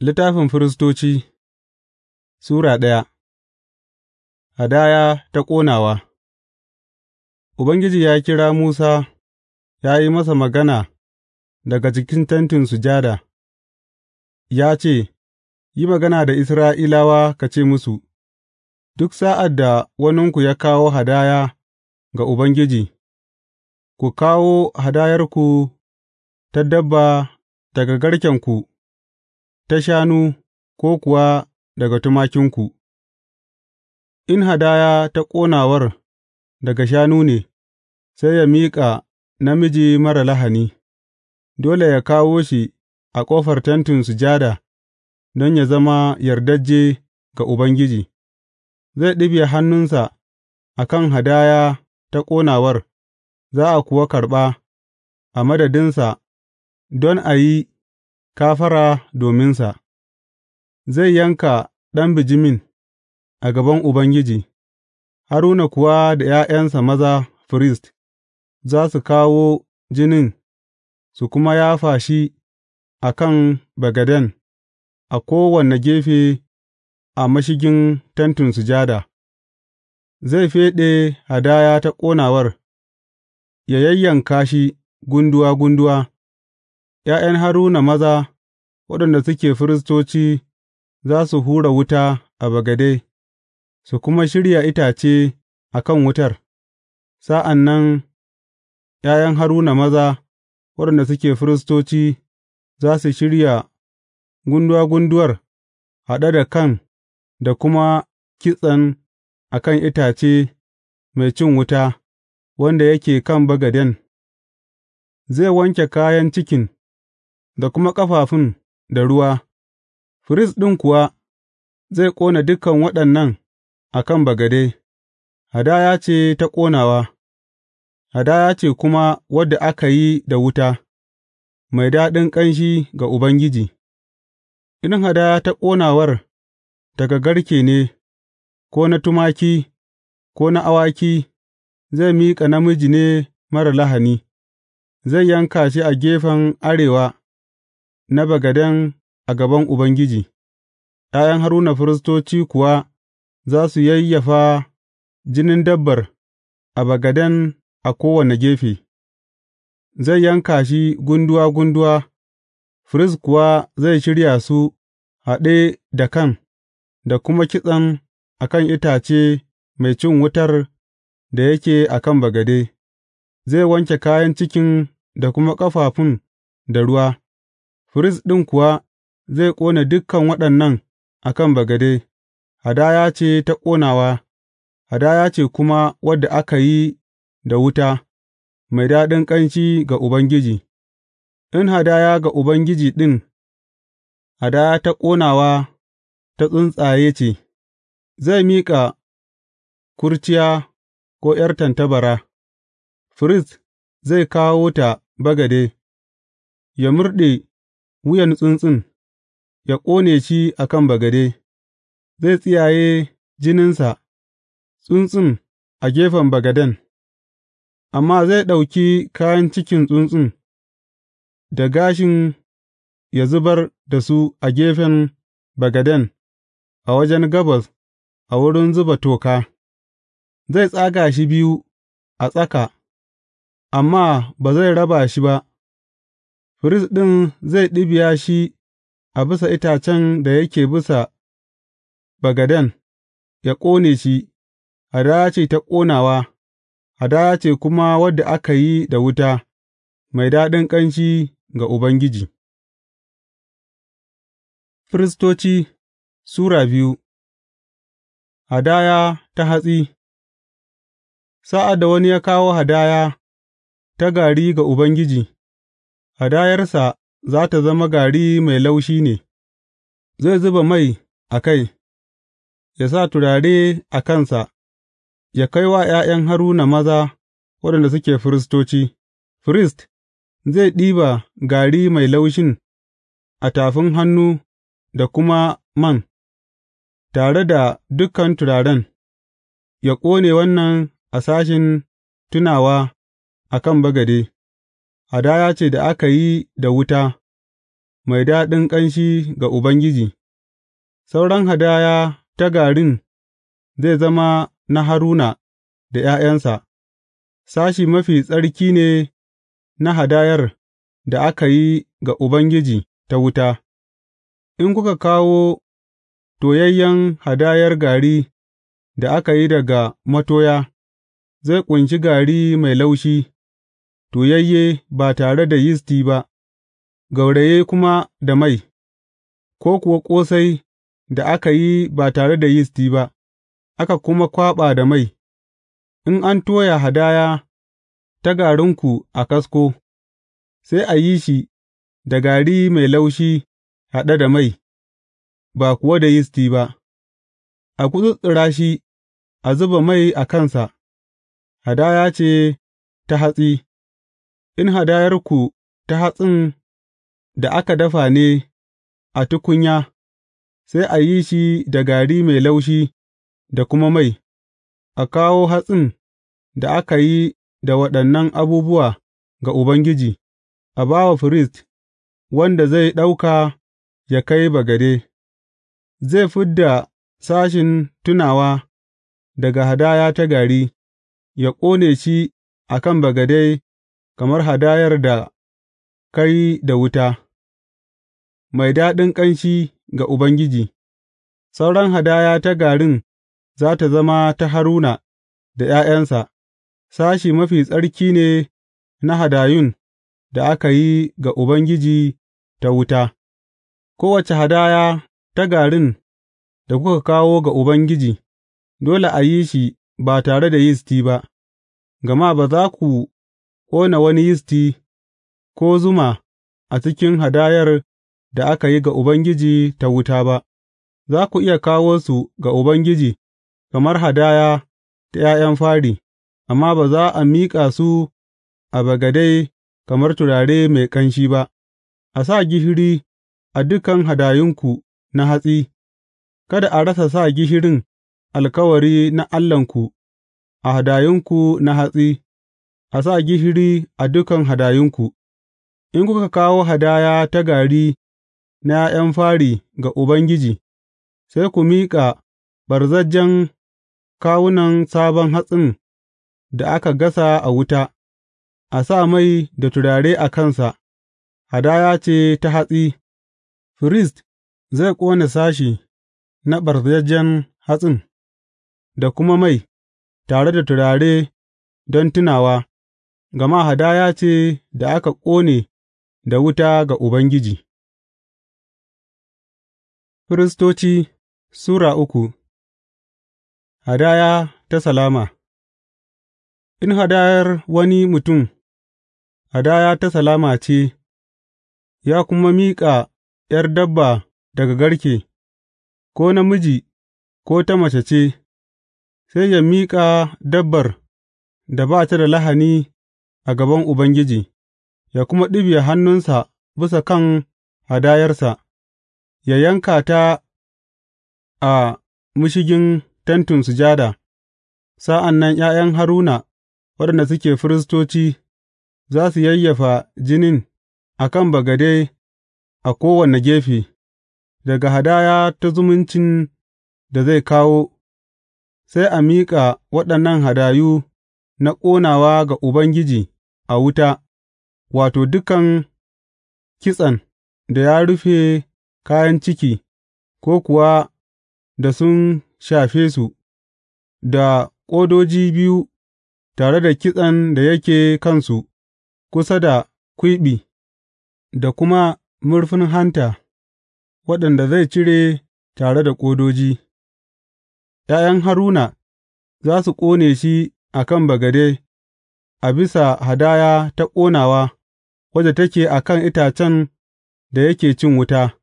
Littafin Firistoci Sura ɗaya, Hadaya ta ƙonawa Ubangiji ya kira Musa ya yi masa magana daga cikin Tentin Sujada, ya ce, Yi magana da Isra'ilawa ka ce musu, Duk sa'ad da waninku ya kawo hadaya ga Ubangiji, ku kawo hadayarku ta dabba daga garkenku. ta shanu ko kuwa daga tumakinku, in hadaya ta ƙonawar daga shanu ne, sai ya miƙa namiji marar lahani, dole ya kawo shi a ƙofar Tentin Sujada don ya zama yardajje ga Ubangiji, zai ɗibiya hannunsa a kan hadaya ta ƙonawar, za a kuwa karɓa a madadinsa don a yi kafara dominsa, zai yanka ɗan bijimin a gaban Ubangiji, Haruna kuwa da ’ya'yansa maza firist, za su kawo jinin su kuma yafa shi a kan bagaden a kowane gefe a mashigin Tentin Sujada, zai feɗe hadaya ta ƙonawar, ya yayyanka shi gunduwa gunduwa. ’Ya'yan Haruna maza waɗanda suke firistoci za su hura wuta a bagade, su kuma shirya itace a kan wutar, sa'an nan ’ya'yan Haruna maza waɗanda suke firistoci za su shirya gunduwa gunduwar haɗe da kan da kuma kitsen a kan itace mai cin wuta wanda yake kan bagaden, zai wanke kayan cikin. da kuma ƙafafun da ruwa, firist ɗin kuwa zai ƙona dukan waɗannan a kan bagade, hadaya ce ta ƙonawa, hadaya ce kuma wadda aka yi da wuta, mai daɗin ƙanshi ga Ubangiji, in hadaya ta ƙonawar daga garke ne, ko na tumaki, ko na awaki, zai miƙa namiji ne marar lahani, zai yanka shi a gefen arewa. na bagaden a gaban Ubangiji, ’ya'yan Haruna firistoci kuwa za su yayyafa jinin dabbar a bagaden a kowane gefe, zai yanka shi gunduwa gunduwa, firist kuwa zai shirya su haɗe da kan, da kuma kitsen a kan itace mai cin wutar da yake a kan bagade, zai wanke kayan cikin da kuma ƙafafun da ruwa. firist ɗin kuwa zai ƙone dukan waɗannan a kan bagade, hadaya ce ta ƙonawa, hadaya ce kuma wadda aka yi da wuta, mai daɗin ƙanshi ga Ubangiji, in hadaya ga Ubangiji ɗin, hadaya ta ƙonawa ta tsuntsaye ce, zai miƙa kurciya ko ’yar tantabara, firist zai kawo ta bagade, ya murɗe wuyan tsuntsun, ya ƙone shi a kan bagade, zai tsiyaye jininsa tsuntsun a gefen bagaden, amma zai ɗauki kayan cikin tsuntsun da gashin ya zubar da su a gefen bagaden a wajen gabas a wurin zuba toka, zai tsaga shi biyu a tsaka, amma ba zai raba shi ba. firist ɗin zai ɗibiya shi a bisa itacen da yake bisa bagaden, ya ƙone shi, hadaya ce ta ƙonawa, hadaya ce kuma wadda aka yi da wuta, mai daɗin ƙanshi ga Ubangiji. Firistoci Sura biyu Hadaya ta hatsi Sa'ad da wani ya kawo hadaya ta gari ga Ubangiji, hadayarsa za tă zama gari mai laushi ne, zai zuba mai a kai, ya sa turare a kansa, ya kai wa ’ya'yan Haruna maza waɗanda suke firistoci, firist zai ɗiba gari mai laushin a tafin hannu da kuma man, tare da dukan turaren, ya ƙone wannan a sashin tunawa a kan bagade. Hadaya ce da aka yi da wuta, mai daɗin ƙanshi ga Ubangiji; sauran hadaya ta garin zai zama na Haruna da ’ya'yansa, sashi mafi tsarki ne na hadayar da aka yi ga Ubangiji ta wuta, in kuka kawo toyayyen hadayar gari da aka yi daga matoya, zai ƙunshi gari mai laushi. Toyayye ba tare da yisti ba, gauraye kuma da mai, ko kuwa ƙosai da aka yi ba tare da yisti ba, aka kuma kwaɓa da mai, in an toya hadaya ta garinku a kasko, sai a yi shi da gari mai laushi haɗe da mai, ba kuwa da yisti ba, a gutsuttsura shi a zuba mai a kansa, hadaya ce ta hatsi. In hadayarku ta hatsin da aka dafa ne a tukunya, sai a yi shi da gari mai laushi da kuma mai, a kawo hatsin da aka yi da waɗannan abubuwa ga Ubangiji, a ba wa firist wanda zai ɗauka ya kai bagade, zai fid da sashin tunawa daga hadaya ta gari, ya ƙone shi a kan bagade. kamar hadayar da kai da wuta, mai daɗin ƙanshi ga Ubangiji, sauran hadaya ta garin za tă zama ta Haruna da ’ya'yansa, sashi mafi tsarki ne na hadayun da aka yi ga Ubangiji ta wuta, kowace hadaya ta garin da kuka kawo ga Ubangiji, dole a yi shi ba tare da yisti ba, gama ba za ku ƙona wani yisti ko zuma a cikin hadayar da aka yi ga Ubangiji ta wuta ba, za ku iya kawo su ga Ubangiji kamar hadaya ta ’ya'yan fari, amma ba za a miƙa su a bagade kamar turare mai ƙanshi ba, a sa gishiri a dukan hadayunku na hatsi, kada a rasa sa gishirin alkawari na Allahnku a hadayunku na hatsi. a sa gishiri a dukan hadayunku, in kuka kawo hadaya ta gari na ’ya'yan fari ga Ubangiji, sai ku miƙa ɓarzajjen kawunan sabon hatsin da aka gasa a wuta, a sa mai da turare a kansa, hadaya ce ta hatsi, firist zai ƙone sashi na ɓarzajjen hatsin da kuma mai, tare da turare don tunawa. gama hadaya ce da aka ƙone da wuta ga Ubangiji. Firistoci Sura uku Hadaya ta salama In hadayar wani mutum, hadaya ta salama ce, ya kuma miƙa ’yar dabba daga garke, ko namiji ko ta mace ce, sai ya miƙa dabbar da ba ta da lahani a gaban Ubangiji, Ya kuma ɗibiya hannunsa bisa kan hadayarsa, Ya yanka ta a mashigin Tentin Sujada, sa'an nan ’ya'yan Haruna waɗanda suke firistoci za su yayyafa jinin a kan bagade a kowane gefe, daga hadaya ta zumuncin da zai kawo, sai a miƙa waɗannan hadayu na ƙonawa ga Ubangiji a wuta, wato, dukan kitsen da ya rufe kayan ciki ko kuwa da sun shafe su, da ƙodoji biyu tare da kitsen da yake kansu kusa da kwiɓi, da kuma murfin hanta waɗanda zai cire tare da ƙodoji, ’ya'yan Haruna za su ƙone shi a kan bagade. a bisa hadaya ta ƙonawa wadda take a kan itacen da yake cin wuta,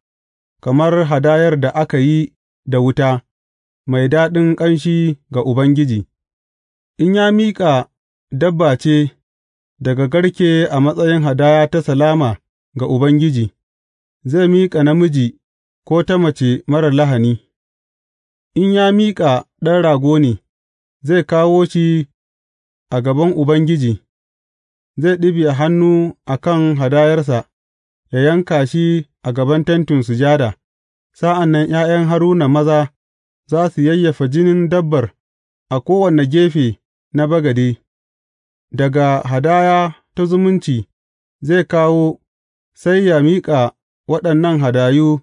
kamar hadayar da aka yi da wuta, mai daɗin ƙanshi ga Ubangiji, in ya miƙa dabba ce daga garke a matsayin hadaya ta salama ga Ubangiji, zai miƙa namiji ko ta mace marar lahani, in ya miƙa ɗan rago ne, zai kawo shi a gaban Ubangiji, zai ɗibiya hannu a kan hadayarsa ya yanka shi a gaban Tentin Sujada, sa'an nan ’ya'yan Haruna maza za su yayyafa jinin dabbar a kowane gefe na bagade, daga hadaya ta zumunci zai kawo sai ya miƙa waɗannan hadayu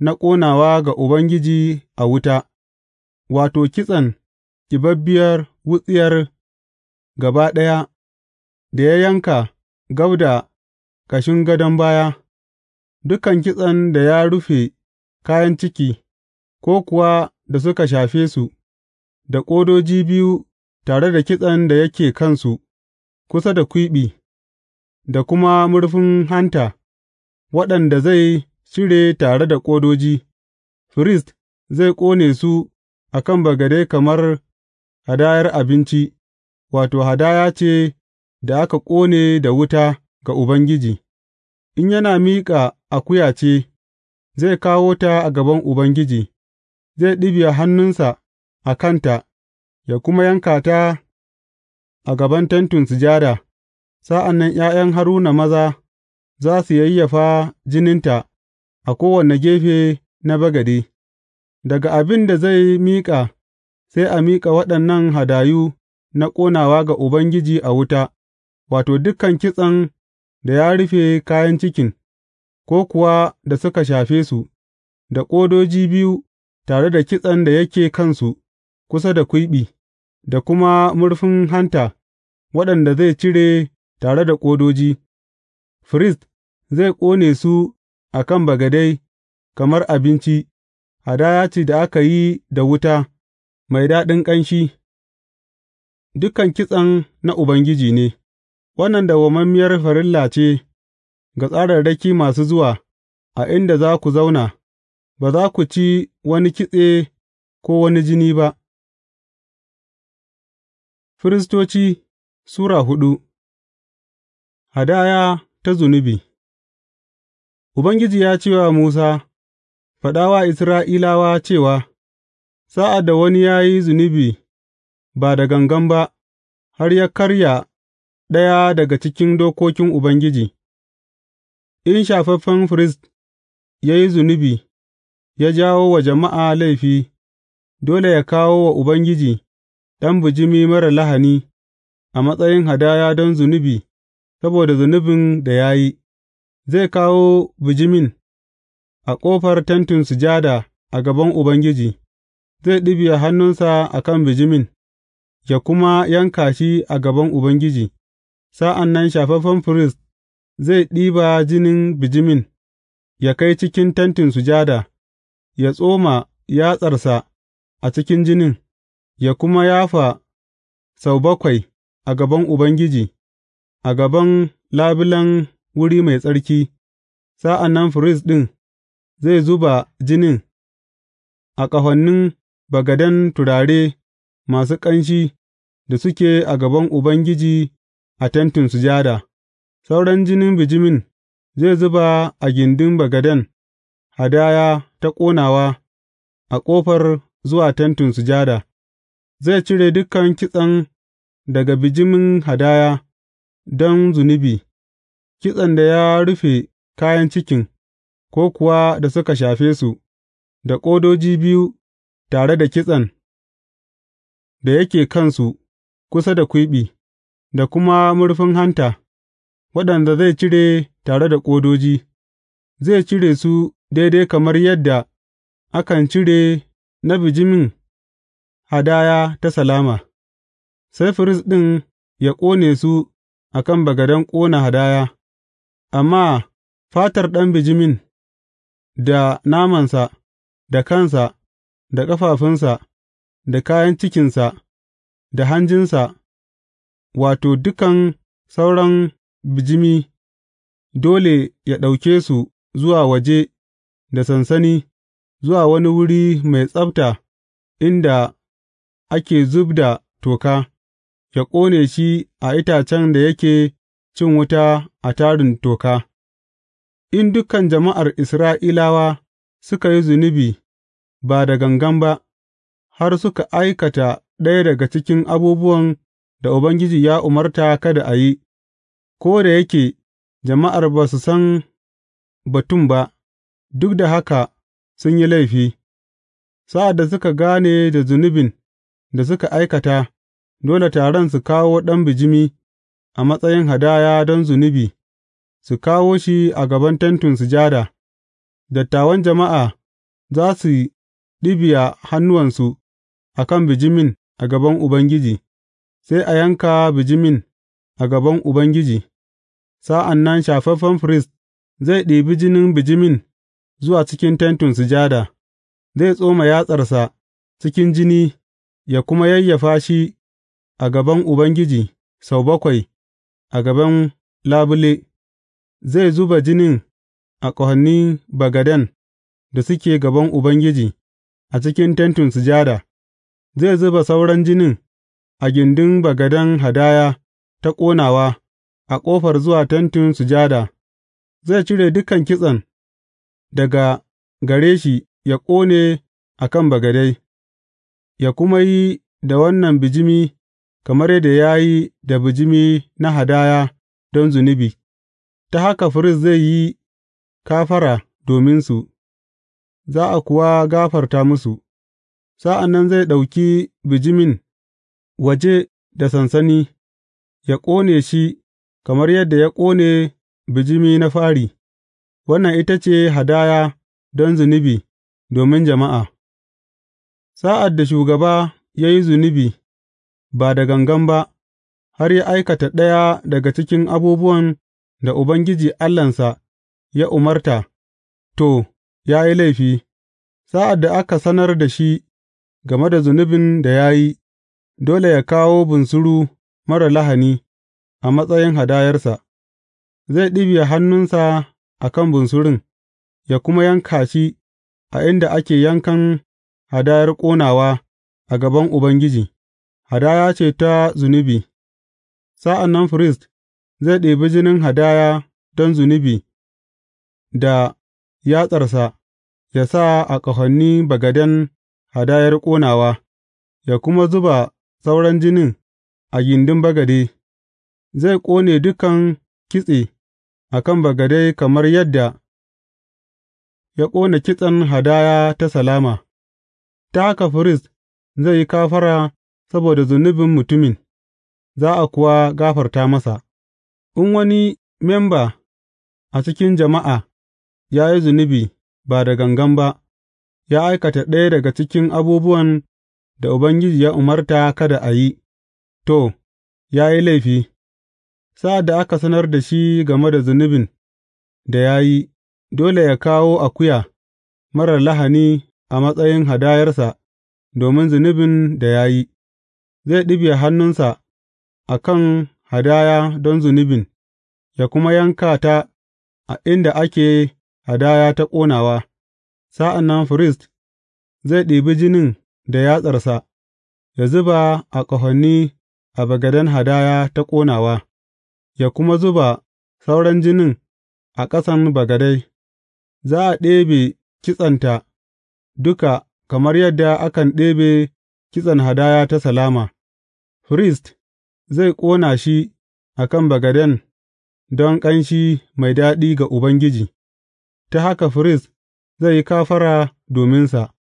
na ƙonawa ga Ubangiji a wuta, wato, kitsen ƙibabbiyar wutsiyar gaba ɗaya da ya yanka gab da ƙashin gadon baya, dukan kitsen da ya rufe kayan ciki, ko kuwa da suka shafe su, da ƙodoji biyu tare da kitsen da yake kansu kusa da kwiɓi, da kuma murfin hanta, waɗanda zai cire tare da ƙodoji, firist zai ƙone su a kan bagade kamar hadayar abinci. wato, hadaya ce da aka ƙone da wuta ga Ubangiji, in yana miƙa akuya ce, zai kawo ta a gaban Ubangiji, zai ɗibiya hannunsa a kanta, ya kuma yanka ta a gaban Tentin Sujada, sa'an nan ’ya'yan Haruna maza za su yayyafa jininta a kowane gefe na bagade, daga abin da zai miƙa sai a miƙa waɗannan hadayu na ƙonawa ga Ubangiji a wuta, wato, dukan kitsen da ya rufe kayan cikin, ko kuwa da suka shafe su, da ƙodoji biyu tare da kitsen da yake kansu kusa da kwiɓi, da kuma murfin hanta waɗanda zai cire tare da ƙodoji, firist zai ƙone su a kan bagade kamar abinci, hadaya ce da aka yi da wuta, mai daɗin ƙanshi. dukan kitsen na Ubangiji ne, wannan dawwammamiyar farilla ce ga tsararraki masu zuwa a inda za ku zauna, ba za ku ci wani kitse ko wani jini ba. Firistoci Sura hudu Hadaya ta zunubi Ubangiji ya ce wa Musa, Faɗa wa Isra'ilawa cewa, Sa'ad da wani ya yi zunubi ba da gangan ba, har ya karya ɗaya daga cikin dokokin Ubangiji, in shafaffen firist ya yi zunubi, ya jawo wa jama'a laifi, dole ya kawo wa Ubangiji ɗan bijimi marar lahani a matsayin hadaya don zunubi saboda zunubin da ya yi, zai kawo bijimin a ƙofar Tentin Sujada a gaban Ubangiji, zai ɗibiya hannunsa a kan bijimin. ya kuma yanka shi a gaban Ubangiji, sa'an nan shafaffen firist zai ɗiba jinin bijimin ya kai cikin Tentin Sujada, ya tsoma yatsarsa a cikin jinin, ya kuma yafa sau bakwai a gaban Ubangiji, a gaban labulen wuri mai tsarki, sa'an nan firist ɗin zai zuba jinin a ƙahonin bagaden turare. masu ƙanshi da suke a gaban Ubangiji a Tentin Sujada, sauran jinin bijimin zai zuba a gindin bagaden hadaya ta ƙonawa a ƙofar zuwa Tentin Sujada, zai cire dukan kitsen daga bijimin hadaya don zunubi, kitsen da ya rufe kayan cikin, ko kuwa da suka shafe su, da ƙodoji biyu tare da kitsen. da yake kansu kusa da kwiɓi, da kuma murfin hanta, waɗanda zai cire tare da ƙodoji, zai cire su daidai kamar yadda akan cire na bijimin hadaya ta salama, sai firist ɗin ya ƙone su a kan bagaden ƙona hadaya, amma fatar ɗan bijimin da namansa, da kansa, da ƙafafunsa. da kayan cikinsa, da hanjinsa, wato, dukan sauran bijimi, dole ya ɗauke su zuwa waje da sansani, zuwa wani wuri mai tsabta inda ake zub da toka, ya ƙone shi a itacen da yake cin wuta a tarin toka. In dukan jama'ar Isra'ilawa suka yi zunubi ba da gangan ba, har suka aikata ɗaya daga cikin abubuwan da Ubangiji ya umarta kada a yi, ko da yake jama'ar ba su san batun ba, duk da haka sun yi laifi, sa'ad da suka gane da zunubin da suka aikata, dole taron su kawo ɗan bijimi a matsayin hadaya don zunubi, su kawo shi a gaban tentin sujada, dattawan jama'a za su ɗibiya hannuwansu a kan bijimin a gaban Ubangiji, sai a yanka bijimin a gaban Ubangiji, sa'an nan shafaffen firist zai ɗibi jinin bijimin zuwa cikin Tentin Sujada, zai tsoma yatsarsa cikin jini ya kuma yayyafa shi a gaban Ubangiji sau bakwai a gaban labule, zai zuba jinin a ƙahonin bagaden da suke gaban Ubangiji a cikin Tentin Sujada. zai zuba sauran jinin a gindin bagaden hadaya ta ƙonawa a ƙofar zuwa Tentin Sujada, zai cire dukan kitsen daga gare shi ya ƙone a kan bagade, ya kuma yi da wannan bijimi kamar yadda ya yi da bijimi na hadaya don zunubi, ta haka firist zai yi kafara dominsu, za a kuwa gafarta musu. sa'an nan zai ɗauki bijimin waje da sansani, ya ƙone shi kamar yadda ya ƙone bijimi na fari, wannan ita ce hadaya don zunubi domin jama'a. Sa'ad da shugaba ya yi zunubi ba da gangan ba, har ya aikata ɗaya daga cikin abubuwan da Ubangiji Allahnsa ya umarta, to, ya yi laifi, sa'ad da aka sanar da shi game da zunubin da ya yi, dole yă kawo bunsuru marar lahani a matsayin hadayarsa, zai ɗibiya hannunsa a kan bunsurun, ya kuma yanka shi a inda ake yankan hadayar ƙonawa a gaban Ubangiji, hadaya ce ta zunubi, sa'an nan firist zai ɗebi jinin hadaya don zunubi da yatsarsa ya sa a ƙahonin bagaden hadayar ƙonawa, yă kuma zuba sauran jinin a gindin bagade, zai ƙone dukan kitse a kan bagade kamar yadda ya ƙone kitsen hadaya ta salama, ta haka firist zai yi kafara saboda zunubin mutumin, za a kuwa gafarta masa, in wani memba a cikin jama'a ya yi zunubi ba da gangan ba. ya aikata ɗaya daga cikin abubuwan da Ubangiji ya umarta kada a yi, to, ya yi laifi, sa'ad da aka sanar da shi game da zunubin da ya yi, dole ya kawo akuya marar lahani a matsayin hadayarsa domin zunubin da ya yi, zai ɗibiya hannunsa a kan hadaya don zunubin, ya kuma yanka ta a inda ake hadaya ta ƙonawa. Sa'an nan firist zai ɗibi jinin da yatsarsa Ya zuba a ƙahoni a bagaden hadaya ta ƙonawa, ya kuma zuba sauran jinin a ƙasan bagadai. za a ɗebe kitsenta duka kamar yadda akan ɗebe kitsen hadaya ta salama, firist zai ƙona shi a kan bagaden don ƙanshi mai daɗi ga Ubangiji, ta haka firist. zai yi kafara dominsa,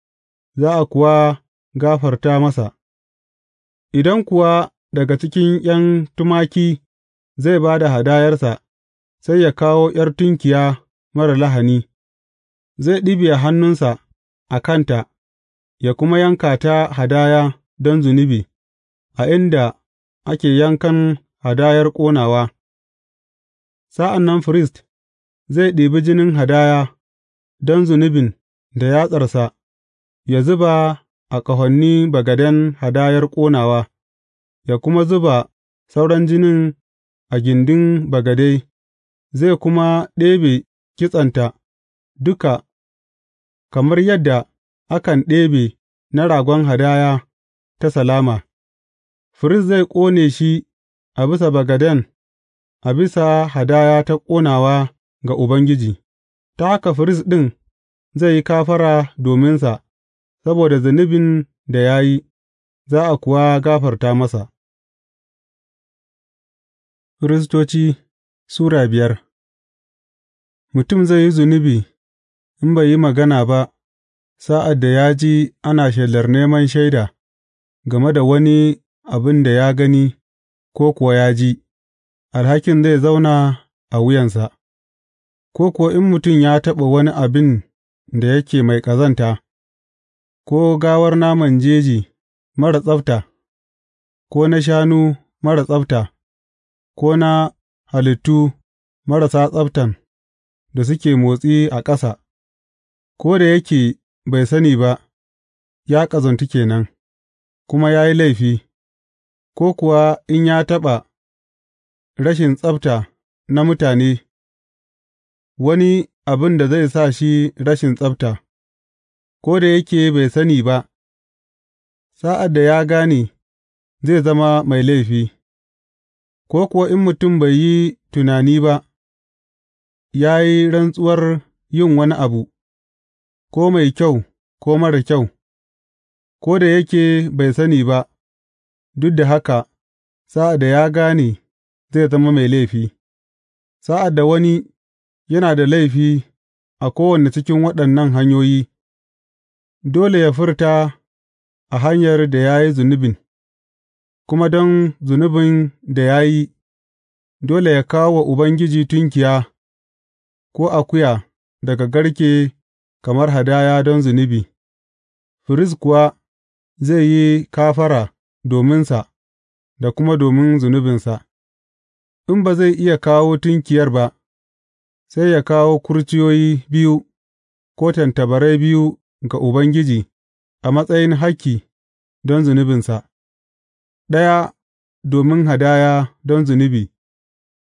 za a kuwa gafarta masa, idan kuwa daga cikin ’yan tumaki zai ba da hadayarsa, sai ya kawo ’yar tunkiya marar lahani, zai ɗibiya hannunsa a kanta, ya kuma yanka ta hadaya don zunubi a inda ake yankan hadayar ƙonawa, sa'an nan firist zai ɗibi jinin hadaya. don zunubin da yatsarsa ya zuba a ƙahonin bagaden hadayar ƙonawa, ya kuma zuba sauran jinin a gindin bagade, zai kuma ɗebe kitsenta duka, kamar yadda akan ɗebe na ragon hadaya ta salama, firist zai ƙone shi a bisa bagaden a bisa hadaya ta ƙonawa ga Ubangiji. ta haka firist ɗin zai yi kafara dominsa saboda zunubin da ya yi, za a kuwa gafarta masa. Firistoci Sura biyar Mutum zai yi zunubi in bai yi magana ba sa'ad da ya ji ana shelar neman shaida game da wani abin da ya gani ko kuwa ya ji, alhakin zai zauna a wuyansa. ko kuwa in mutum ya taɓa wani abin da yake mai ƙazanta, ko gawar naman jeji mara tsafta, ko na shanu mara tsabta, ko na halittu marasa tsabtan da suke motsi a ƙasa, ko da yake bai sani ba, ya ƙazantu kenan, kuma ya yi laifi, ko kuwa in ya taɓa rashin tsabta na mutane. wani abin da zai sa shi rashin tsabta, ko da yake bai sani ba, sa'ad da ya gane, zai zama mai laifi, ko kuwa in mutum bai yi tunani ba, ya yi rantsuwar yin wani abu, ko mai kyau ko mara kyau, ko da yake bai sani ba, duk da haka, sa'ad da ya gane, zai zama mai laifi, sa'ad da wani yana da laifi a kowane cikin waɗannan hanyoyi, dole yă furta a hanyar da ya yi zunubin, kuma don zunubin da ya yi, dole ya kawo wa Ubangiji tunkiya ko akuya daga garke kamar hadaya don zunubi, firist kuwa zai yi kafara dominsa da kuma domin zunubinsa, in ba zai iya kawo tunkiyar ba. sai ya kawo kurciyoyi biyu ko tattabarai biyu ga Ubangiji a matsayin hakki don zunubinsa, ɗaya domin hadaya don zunubi,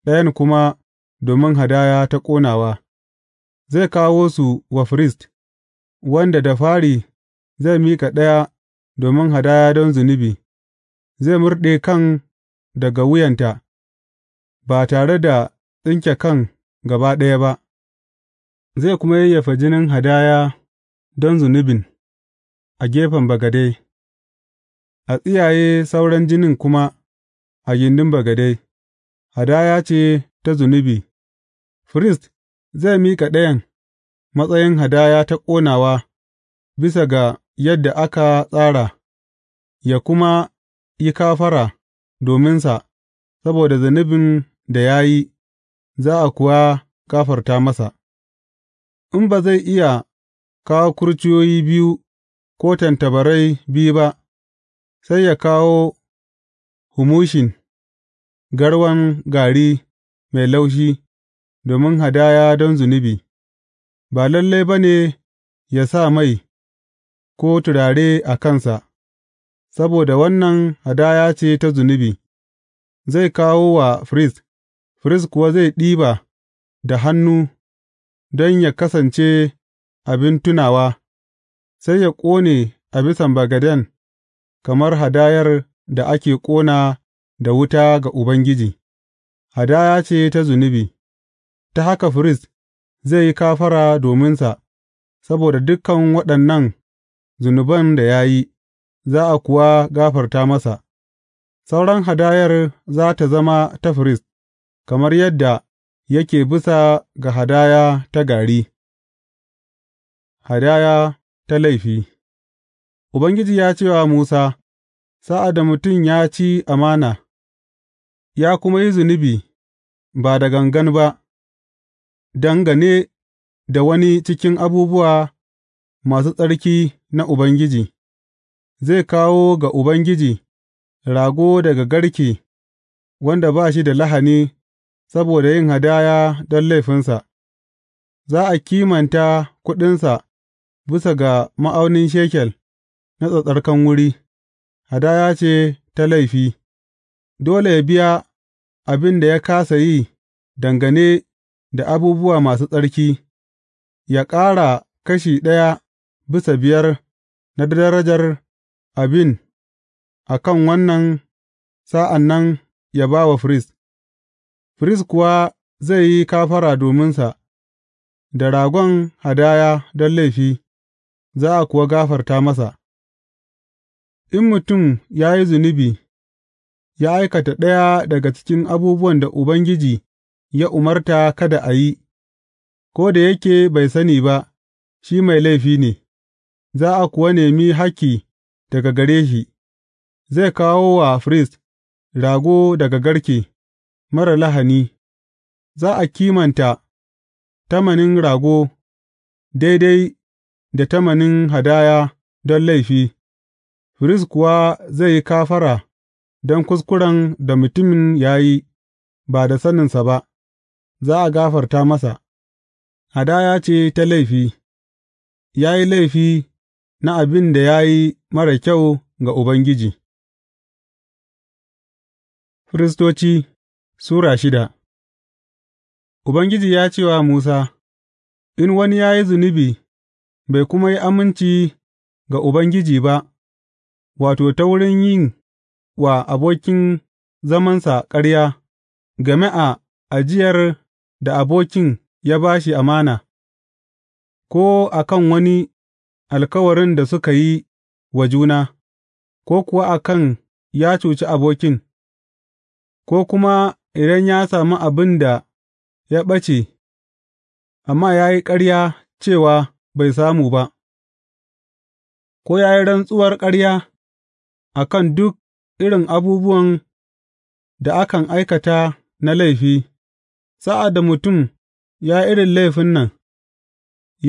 ɗayan kuma domin hadaya ta ƙonawa, zai kawo su wa firist, wanda da fari zai mika ɗaya domin hadaya don zunubi, zai murɗe kan daga wuyanta, ba tare da tsinke kan gaba ɗaya ba, zai kuma yayyafa jinin hadaya don zunubin a gefen bagade, a tsiyaye sauran jinin kuma a gindin bagade, hadaya ce ta zunubi, firist zai miƙa ɗayan matsayin hadaya ta ƙonawa bisa ga yadda aka tsara, ya kuma yi kafara dominsa saboda zunubin da ya yi. za a kuwa gafarta masa, in ba zai iya kawo kurciyoyi biyu ko tantabarai biyu ba, sai ya kawo humushin, garwan gari mai laushi domin hadaya don zunubi, ba lalle ba ne ya sa mai ko turare a kansa, saboda wannan hadaya ce ta zunubi, zai kawo wa firist. firist kuwa zai ɗiba da hannu don yă kasance abin tunawa, sai yă ƙone a bisan bagaden kamar hadayar da ake ƙona da wuta ga Ubangiji, hadaya ce ta zunubi, ta haka firist zai yi kafara dominsa saboda dukan waɗannan zunuban da ya yi, za a kuwa gafarta masa, sauran hadayar za ta zama ta firist. kamar yadda yake bisa ga hadaya ta gari, hadaya ta laifi Ubangiji ya ce wa Musa, Sa'ad da mutum ya ci amana, ya kuma yi zunubi ba da gangan ba, dangane da wani cikin abubuwa masu tsarki na Ubangiji, zai kawo ga Ubangiji rago daga garke wanda ba shi da lahani saboda yin hadaya don laifinsa, za a kimanta kuɗinsa bisa ga ma'aunin shekel na tsattsarkan wuri, hadaya ce ta laifi, dole yă biya abin da ya kasa yi dangane da abubuwa masu tsarki, ya ƙara kashi ɗaya bisa biyar na darajar abin a kan wannan sa'an nan ya ba wa firist. firist kuwa zai yi kafara dominsa da ragon hadaya don laifi, za a kuwa gafarta masa, in mutum ya yi zunubi, ya aikata ɗaya daga cikin abubuwan da Ubangiji ya umarta kada a yi, ko da yake bai sani ba, shi mai laifi ne, za a kuwa nemi hakki daga gare shi, zai kawo wa firist rago daga garke. marar lahani, za a kimanta tamanin rago daidai da tamanin hadaya don laifi, firist kuwa zai yi kafara don kuskuren da mutumin ya yi ba da saninsa ba, za a gafarta masa, hadaya ce ta laifi, ya yi laifi na abin da ya yi mara kyau ga Ubangiji. Firistoci Sura shida Ubangiji ya ce wa Musa, In wani ya yi zunubi bai kuma yi aminci ga Ubangiji ba, wato, ta wurin yin wa abokin zamansa ƙarya game a ajiyar da abokin ya ba shi amana, ko a kan wani alkawarin da suka yi wa juna, ko kuwa a kan ya cuci abokin, ko kuma idan ya sami abin da ya ɓace, amma ya yi ƙarya cewa bai samu ba, ko ya yi rantsuwar ƙarya a kan duk irin abubuwan da akan aikata na laifi, sa'ad da mutum ya irin laifin nan,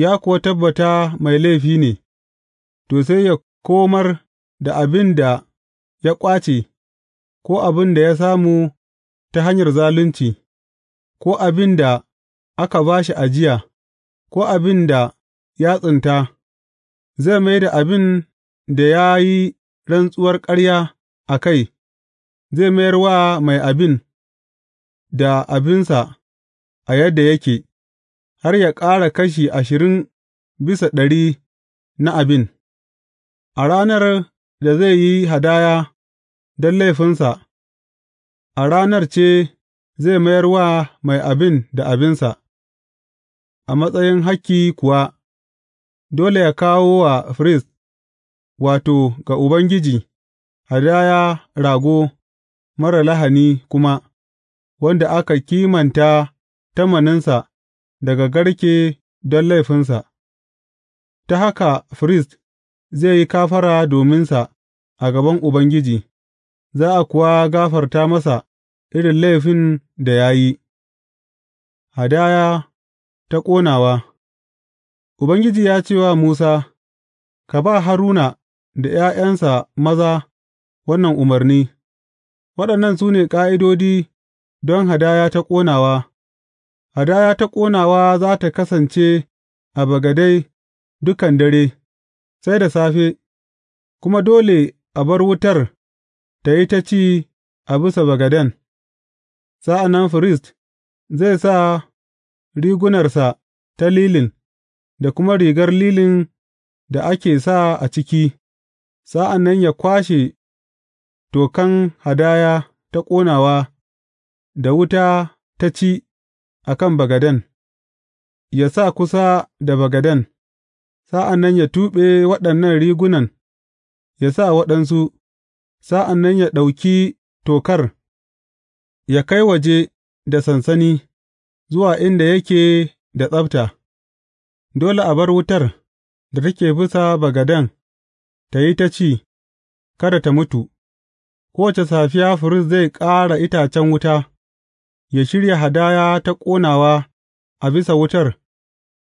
ya kuwa tabbata mai laifi ne, to sai ya komar da abin da ya ƙwace ko abin da ya samu ta hanyar zalunci, ko abin da aka ba shi ajiya, ko abin da ya tsinta, zai mai da abin da ya yi rantsuwar ƙarya a kai, zai mayar wa mai abin da abinsa a yadda yake, har ya ƙara kashi ashirin bisa ɗari na abin, a ranar da zai yi hadaya don laifinsa. a ranar ce zai mayar wa mai abin da abinsa, a matsayin hakki kuwa, dole ya kawo wa firist, wato, ga Ubangiji, hadaya rago mara lahani kuma, wanda aka kimanta tamaninsa daga garke don laifinsa, ta haka firist zai yi kafara dominsa a gaban Ubangiji, za a kuwa gafarta masa. irin laifin da ya yi, hadaya ta ƙonawa Ubangiji ya ce wa Musa, Ka ba Haruna da ’ya'yansa maza wannan umarni, waɗannan su ne ƙa'idodi don hadaya ta ƙonawa, hadaya ta ƙonawa za ta kasance a bagadai dukan dare, sai da safe, kuma dole a bar wutar ta yi ta ci a bisa bagaden. Sa'an nan firist zai sa rigunarsa ta lilin da kuma rigar lilin da ake sa a ciki, sa'an nan yă kwashe tokan hadaya ta ƙonawa da wuta ta ci a kan bagaden, yă sa kusa da bagaden, sa'an nan yă tuɓe waɗannan rigunan ya sa waɗansu, sa'an nan yă ɗauki tokar. ya kai waje da sansani zuwa inda yake da tsabta, dole a bar wutar da take bisa bagaden ta yi ta ci, kada ta mutu, kowace safiya firist zai ƙara itacen wuta, ya shirya hadaya ta ƙonawa a bisa wutar,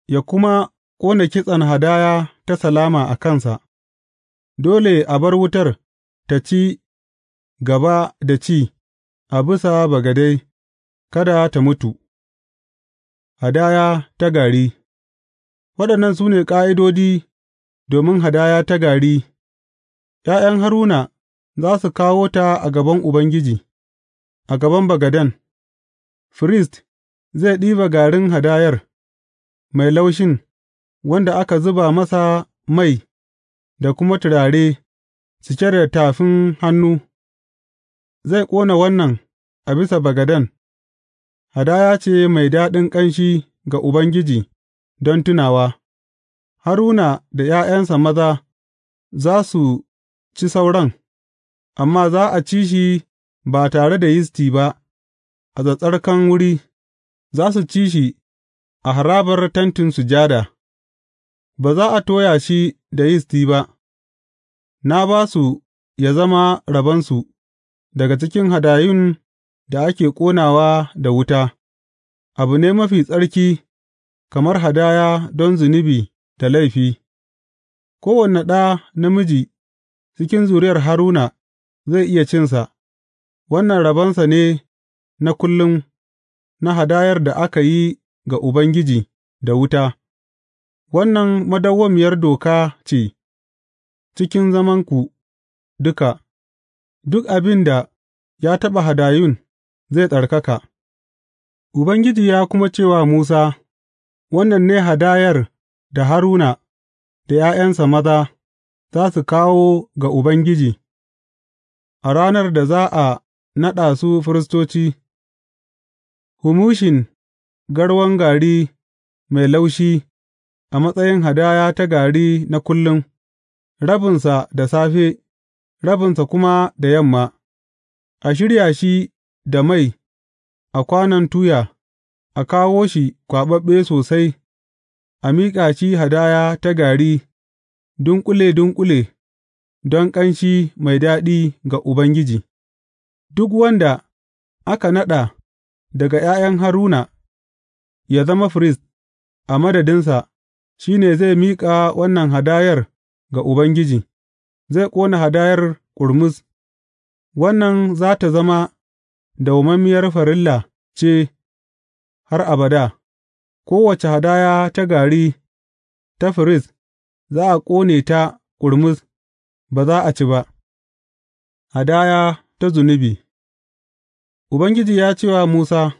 ya kuma ƙona kitsen hadaya ta salama a kansa, dole a bar wutar ta ci gaba da ci. a bisa bagade, kada ta mutu, hadaya ta gari Waɗannan su ne ƙa'idodi domin hadaya ta gari, ’ya'yan Haruna za su kawo ta a gaban Ubangiji, a gaban bagaden, firist zai ɗiba garin hadayar mai laushin wanda aka zuba masa mai da kuma turare cike da tafin hannu. zai ƙona wannan a bisa bagaden, hadaya ce mai daɗin ƙanshi ga Ubangiji don tunawa, Haruna da ’ya'yansa maza za su ci sauran, amma za a ci shi ba tare da yisti ba a tsattsarkan wuri, za su ci shi a harabar tentin sujada, ba za a toya shi da yisti ba, na ba su ya zama rabonsu. daga cikin hadayun da ake ƙonawa da wuta, abu ne mafi tsarki kamar hadaya don zunubi da laifi, kowane ɗa namiji cikin zuriyar Haruna zai iya cinsa, wannan rabonsa ne na kullum na hadayar da aka yi ga Ubangiji da wuta, wannan madawwamiyar doka ce cikin zamanku duka. Duk abin da ya taɓa hadayun zai tsarkaka Ubangiji ya kuma ce wa Musa, Wannan ne hadayar da Haruna da ’ya'yansa maza za su kawo ga Ubangiji a ranar da za a naɗa su firistoci, humushin garwan gari mai laushi a matsayin hadaya ta gari na kullum, rabinsa da safe, rabinsa kuma da yamma, a shirya shi da mai a kwanon tuya, a kawo shi kwaɓaɓɓe sosai, a miƙa shi hadaya ta gari dunƙule-dunƙule don ƙanshi mai daɗi ga Ubangiji, duk wanda aka naɗa daga ’ya'yan Haruna ya zama firist a madadinsa, shi ne zai miƙa wannan hadayar ga Ubangiji. zai ƙona hadayar ƙurmus, wannan za tă zama dawwammamiyar farilla ce har abada, kowace hadaya ta gari ta firist za a ƙone ta ƙurmus, ba za a ci ba, hadaya ta zunubi. Ubangiji ya ce wa Musa,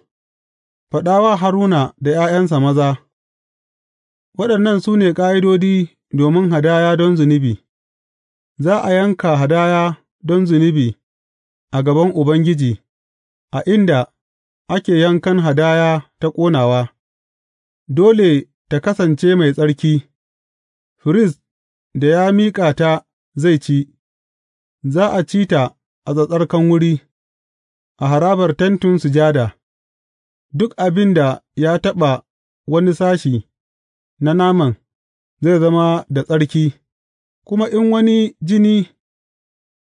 Faɗa wa Haruna da ’ya'yansa maza, Waɗannan su ne ƙa'idodi domin hadaya don zunubi. Za a yanka hadaya don zunubi a gaban Ubangiji a inda ake yankan hadaya ta ƙonawa; dole ta kasance mai tsarki, firist da ya miƙa ta zai ci; za a ci ta a tsattsarkan wuri, a harabar Tentin Sujada, duk abin da ya taɓa wani sashi na naman zai zama da tsarki. Kuma in wani jini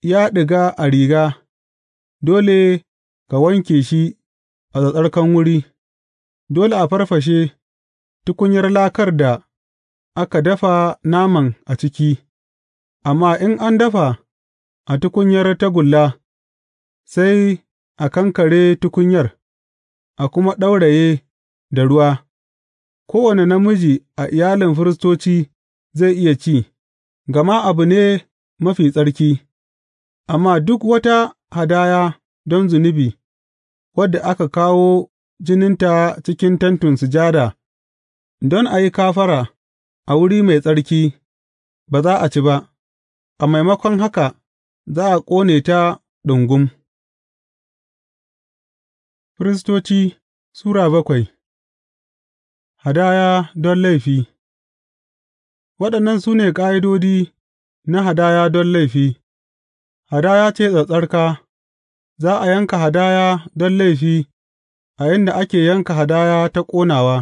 ya ɗiga a riga, dole ka wanke shi a tsattsarkan wuri; dole a farfashe tukunyar lakar da aka dafa naman a ciki, amma in an dafa a tukunyar tagulla, sai a kankare tukunyar, a kuma ɗauraye da ruwa; kowane namiji a iyalin firistoci zai iya ci. gama abu ne mafi tsarki, amma duk wata hadaya don zunubi wadda aka kawo jininta cikin Tentin Sujada don a yi kafara a wuri mai tsarki, ba za a ci ba, a maimakon haka za a ƙone ta ɗungum. Firistoci Sura bakwai Hadaya don laifi Waɗannan su ne ƙa'idodi na hadaya don laifi, hadaya ce tsattsarka, za a yanka hadaya don laifi a inda ake yanka hadaya ta ƙonawa,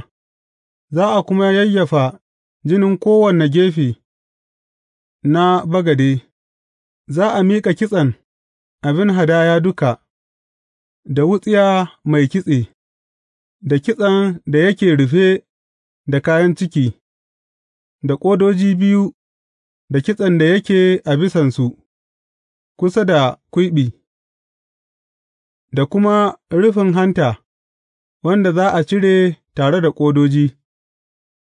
za a kuma yayyafa jinin kowane gefe na bagade, za a miƙa kitsen abin hadaya duka, da wutsiya mai kitse, da kitsen da yake rufe da kayan ciki. da ƙodoji biyu da kitsen da yake a bisansu kusa da kwiɓi, da kuma rufin hanta wanda za a cire tare da ƙodoji,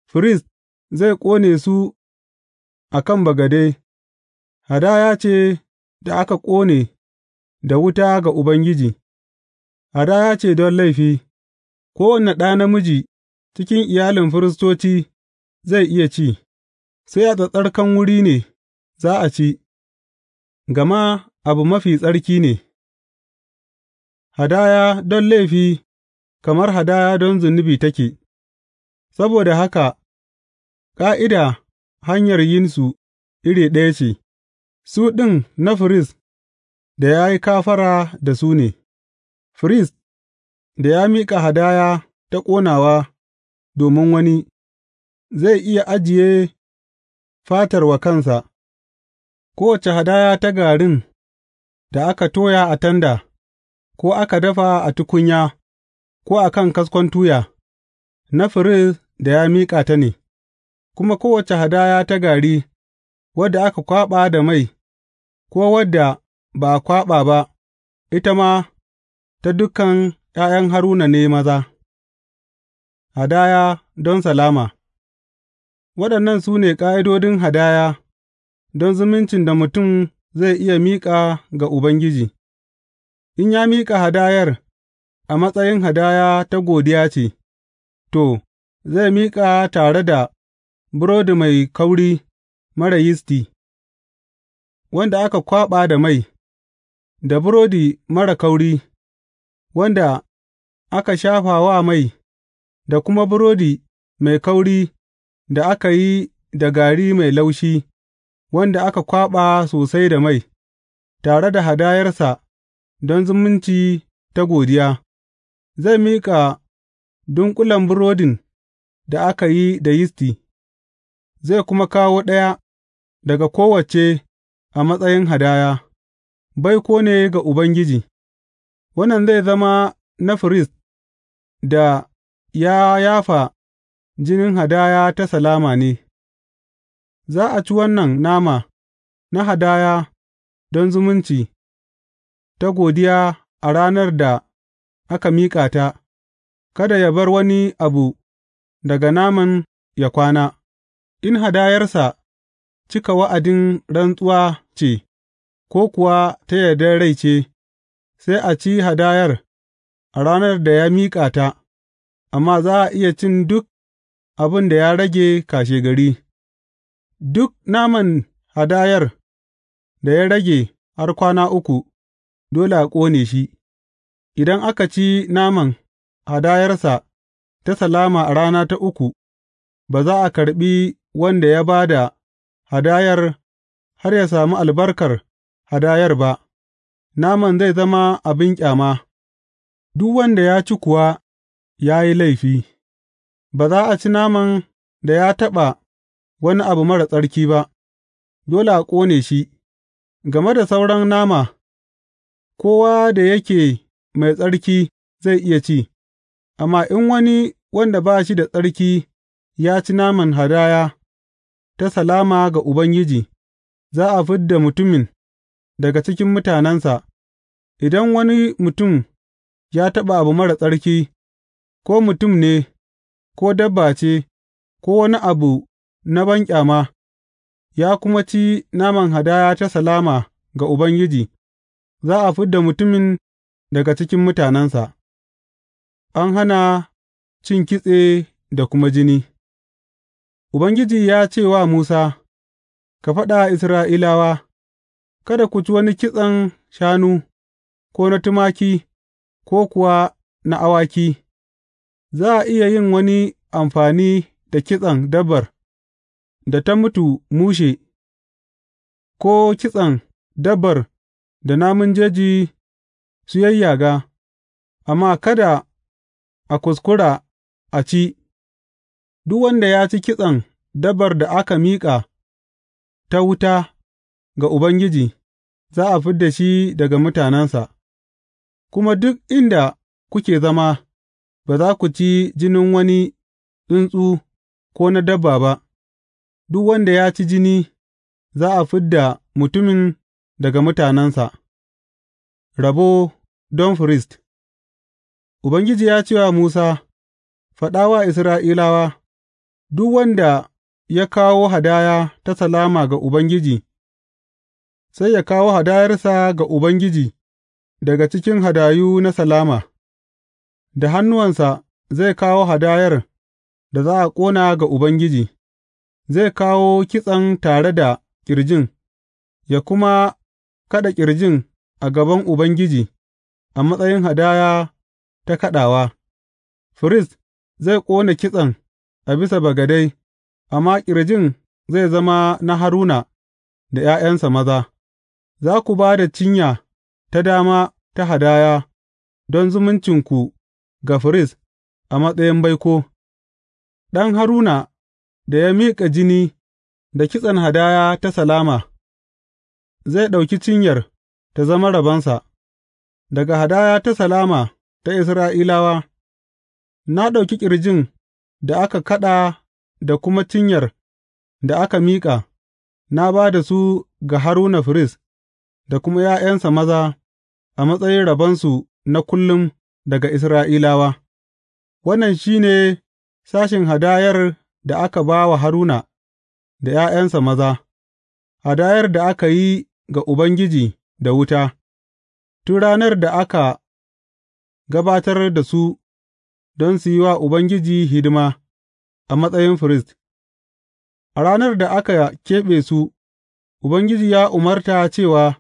firist zai ƙone su a kan bagade, hadaya ce da aka ƙone da wuta ga Ubangiji, hadaya ce don laifi, kowane ɗa namiji cikin iyalin firistoci zai iya ci. sai a tsattsarkan wuri ne za a ci, gama abu mafi tsarki ne; hadaya don laifi kamar hadaya don zunubi take, saboda haka ƙa'ida hanyar yinsu iri ɗaya ce, su ɗin na firist da ya yi kafara da su ne, firist da ya miƙa hadaya ta ƙonawa domin wani, zai iya ajiye fatar wa kansa, kowace hadaya ta garin da aka toya a tanda, ko aka dafa a tukunya, ko a kan kaskon tuya, na firist da ya miƙa ta ne, kuma kowace hadaya ta gari, wadda aka kwaɓa da mai, ko wadda ba a kwaɓa ba, ita ma ta dukan ’ya'yan Haruna ne maza, hadaya don salama. Waɗannan su ne ƙa'idodin hadaya don zumuncin da mutum zai iya miƙa ga Ubangiji, in ya miƙa hadayar a matsayin hadaya ta godiya ce, to, zai miƙa tare da burodi mai kauri mara yisti, wanda aka kwaɓa da mai, da burodi mara kauri, wanda aka shafa wa mai, da kuma burodi mai kauri. da aka yi da gari mai laushi wanda aka kwaɓa sosai da mai, tare da hadayarsa don zumunci ta godiya, zai miƙa dunƙulen burodin da aka yi da yisti, zai kuma kawo ɗaya daga kowace a matsayin hadaya, baiko ne ga Ubangiji, wannan zai zama na firist da ya yafa jinin hadaya ta salama ne; za a ci wannan nama na hadaya don zumunci ta godiya a ranar da aka miƙa ta, kada ya bar wani abu daga naman ya kwana, in hadayarsa cika wa'adin rantsuwa ce ko kuwa ta yardar rai ce, sai a ci hadayar a ranar da ya miƙa ta, amma za a iya cin duk abin da ya rage kashegari, duk naman hadayar da ya rage har kwana uku, dole a ƙone shi, idan aka ci naman hadayarsa ta salama a rana ta uku, ba za a karɓi wanda ya ba da hadayar har ya sami albarkar hadayar ba, naman zai zama abin ƙyama, duk wanda ya ci kuwa ya yi laifi. Ba za a ci naman da ya taɓa wani abu marar tsarki ba, dole a ƙone shi; game da sauran nama, kowa da yake mai tsarki zai iya ci, amma in wani wanda ba shi da tsarki ya ci naman hadaya ta salama ga Ubangiji, za a fid da mutumin daga cikin mutanensa, idan wani mutum ya taɓa abu marar tsarki, ko mutum ne. ko dabba ce, ko wani abu na banƙyama, ya kuma ci naman hadaya ta salama ga Ubangiji, za a fid da mutumin daga cikin mutanensa, an hana cin kitse da kuma jini Ubangiji ya ce wa Musa, Ka faɗa Isra'ilawa, Kada ku ci wani kitsen shanu, ko na tumaki, ko kuwa na awaki. Za a iya yin wani amfani da kitsen dabbar da ta mutu mushe, ko kitsen dabbar da namun jeji su yayyaga, amma kada a kuskura a ci, duk wanda ya ci kitsen dabbar da aka miƙa ta wuta ga Ubangiji, za a fid da shi daga mutanensa, kuma duk inda kuke zama. Ba za ku ci jinin wani tsuntsu ko na dabba ba, duk wanda ya ci jini, za a fid da mutumin daga mutanensa.’ Rabo don firist Ubangiji ya ce wa Musa, Faɗa wa Isra'ilawa, Duk wanda ya kawo hadaya ta salama ga Ubangiji, sai ya kawo hadayarsa ga Ubangiji daga cikin hadayu na salama. Da hannuwansa zai kawo hadayar da za a ƙona ga Ubangiji, zai kawo kitsen tare da ƙirjin, ya kuma kaɗa ƙirjin a gaban Ubangiji a matsayin hadaya ta kaɗawa, firist zai ƙone kitsen a bisa bagade, amma ƙirjin zai zama na Haruna da ’ya'yansa maza, za ku ba da cinya ta dama ta hadaya don zumuncinku. ga firist a matsayin baiko, ɗan Haruna da ya miƙa jini da kitsen hadaya ta salama, zai ɗauki cinyar ta zama rabonsa, daga hadaya ta salama ta Isra'ilawa, na ɗauki ƙirjin da aka kaɗa da kuma cinyar da aka miƙa, na ba da su ga Haruna firist da kuma ’ya'yansa maza a matsayin rabonsu na kullum. daga Isra'ilawa Wannan shi ne sashen hadayar da aka ba wa Haruna da ’ya'yansa maza, hadayar da aka yi ga Ubangiji da wuta, tun ranar da aka gabatar da su don su yi wa Ubangiji hidima a matsayin firist. A ranar da aka keɓe su, Ubangiji ya umarta cewa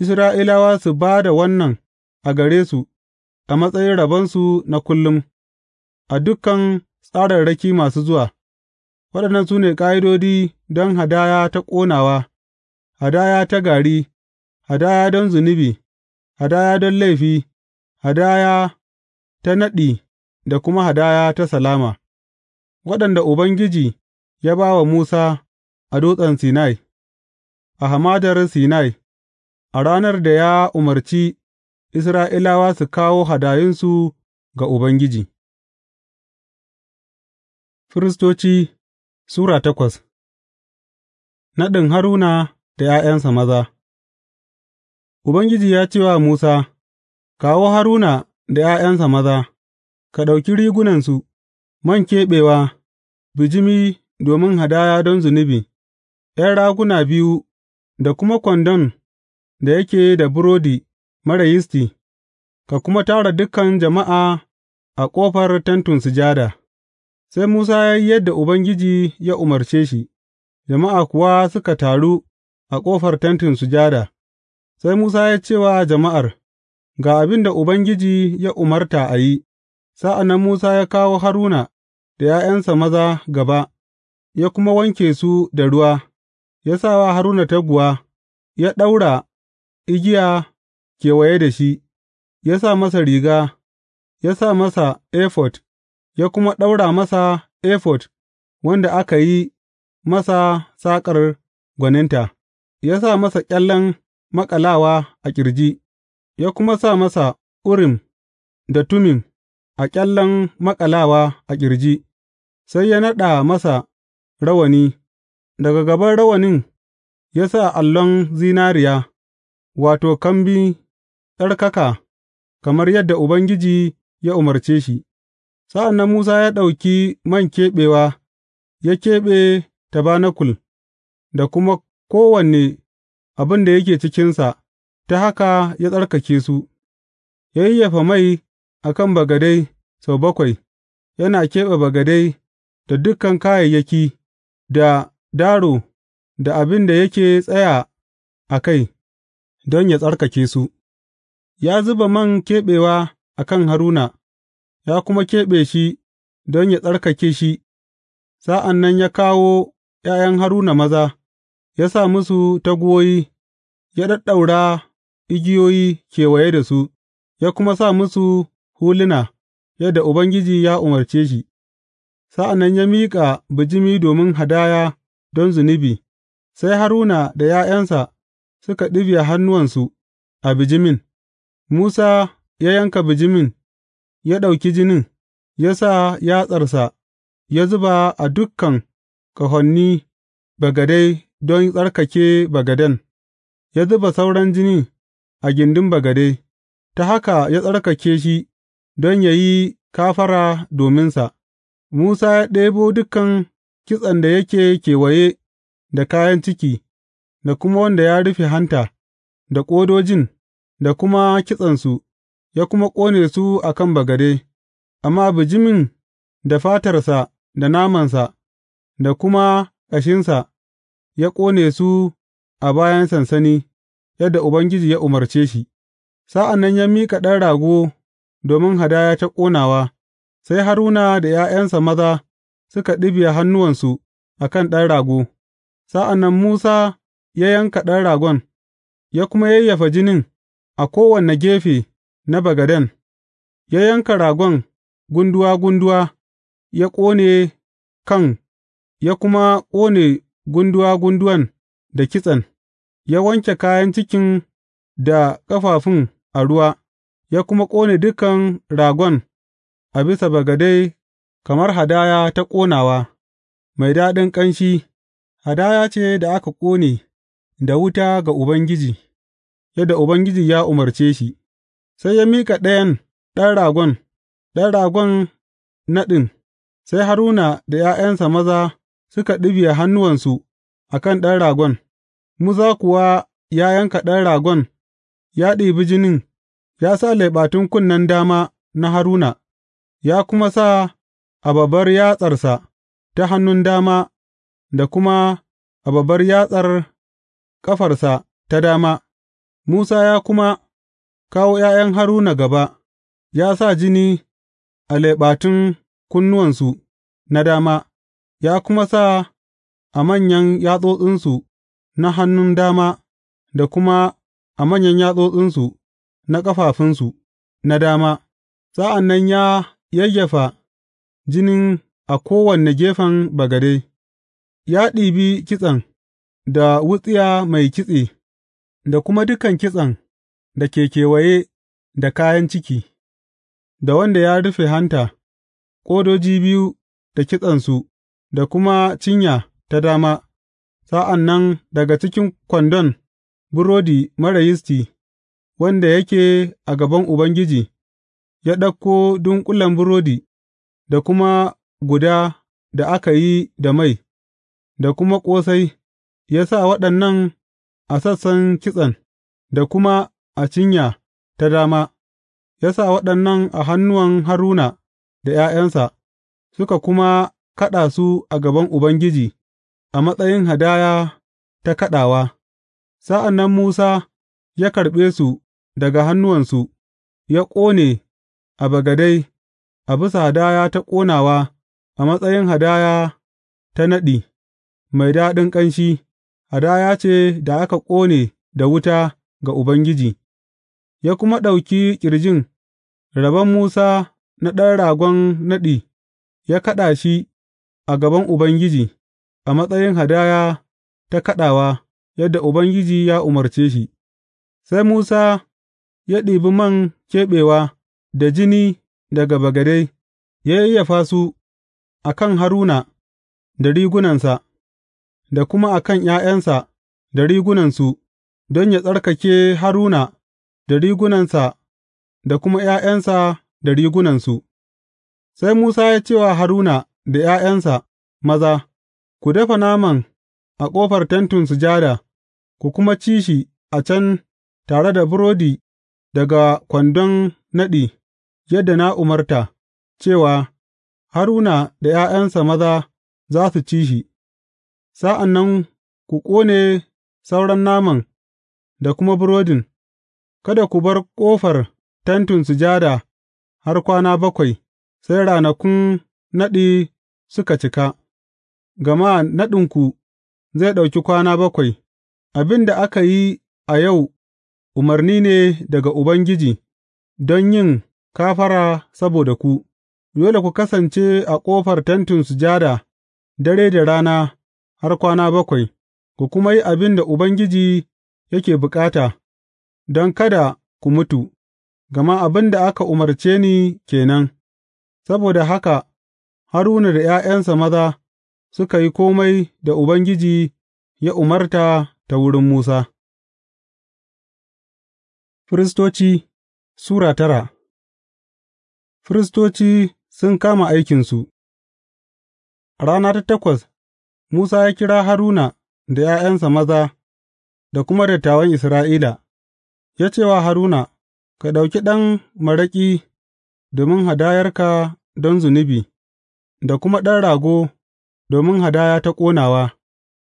Isra'ilawa su ba da wannan a gare su. a matsayin rabonsu na kullum, a dukan tsararraki masu zuwa, waɗannan su ne ƙa'idodi don hadaya ta ƙonawa, hadaya ta gari, hadaya don zunubi, hadaya don laifi, hadaya ta naɗi da kuma hadaya ta salama, waɗanda Ubangiji ya ba wa Musa a dutsen Sinai, a hamadar Sinai, a ranar da ya umarci Isra'ilawa su kawo hadayunsu ga Ubangiji Firistoci Sura takwas Naɗin Haruna da ’ya'yansa maza Ubangiji ya ce wa Musa, Kawo Haruna da ’ya'yansa maza, ka ɗauki rigunansu, man keɓewa, bijimi domin hadaya don zunubi, ’yan raguna biyu da kuma kwandon da yake da burodi marar yisti, ka kuma tara dukan jama'a a ƙofar Tentin Sujada. Sai Musa ya yi yadda Ubangiji ya umarce shi, jama'a kuwa suka taru a ƙofar Tentin Sujada, sai Musa ya ce wa jama'ar, Ga abin da Ubangiji ya umarta a yi, sa'an nan Musa ya kawo Haruna da ’ya'yansa maza gaba, ya kuma wanke su da ruwa, ya sa wa Haruna taguwa, ya ɗaura igiya kewaye da shi, ya sa masa riga, ya sa masa efod, ya kuma ɗaura masa efod wanda aka yi masa saƙar gwaninta, ya sa masa ƙyallen maƙalawa a ƙirji, ya kuma sa masa Urim da Tumim a ƙyallen maƙalawa a ƙirji, sai ya naɗa masa rawani, daga gaban rawanin ya sa allon zinariya, wato, kambi tsarkaka kamar yadda Ubangiji ya umarce shi, sa'an nan Musa ya ɗauki man keɓewa ya keɓe tabanakul da kuma kowane abin da yake cikinsa, ta haka ya tsarkake su, ya yayyafa mai a kan bagade sau bakwai, yana keɓe bagade da dukan kayayyaki, da daro, da abin da yake tsaya a kai, don ya tsarkake su. ya zuba man keɓewa a kan Haruna, ya kuma keɓe shi don yă tsarkake shi, sa'an nan ya kawo ’ya'yan Haruna maza, ya sa musu taguwoyi, ya ɗaɗɗaura igiyoyi kewaye da su, ya kuma sa musu huluna yadda Ubangiji ya umarce shi, sa'an nan ya miƙa bijimi domin hadaya don zunubi, sai Haruna da ’ya'yansa suka ɗibiya hannuwansu a bijimin. Musa ya yanka bijimin, ya ɗauki jinin, ya sa yatsarsa ya zuba a dukan ƙahoni bagade don tsarkake bagaden, ya zuba sauran jini a gindin bagade, ta haka ya tsarkake shi don yă yi kafara dominsa, Musa ya ɗebo dukan kitsen da yake kewaye da kayan ciki, da kuma wanda ya rufe hanta, da ƙodojin. da kuma kitsensu, ya kuma ƙone su a kan bagade, amma bijimin da fatarsa da namansa, da kuma ƙashinsa, ya ƙone su a bayan sansani, yadda Ubangiji ya umarce shi, sa'an nan ya miƙa ɗan rago domin hadaya ta ƙonawa, sai Haruna da ’ya'yansa maza suka ɗibiya hannuwansu a kan ɗan rago, sa'an nan Musa ya yanka ɗan ragon, ya kuma yayyafa jinin a kowane gefe na bagaden, ya yanka ragon gunduwa gunduwa ya ƙone kan ya kuma ƙone gunduwa gunduwan da kitsen, ya wanke kayan cikin da ƙafafun a ruwa, ya kuma ƙone dukan ragon a bisa bagade kamar hadaya ta ƙonawa, mai daɗin ƙanshi, hadaya ce da aka ƙone da wuta ga Ubangiji. yadda Ubangiji ya umarce shi, sai ya miƙa ɗayan ɗan ragon, ɗan ragon naɗin, sai Haruna da ’ya'yansa maza suka ɗibiya hannuwansu a kan ɗan ragon, Musa kuwa ya yanka ɗan ragon, ya ɗibi jinin, ya sa leɓatun kunnen dama na Haruna, ya kuma sa a babbar yatsarsa ta hannun dama da kuma a babbar yatsar ƙafarsa ta dama. Musa ya kuma kawo ’ya'yan Haruna gaba, ya sa jini a leɓatun kunnuwansu na dama, ya kuma sa a manyan yatsotsinsu na hannun dama da kuma a manyan yatsotsinsu na ƙafafunsu na dama, sa'an nan ya yayyafa jinin a kowane gefen bagade, ya ɗibi kitsen da wutsiya mai kitse. da kuma dukan kitsen da ke kewaye da kayan ciki, da wanda ya rufe hanta, ƙodoji biyu da kitsensu, da kuma cinya ta dama, sa'an nan daga cikin kwandon burodi mara yisti wanda yake a gaban Ubangiji, ya ɗauko dunƙulen burodi, da kuma guda da aka yi da mai, da kuma ƙosai, ya sa waɗannan a sassan kitsen da kuma a cinya ta dama, ya sa waɗannan a hannuwan Haruna da ’ya'yansa, suka kuma kaɗa su a gaban Ubangiji a matsayin hadaya ta kaɗawa, sa'an nan Musa ya karɓe su daga hannuwansu, ya ƙone a bagade a bisa hadaya ta ƙonawa a matsayin hadaya ta naɗi, mai daɗin ƙanshi. Hadaya ce da aka ƙone da wuta ga Ubangiji, ya kuma ɗauki ƙirjin rabon Musa na ɗan ragon naɗi ya kaɗa shi a gaban Ubangiji a matsayin hadaya ta kaɗawa yadda Ubangiji ya umarce shi, sai Musa ya ɗibi man keɓewa da jini daga bagade, ya yayyafa su a kan Haruna da rigunansa. da kuma a kan ’ya'yansa da rigunansu, don yă tsarkake Haruna da rigunansa da kuma ’ya'yansa da rigunansu. Sai Musa ya ce wa Haruna da ’ya'yansa maza, Ku dafa naman a ƙofar Tentin Sujada, ku kuma ci shi a can tare da burodi daga kwandon naɗi, yadda na umarta, cewa Haruna da ’ya'yansa maza za su ci shi. Sa'an nan ku ƙone sauran naman da kuma burodin, kada ku bar ƙofar Tentin Sujada har kwana bakwai, sai ranakun naɗi suka cika, gama naɗinku zai ɗauki kwana bakwai, abin da aka yi a yau umarni ne daga Ubangiji don yin kafara saboda ku, dole ku kasance a ƙofar Tentin Sujada dare da rana. har kwana bakwai, ku kuma yi abin da Ubangiji yake bukata, don kada ku mutu, gama abin da aka umarce ni ke nan, saboda haka Haruna da ’ya'yansa maza suka yi kome da Ubangiji ya umarta ta wurin Musa. Firistoci Sura tara Firistoci sun kama aikinsu rana ta takwas Musa ya kira Haruna da ’ya'yansa maza da kuma dattawan Isra'ila, ya ce wa Haruna, Ka ɗauki ɗan maraƙi domin hadayarka don zunubi, da kuma ɗan rago domin hadaya ta ƙonawa,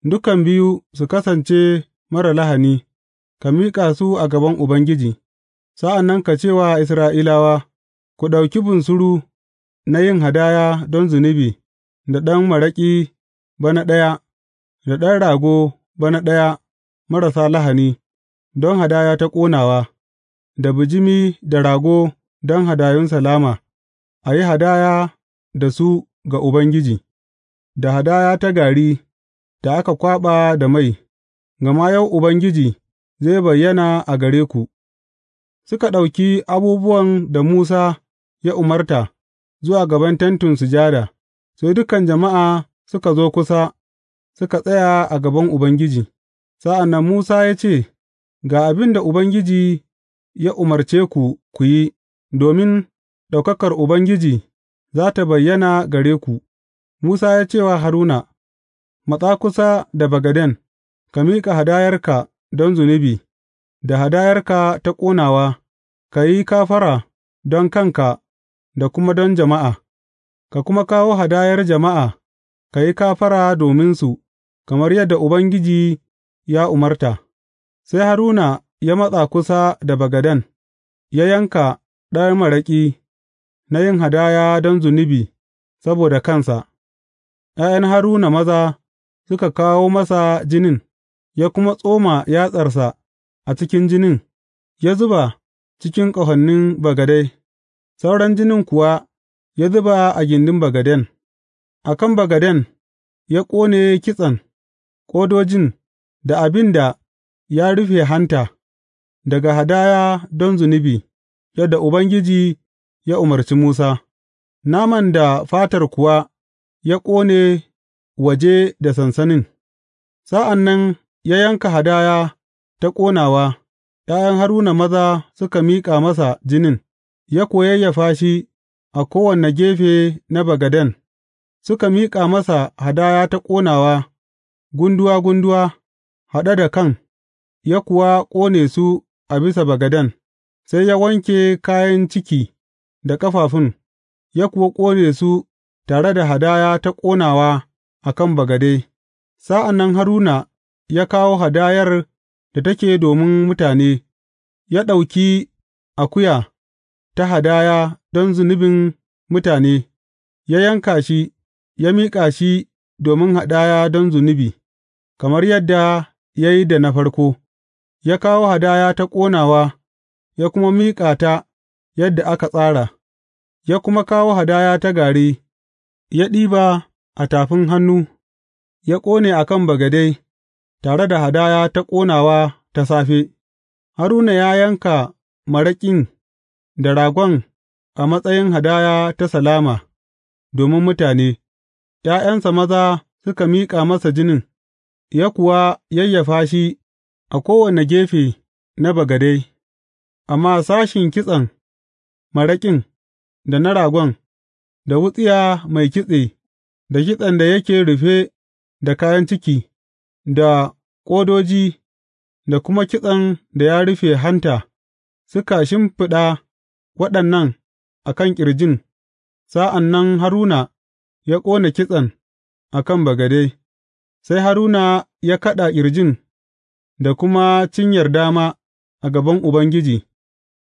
dukan biyu su kasance marar lahani, ka miƙa su a gaban Ubangiji, sa'an nan ka ce wa Isra'ilawa, Ku ɗauki bunsuru na yin hadaya don zunubi da ɗan maraƙi bana ɗaya, da ɗan rago bana ɗaya marasa lahani, don hadaya ta ƙonawa, da bijimi da rago don hadayun salama, a yi hadaya da su ga Ubangiji, da hadaya ta gari da aka kwaɓa da mai, gama yau Ubangiji zai bayyana a gare ku. Suka ɗauki abubuwan da Musa ya umarta zuwa gaban Tentin Sujada, sai dukan jama'a suka zo kusa suka tsaya a gaban Ubangiji, sa'an nan Musa ya ce, Ga abin da Ubangiji ya umarce ku ku yi, domin ɗaukakar Ubangiji za ta bayyana gare ku, Musa ya ce wa Haruna, Matsa kusa da bagaden, ka miƙa hadayarka don zunubi, da hadayarka ta ƙonawa, ka yi kafara don kanka da kuma don jama'a, ka kuma kawo hadayar jama'a Ka yi kafara dominsu kamar yadda Ubangiji ya umarta. Sai Haruna ya matsa kusa da bagaden, ya yanka ɗayan maraƙi na yin hadaya don zunubi saboda kansa, ’ya'yan Haruna maza suka kawo masa jinin, ya kuma tsoma yatsarsa a cikin jinin, ya zuba cikin ƙahonin bagade, sauran jinin kuwa ya zuba a gindin bagaden. A kan bagaden ya ƙone kitsen, ƙodojin da abin da ya rufe hanta, daga hadaya don zunubi, yadda Ubangiji ya umarci Musa, naman da fatar kuwa ya ƙone waje da sansanin, sa'an nan ya yanka hadaya ta ƙonawa, ’ya'yan Haruna maza suka miƙa masa jinin, ya kuwa shi a kowane gefe na bagaden. Suka miƙa masa hadaya ta ƙonawa gunduwa gunduwa haɗe da kan, ya kuwa ƙone su a bisa bagaden, sai ya wanke kayan ciki da ƙafafun, ya kuwa ƙone su tare da hadaya ta ƙonawa a kan bagade, sa'an nan Haruna ya kawo hadayar da take domin mutane, ya ɗauki akuya ta hadaya don zunubin mutane, ya yanka shi. ya miƙa shi domin hadaya don zunubi, kamar yadda ya yi da na farko, ya kawo hadaya ta ƙonawa ya kuma miƙa ta yadda aka tsara, ya kuma kawo hadaya ta gari, ya ɗiba a tafin hannu, ya ƙone a kan bagade, tare da hadaya ta ƙonawa ta safe, Haruna ya yanka maraƙin da ragon a matsayin hadaya ta salama domin mutane. ’ya'yansa maza suka miƙa masa jinin, ya kuwa yayyafa shi a kowane gefe na bagade, amma sashin kitsen maraƙin, da na ragon, da wutsiya mai kitse, da kitsen da yake rufe da kayan ciki, da ƙodoji, da kuma kitsen da ya rufe hanta, suka shimfiɗa waɗannan a kan ƙirjin, sa'an nan Haruna. ya ƙone kitsen a kan bagade, sai Haruna ya kaɗa ƙirjin da kuma cinyar dama a gaban Ubangiji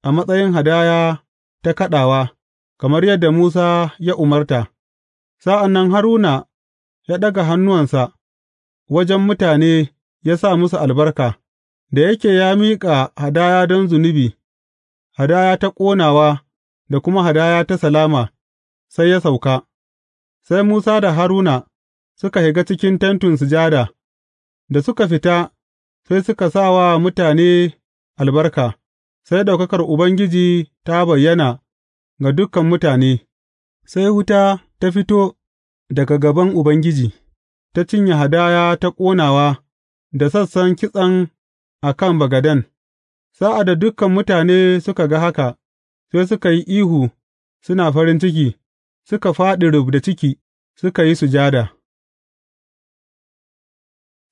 a matsayin hadaya ta kaɗawa, kamar yadda Musa ya umarta, sa'an nan Haruna ya ɗaga hannuwansa wajen mutane ya sa musu albarka, da yake ya miƙa hadaya don zunubi, hadaya ta ƙonawa da kuma hadaya ta salama, sai ya sauka. Sai Musa da Haruna suka shiga cikin Tentin Sujada, da suka fita sai suka sa wa mutane albarka, sai ɗaukakar Ubangiji ta bayyana ga dukan mutane, sai wuta ta fito daga gaban Ubangiji, ta cinye hadaya ta ƙonawa da sassan kitsen a kan bagadan, Sa'ad da dukan mutane suka ga haka, sai suka yi ihu suna farin ciki. suka fāɗi rubda ciki suka yi sujada.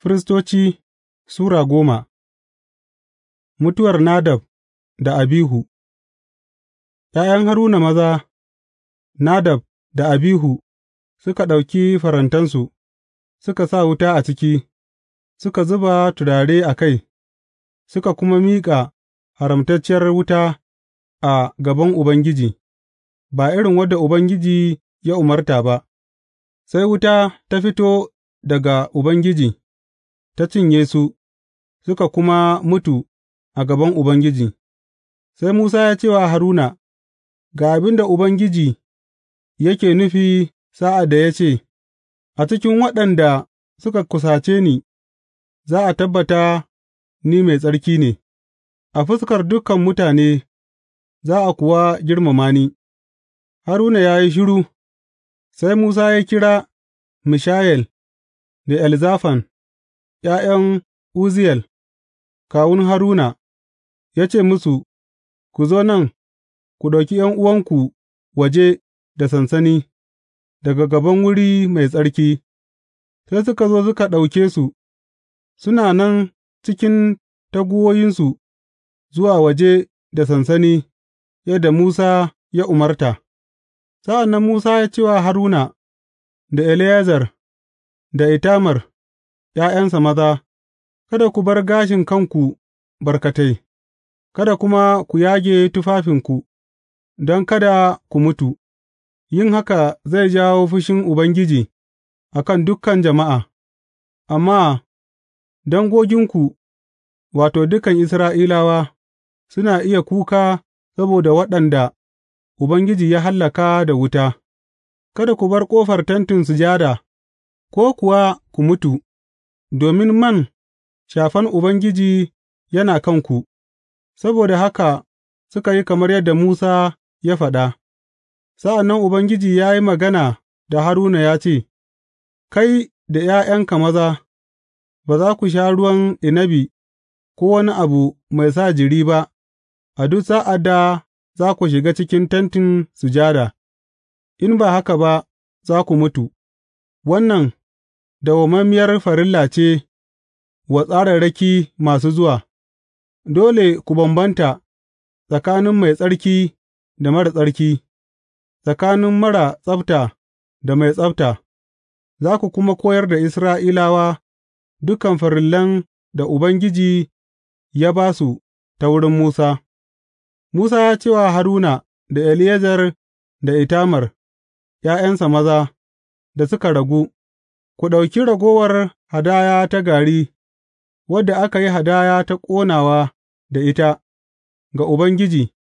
Firistoci Sura goma Mutuwar Nadab da Abihu ’Ya'yan Haruna maza, Nadab da Abihu suka ɗauki farantansu, suka sa wuta a ciki, suka zuba turare a kai, suka kuma miƙa haramtacciyar wuta a gaban Ubangiji. ba irin wadda Ubangiji ya umarta ba, sai wuta ta fito daga Ubangiji, ta cinye su, suka kuma mutu a gaban Ubangiji, sai Musa ya ce wa Haruna, Ga abin da Ubangiji yake nufi sa'ad da ya ce, A cikin waɗanda suka kusace ni, za a tabbata ni mai tsarki ne, a fuskar dukan mutane za a kuwa girmama ni. Haruna ya yi shiru, sai Musa ya kira Mishayel da Elzafan, ’ya'yan Uzziyel, kawun Haruna, ya ce musu, Ku zo nan, ku ɗauki ’yan'uwanku waje da sansani, daga gaban wuri mai tsarki, sai suka zo suka ɗauke su, suna nan cikin taguwoyinsu zuwa waje da sansani yadda Musa ya umarta. Sa'an nan Musa ya ce wa Haruna da Eleyazar da Itamar, ’ya'yansa maza, Kada ku bar gashin kanku barkatai, kada kuma ku yage tufafinku, don kada ku mutu, yin haka zai jawo fushin Ubangiji a kan dukan jama'a, amma dangoginku, wato, dukan Isra'ilawa, suna iya kuka saboda waɗanda. Ubangiji ya hallaka da wuta, kada ku bar ƙofar Tentin Sujada, ko kuwa ku mutu, domin man shafan Ubangiji yana kanku, saboda haka suka yi kamar yadda Musa ya faɗa. Sa'an nan Ubangiji ya yi magana da Haruna ya ce, Kai da ’ya'yanka maza, ba za ku sha ruwan inabi ko wani abu mai sa jiri ba, a duk sa'ad da za ku shiga cikin Tentin Sujada, in ba haka ba za ku mutu, wannan dawamammiyar farilla ce wa tsararraki masu zuwa, dole ku bambanta tsakanin mai tsarki da mara tsarki, tsakanin mara tsabta da mai tsabta, za ku kuma koyar da Isra'ilawa dukan farillan da Ubangiji ya ba su ta wurin Musa. Musa ya ce wa Haruna da Eleyazar da Itamar, ’ya'yansa maza, da suka ragu, Ku ɗauki ragowar hadaya ta gari, wadda aka yi hadaya ta ƙonawa da ita, ga Ubangiji,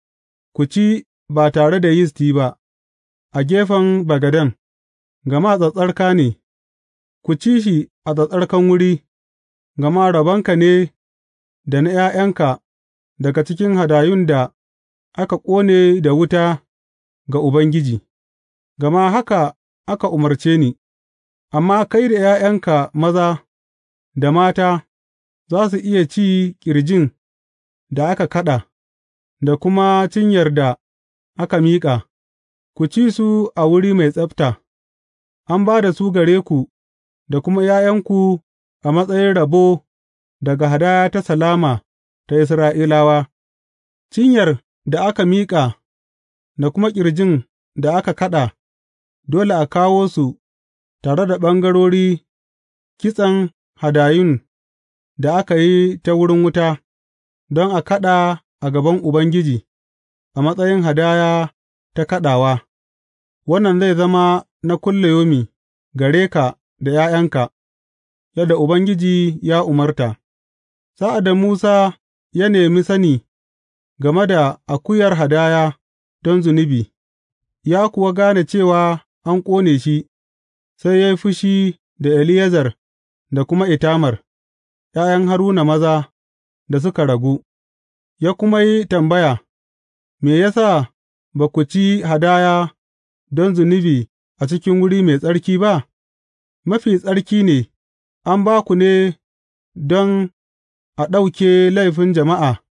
ku ci ba tare da yisti ba, a gefen bagaden, gama tsattsarka ne, ku ci shi a tsattsarkan wuri, gama rabonka ne da na ’ya'yanka daga cikin hadayun da. aka ƙone da wuta ga Ubangiji, gama haka aka umarce ni, amma kai da ’ya'yanka maza da mata za su iya ci ƙirjin da aka kaɗa, da kuma cinyar da aka miƙa, ku ci su a wuri mai tsabta, an ba da su gare ku da kuma ’ya'yanku a matsayin rabo daga hadaya ta salama ta Isra'ilawa, cinyar da aka miƙa da kuma ƙirjin da aka kaɗa, dole a kawo su tare da ɓangarori kitsen hadayun da aka yi ta wurin wuta, don a kaɗa a gaban Ubangiji a matsayin hadaya ta kaɗawa, wannan zai zama na kullayomi gare ka da ’ya'yanka, yadda Ubangiji ya umarta. Sa'ad da Musa ya nemi sani game da akuyar hadaya don zunubi, ya kuwa gane cewa an ƙone shi, sai ya yi fushi da Eleyazar da kuma Itamar, ’ya'yan Haruna maza da suka ragu, ya kuma yi tambaya, Me ya sa ba ku ci hadaya don zunubi a cikin wuri mai tsarki ba? Mafi tsarki ne, an ba ku ne don a ɗauke laifin jama'a.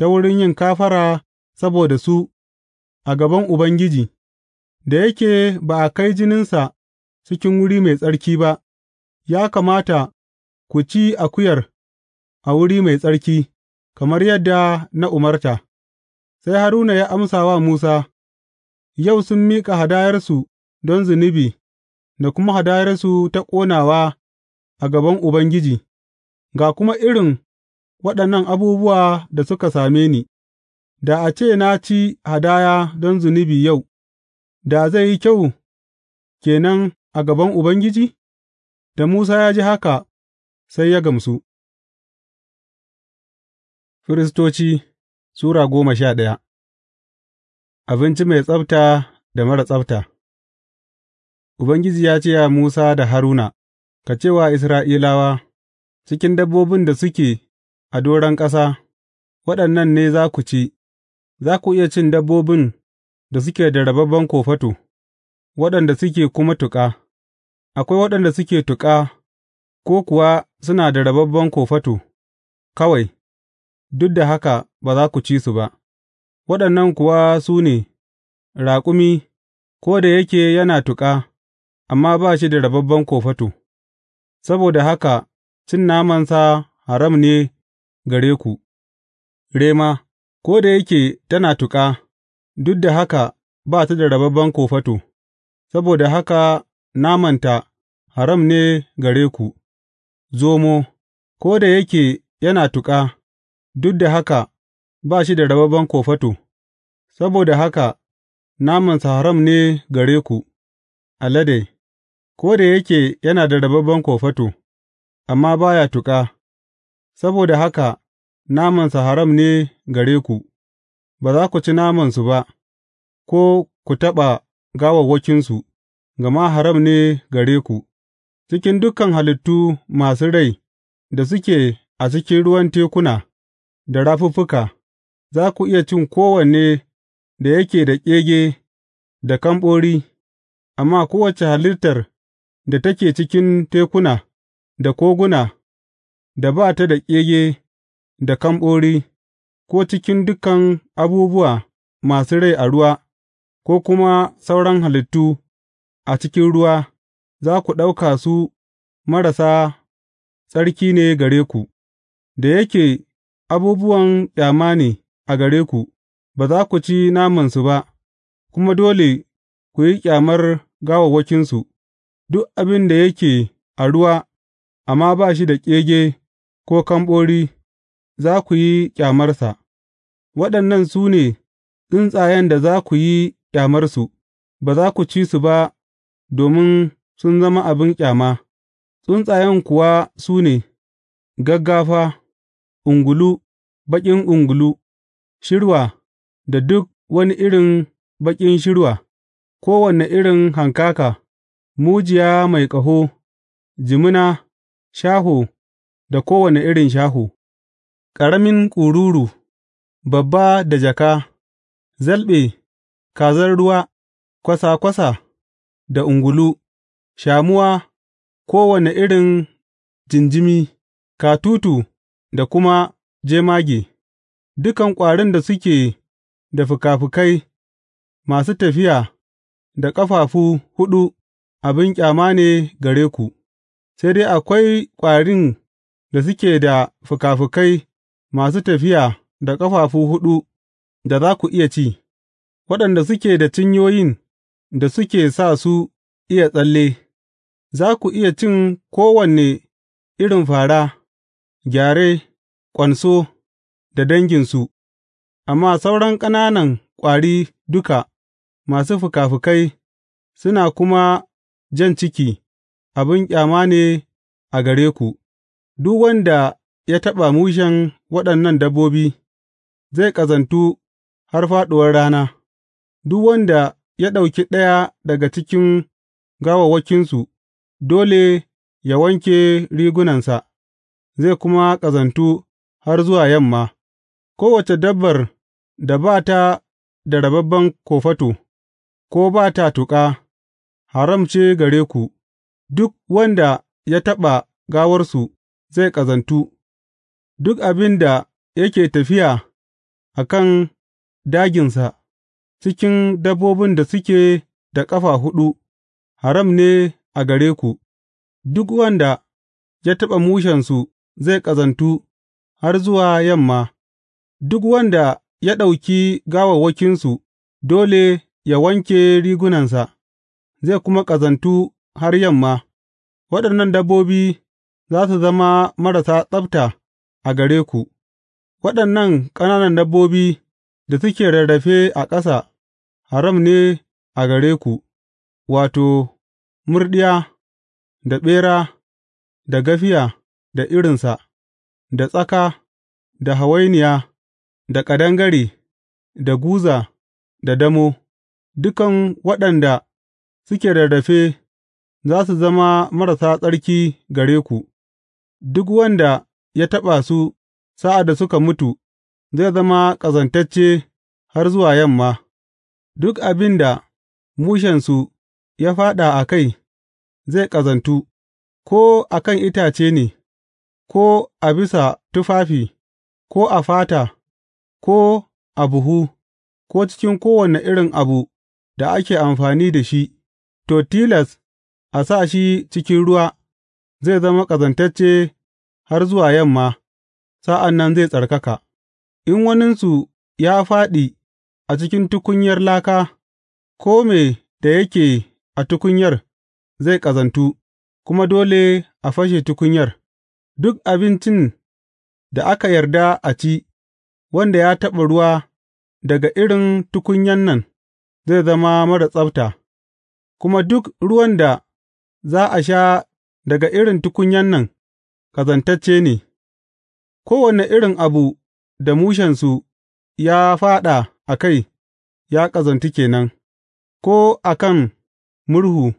ta wurin yin kafara saboda su a gaban Ubangiji, da yake ba a kai jininsa cikin wuri mai tsarki ba, ya kamata ku ci akuyar a wuri mai tsarki, kamar yadda na umarta. Sai Haruna ya amsa wa Musa, Yau sun miƙa hadayarsu don zunubi da kuma hadayarsu ta ƙonawa a gaban Ubangiji, ga kuma irin waɗannan abubuwa da suka same ni, da a ce na ci hadaya don zunubi yau, da zai yi kyau ke nan a gaban Ubangiji? Da Musa ya ji haka, sai ya gamsu. Firistoci Sura goma sha ɗaya Abinci mai tsabta da mara tsabta Ubangiji ya ce wa Musa da Haruna, Ka ce wa Isra'ilawa, cikin dabbobin da suke a doron ƙasa, waɗannan ne za ku ci, za ku iya cin dabbobin da suke da rababben kofato, waɗanda suke kuma tuƙa, akwai waɗanda suke tuƙa ko kuwa suna da rababben kofato kawai, duk da haka ba za ku ci su ba, waɗannan kuwa su ne raƙumi, ko da yake yana tuƙa, amma ba shi da rababben kofato, saboda haka cin namansa haram ne. gare ku, rema, ko da yake tana tuƙa, duk da haka ba ta da rababben kofato, saboda haka namanta haram ne gare ku, zomo, ko da yake yana tuƙa, duk da haka ba shi da rababben kofato, saboda haka namansa haram ne gare ku, alade, ko da yake yana da rababben kofato, amma ba ya tuƙa. Saboda haka namansa haram ne gare ku, ba za ku ci namansu ba, ko ku taɓa gawawwakinsu, gama haram ne gare ku, cikin dukan halittu masu rai da suke a cikin ruwan tekuna da rafuffuka, za ku iya cin kowanne da yake da ƙege da kamɓori, amma kowace halittar da take cikin tekuna da koguna. da ba ta da ƙege da kamɓori, ko cikin dukan abubuwa masu rai a ruwa, ko kuma sauran halittu a cikin ruwa, za ku ɗauka su marasa tsarki ne gare ku, da yake abubuwan ƙyama ne a gare ku, ba za ku ci namansu ba, kuma dole ku yi ƙyamar gawawwakinsu, duk abin da yake a ruwa. amma ba shi da ƙege ko kamɓori, za ku yi ƙyamarsa, waɗannan su ne tsuntsayen da za ku yi ƙyamarsu, ba za ku ci su ba domin sun zama abin ƙyama, tsuntsayen kuwa su ne, gaggafa, ungulu, baƙin ungulu, shirwa da duk wani irin baƙin shirwa, kowane irin hankaka, mujiya mai ƙaho, jimina. shaho da kowane irin shaho, ƙaramin ƙururu, babba da jaka, zalɓe, kazar ruwa, kwasa kwasa da ungulu, shamuwa, kowane irin jinjimi, katutu da kuma jemage, dukan ƙwarin da suke da fikafikai masu tafiya da ƙafafu huɗu abin ƙyama ne gare ku. sai dai akwai ƙwarin da suke da fikafikai masu tafiya da ƙafafu huɗu da za ku iya ci, waɗanda suke da cinyoyin da suke sa su iya tsalle, za ku iya cin kowanne irin fara, gyare, ƙwanso da danginsu, amma sauran ƙananan ƙwari duka masu fikafikai suna kuma jan ciki. abin ƙyama ne a gare ku, duk wanda ya taɓa mushen waɗannan dabbobi, zai ƙazantu har fāɗuwar rana, duk wanda ya ɗauki ɗaya daga cikin gawawwakinsu, dole ya wanke rigunansa, zai kuma ƙazantu har zuwa yamma, kowace dabbar da ba ta da rababben kofato, ko ba ta tuƙa, haram ce gare ku. Duk wanda ya taɓa gawarsu zai ƙazantu; duk abin da yake tafiya a kan daginsa cikin dabbobin da suke da ƙafa huɗu, haram ne a gare ku; duk wanda ya taɓa mushensu zai ƙazantu har zuwa yamma; duk wanda ya ɗauki gawawwakinsu dole ya wanke rigunansa, zai kuma ƙazantu. har yamma, waɗannan dabbobi za su zama marasa tsabta a gare ku, waɗannan ƙananan dabbobi da suke rarrafe a ƙasa haram ne a gare ku, wato, murɗiya, da ɓera, da gafiya, da irinsa, da tsaka, da hawainiya, da ƙadangare, da guza, da damo, dukan waɗanda suke rarrafe. za su zama marasa tsarki gare ku, duk wanda ya taɓa su sa'ad da suka mutu zai zama ƙazantacce har zuwa yamma, duk abin da mushensu ya fāɗa a kai zai ƙazantu, ko a kan itace ne, ko a bisa tufafi, ko a fata, ko a buhu, ko cikin kowane irin abu da ake amfani da shi, to, tilas. a sa shi cikin ruwa, zai zama ƙazantacce har zuwa yamma, sa'an nan zai tsarkaka, in waninsu ya fāɗi a cikin tukunyar laka, ko me da yake a tukunyar zai ƙazantu, kuma dole a fashe tukunyar, duk abincin da aka yarda a ci, wanda ya taɓa ruwa daga irin tukunyan nan, zai zama marar tsabta, kuma duk ruwan da za a sha daga irin tukunyan nan ƙazantacce ne, kowane irin abu da mushensu ya fāɗa a kai ya ƙazantu ke nan, ko a kan murhu,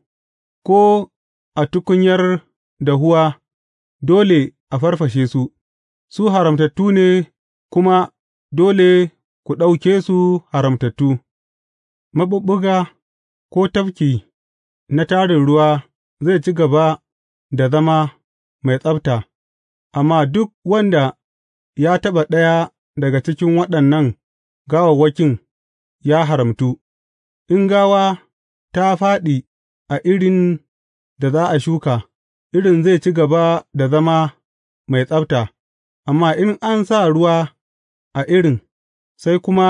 ko a tukunyar dahuwa, dole a farfashe su, su haramtattu ne kuma dole ku ɗauke su haramtattu, maɓuɓɓuga ko tafki na tarin ruwa. zai ci gaba da zama mai tsabta, amma duk wanda ya taɓa ɗaya daga cikin waɗannan gawawwakin ya haramtu, in gawa ta fāɗi a irin da za a shuka, irin zai ci gaba da zama mai tsabta, amma in an sa ruwa a irin, sai kuma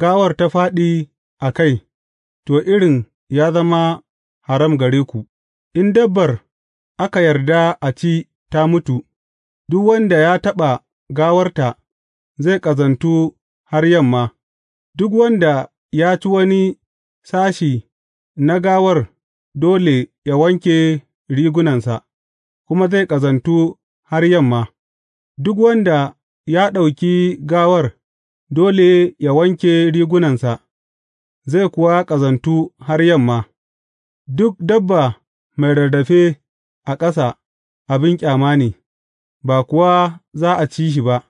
gawar ta fāɗi a kai, to, irin ya zama haram gare ku. In dabbar aka yarda a ci ta mutu, duk wanda ya taɓa gawarta zai ƙazantu har yamma; duk wanda ya ci wani sashi na gawar dole ya wanke rigunansa, kuma zai ƙazantu har yamma; duk wanda ya ɗauki gawar dole ya wanke rigunansa, zai kuwa ƙazantu har yamma; duk dabba. mai rarrafe a ƙasa abin ƙyama ne, ba kuwa za a ci shi ba,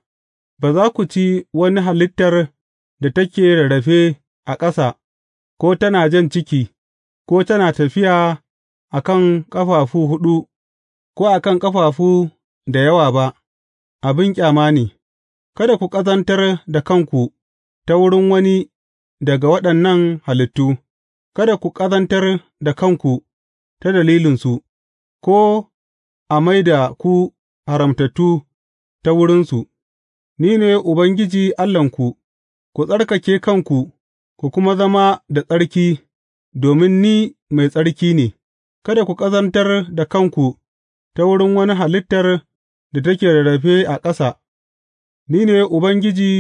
ba za ku ci wani halittar da take rarrafe a ƙasa, ko tana jan ciki, ko tana tafiya a kan ƙafafu huɗu, ko a kan ƙafafu da yawa ba, abin ƙyama ne, kada ku ƙazantar da kanku ta wurin wani daga waɗannan halittu, kada ku ƙazantar da kanku. ta dalilinsu, ko a mai da ku haramtattu ta wurinsu, Ni ne Ubangiji Allahnku, ku tsarkake kanku, ku kuma zama da tsarki, domin ni mai tsarki ne, kada ku ƙazantar da kanku ta wurin wani halittar da take rarrafe a ƙasa, Ni ne Ubangiji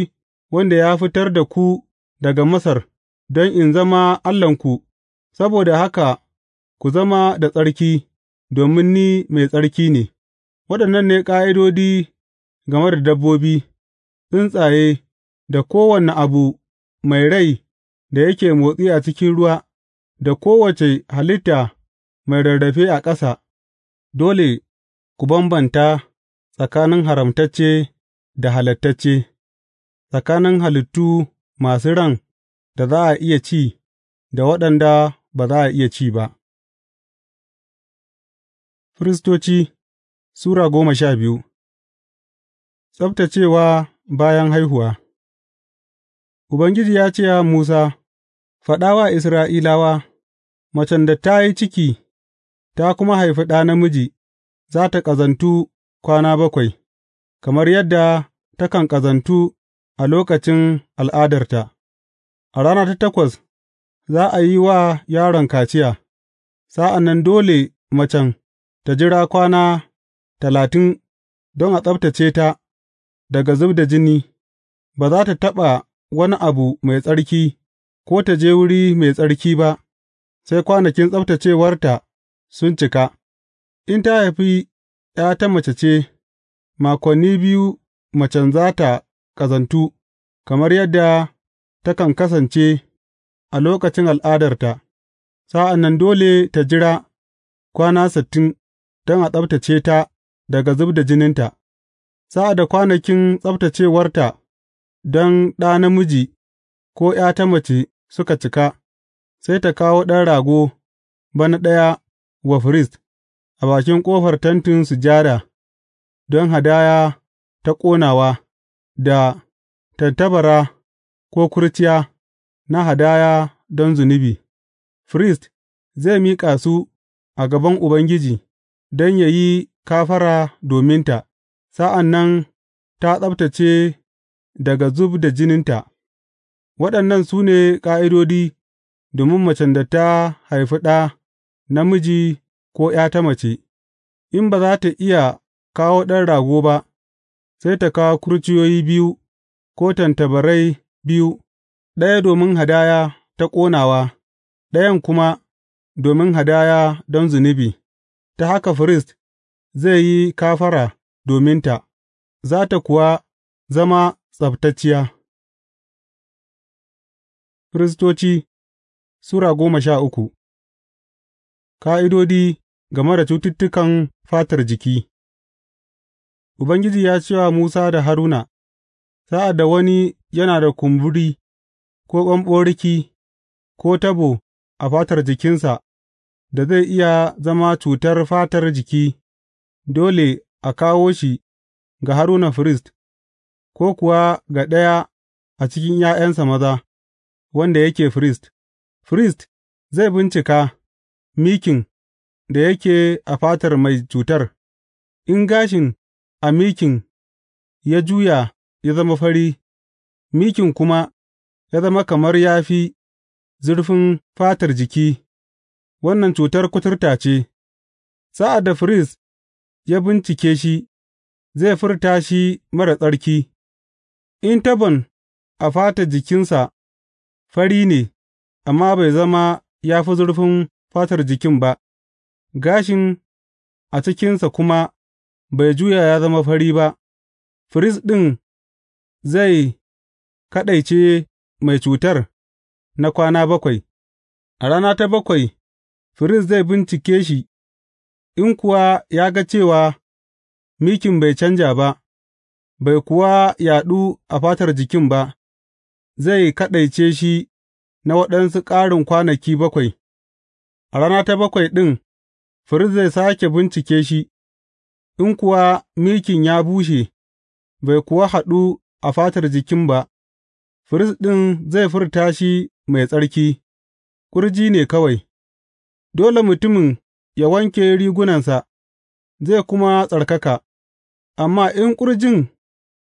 wanda ya fitar da ku daga Masar don in zama Allahnku, saboda haka Ku zama da tsarki, domin ni mai tsarki ne, waɗannan ne ƙa'idodi game da dabbobi, tsuntsaye, da kowane abu mai rai da yake motsi a cikin ruwa, da kowace halitta mai rarrafe a ƙasa, dole ku bambanta tsakanin haramtacce da halattacce, tsakanin halittu masu ran da za a iya ci da waɗanda ba za a iya ci ba. Firistoci Sura goma sha biyu Tsaftacewa bayan haihuwa Ubangiji ya ce wa Musa, Faɗa wa Isra'ilawa, Macen da ta yi ciki ta kuma haifi ɗa namiji, za ta ƙazantu kwana bakwai, kamar yadda takan ƙazantu a lokacin al'adarta, a rana ta takwas za a yi wa yaron kaciya, sa'an nan dole macen. ta jira kwana talatin don a tsabtacce ta daga zub da jini, ba za ta taɓa wani abu mai tsarki ko ta je wuri mai tsarki ba, sai kwanakin tsabtaccewarta sun cika, in ta haifi ’ya ta mace ce, makonni biyu macen za tă ƙazantu, kamar yadda takan kasance a lokacin al'adarta, sa'an nan dole ta jira kwana sittin. don a tsabtacce ta daga zub da jininta, sa'ad da kwanakin tsabtaccewarta don ɗa namiji ko ’ya ta mace suka cika, sai ta kawo ɗan rago bana ɗaya wa firist a bakin ƙofar Tentin Sujada don hadaya ta ƙonawa da tattabara ko kurciya na hadaya don zunubi, firist zai miƙa su a gaban Ubangiji. don yă yi kafara dominta, sa'an nan ta tsabtacce daga zub da jininta, waɗannan su ne ƙa'idodi domin macen da ta haifi ɗa namiji ko ’ya ta mace, in ba za ta iya kawo ɗan rago ba, sai ta kawo kurciyoyi biyu ko tattabarai biyu, ɗaya domin hadaya ta ƙonawa, ɗayan kuma domin hadaya don zunubi. ta haka firist zai yi kafara dominta, za tă kuwa zama tsabtacciya. Firistoci Sura goma sha uku Ƙa'idodi game da cututtukan fatar jiki Ubangiji ya ce wa Musa da Haruna, Sa'ad da wani yana da kumburi, ko ɓamɓoriki ko tabo a fatar jikinsa, da zai iya zama cutar fatar jiki, dole a kawo shi ga Haruna firist, ko kuwa ga ɗaya a cikin ’ya'yansa maza, wanda yake firist. Firist zai bincika mikin da yake a fatar mai cutar, in gashin a mikin ya juya ya zama fari, mikin kuma ya zama kamar ya fi zurfin fatar jiki. wannan cutar kuturta ce, sa'ad da firist ya bincike shi, zai furta shi marar tsarki, in tabon a fata jikinsa fari ne, amma bai zama ya fi zurfin fatar jikin ba, gashin a cikinsa kuma bai juya ya zama fari ba, firist ɗin zai kaɗaice mai cutar na kwana bakwai, a rana ta bakwai firist zai bincike shi, in kuwa ya ga cewa mikin bai canja ba, bai kuwa yaɗu a fatar jikin ba, zai kaɗaice shi na waɗansu ƙarin kwanaki bakwai, a rana ta bakwai ɗin firist zai sake bincike shi, in kuwa mikin ya bushe, bai kuwa haɗu a fatar jikin ba, firist ɗin zai furta shi mai tsarki, ƙurji ne kawai. Dole mutumin yă wanke rigunansa, zai kuma tsarkaka, amma in ƙurjin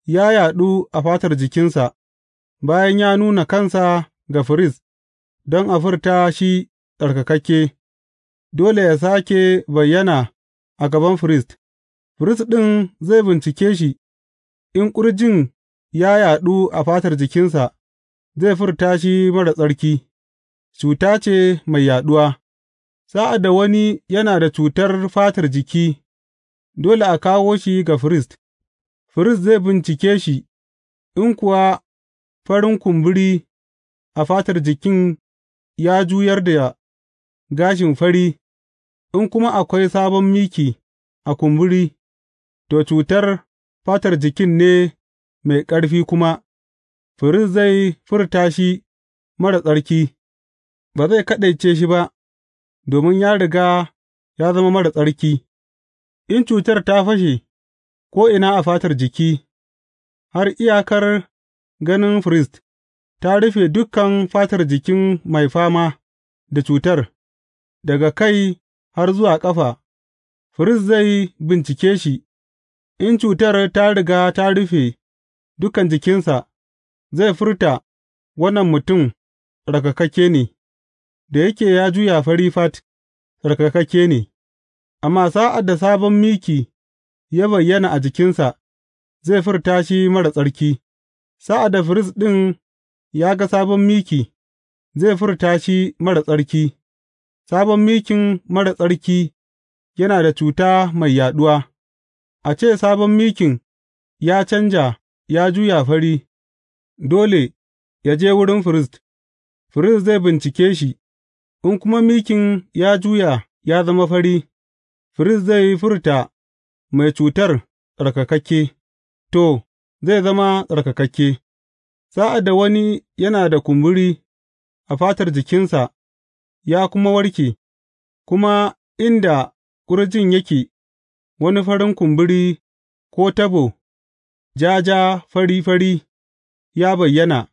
ya yaɗu a fatar jikinsa, bayan ya nuna kansa ga firist don a furta shi tsarkakakke, dole ya sake bayyana a gaban firist, firist ɗin zai bincike shi, in ƙurjin ya yaɗu a fatar jikinsa, zai furta shi marar tsarki; cuta ce mai yaɗuwa. Sa'ad da wani yana da cutar fatar jiki, dole a kawo shi ga firist, firist zai bincike shi, in kuwa farin kumburi a fatar jikin ya juyar da gashin fari, in kuma akwai sabon miki a kumburi, to, cutar fatar jikin ne mai ƙarfi kuma, firist zai furta shi marar tsarki, ba zai kaɗaice shi ba. domin ya riga ya zama marar tsarki, in cutar ta fashe ko'ina a fatar jiki, har iyakar ganin firist, ta rufe dukan fatar jikin mai fama da cutar, daga kai har zuwa ƙafa, firist zai bincike shi, in cutar ta riga ta rufe dukan jikinsa, zai furta wannan mutum tsarkakakke ne. Da yake ya juya fari fat, tsarkakakke ne, amma sa'ad da sabon miki ya bayyana a jikinsa, zai furta shi marar tsarki; sa'ad da firist ɗin ya ga sabon miki, zai furta shi marar tsarki; sabon mikin marar tsarki yana da cuta mai yaɗuwa, a ce sabon mikin ya canja ya juya fari, dole ya je wurin firist, firist zai bincike shi. In kuma mikin ya juya ya zama fari, firist zai furta mai cutar tsarkakakke, to, zai zama tsarkakakke, sa'ad da wani yana da kumburi a fatar jikinsa ya kuma warke, kuma inda ƙurjin yake, wani farin kumburi ko tabo, ja ja fari fari ya bayyana,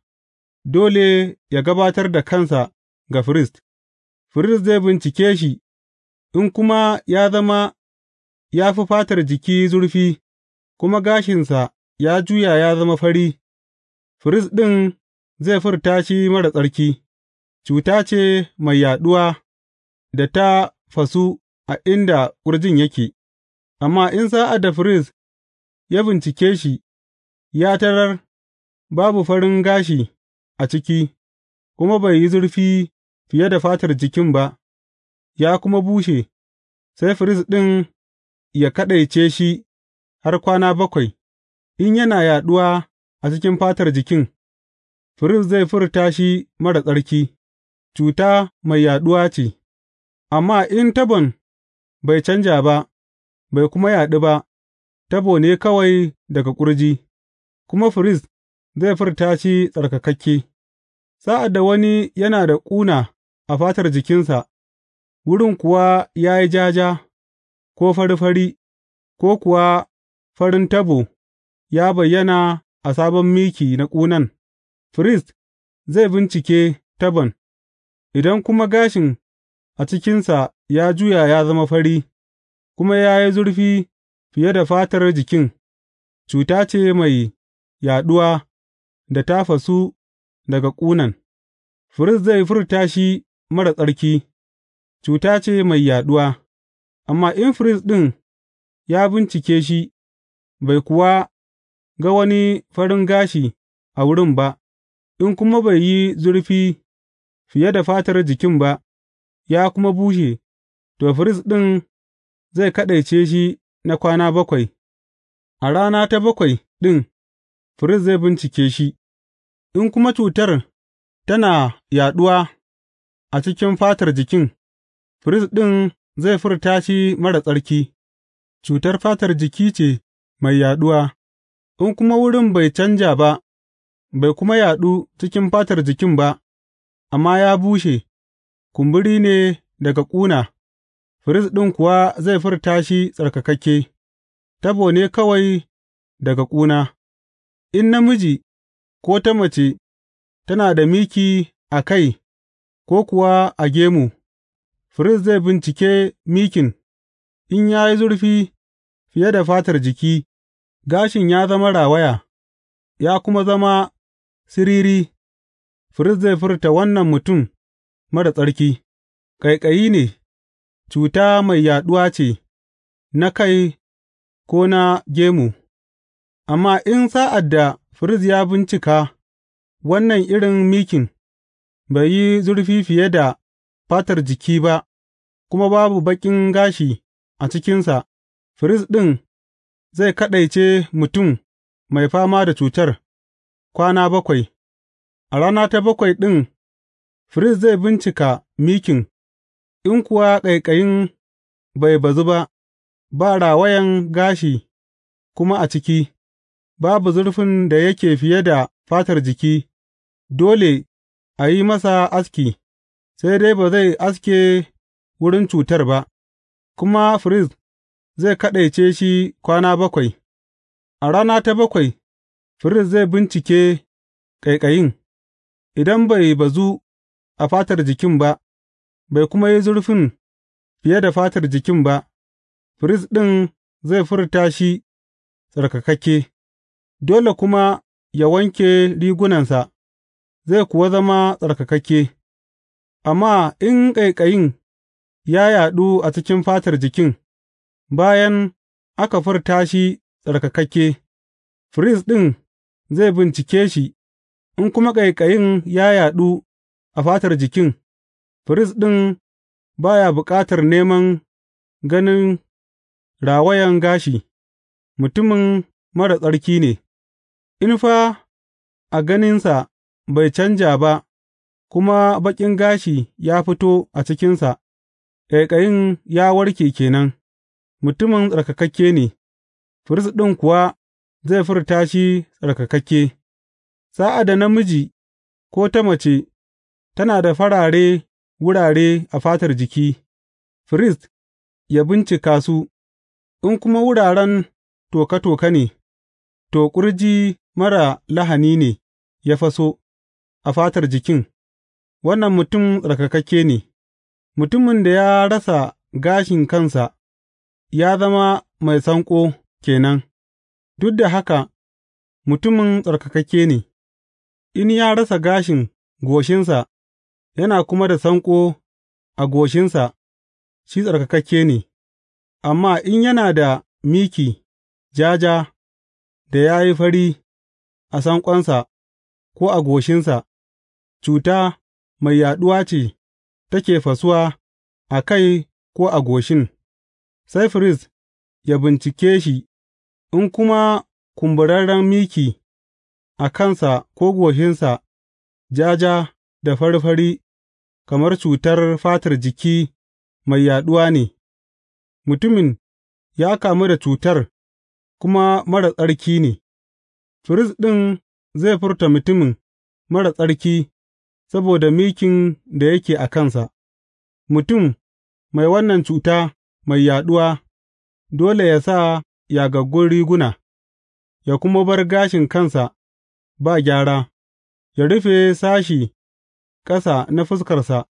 dole ya gabatar da kansa ga firist. firist zai bincike shi, in kuma ya zama ya fi fatar jiki zurfi, kuma gashinsa ya juya ya zama fari, firist ɗin zai furta shi mara tsarki, cuta ce mai yaɗuwa da ta fasu a inda ƙurjin yake, amma in sa'ad da firist ya bincike shi, ya tarar babu farin gashi a ciki, kuma bai yi zurfi fiye da fatar jikin ba, ya kuma bushe, sai firist ɗin ya kaɗaice shi har kwana bakwai, in yana yaɗuwa a cikin fatar jikin, firist zai furta shi marar tsarki, cuta mai yaɗuwa ce, amma in tabon bai canja ba, bai kuma yaɗu ba, tabo ne kawai daga ƙurji, kuma firist zai furta shi tsarkakakke. Sa'ad da wani yana da ƙuna a fatar jikinsa, wurin kuwa ya yi jaja, ko fari fari, ko kuwa farin tabo ya bayyana a sabon miki na ƙunan, firist zai bincike tabon, idan kuma gashin a cikinsa ya juya ya zama fari, kuma ya yi zurfi fiye da fatar jikin, cuta ce mai yaɗuwa da ta fasu daga ƙunan, firist zai furta shi marar tsarki, cuta ce mai yaɗuwa, amma in firist ɗin ya bincike shi, bai kuwa ga wani farin gashi a wurin ba, in kuma bai yi zurfi fiye da fatar jikin ba, ya kuma bushe, to, firist ɗin zai kaɗaice shi na kwana bakwai, a rana ta bakwai ɗin, firist zai bincike shi, in kuma cutar tana yaɗuwa a cikin fatar jikin, firist ɗin zai furta shi marar tsarki, cutar fatar jiki ce mai yaɗuwa, in kuma wurin bai canja ba, bai kuma yaɗu cikin fatar jikin ba, amma ya bushe, kumburi ne daga ƙuna, firist ɗin kuwa zai furta shi tsarkakakke, tabo ne kawai daga ƙuna, in namiji ko ta mace tana da miki a kai. ko kuwa a gemu, firist zai bincike mikin, in ya yi zurfi fiye da fatar jiki, gashin ya zama rawaya, ya kuma zama siriri, firist zai furta wannan mutum mara tsarki, ƙaiƙayi ne, cuta mai yaɗuwa ce na kai ko na gemu, amma in sa'ad da firist ya bincika wannan irin mikin, Bai yi zurfi fiye da fatar jiki ba, kuma babu baƙin gashi a cikinsa, firist ɗin zai kaɗaice mutum mai fama da cutar, kwana bakwai, a rana ta bakwai ɗin firist zai bincika mikin, in kuwa ƙaiƙayin bai bazu ba, ba rawayan gashi kuma a ciki, babu zurfin da yake fiye da fatar jiki, dole a yi masa aski, sai dai ba zai aske wurin cutar ba, kuma firist zai kaɗaice shi kwana bakwai, a rana ta bakwai, firist zai bincike ƙaiƙayin, idan bai bazu a fatar jikin ba, bai kuma yi zurfin fiye da fatar jikin ba, firist ɗin zai furta shi tsarkakakke, dole kuma ya wanke rigunansa. zai kuwa zama tsarkakakke, amma in ƙaiƙayin ya yaɗu a cikin fatar jikin, bayan aka furta shi tsarkakakke, firist ɗin zai bincike shi, in kuma ƙaiƙayin ya yaɗu a fatar jikin, firist ɗin ba ya bukatar neman ganin rawayan gashi, mutumin marar tsarki ne, in fa a ganinsa bai canja ba, kuma baƙin gashi ya fito a cikinsa, ƙaiƙayin ya warke ke nan, mutumin tsarkakakke ne, firist ɗin kuwa zai furta shi tsarkakakke. Sa'ad da namiji ko ta mace tana da farare wurare a fatar jiki, firist ya bincika su, in kuma wuraren toka toka ne, to, ƙurji marar lahani ne ya faso. a fatar jikin, wannan mutum tsarkakakke ne, mutumin da ya rasa gashin kansa ya zama mai sanƙo kenan duk da haka mutumin tsarkakakke ne, in ya rasa gashin goshinsa yana kuma da sanƙo a goshinsa, shi tsarkakakke ne, amma in yana da miki jaja da ya yi fari a sanƙonsa ko a goshinsa, Cuta mai yaɗuwa ce take fasuwa a kai ko a goshin, sai firist ya bincike shi, in kuma kumburarren miki a kansa ko goshinsa jaja da fari kamar cutar fatar jiki mai yaɗuwa ne, mutumin ya kamu da cutar kuma marar tsarki ne, firist ɗin zai furta mutumin marar tsarki. saboda mikin da yake a kansa, mutum mai wannan cuta mai yaɗuwa dole ya sa yagaggun riguna, ya kuma bar gashin kansa ba gyara, Ya rufe sashi ƙasa na fuskarsa,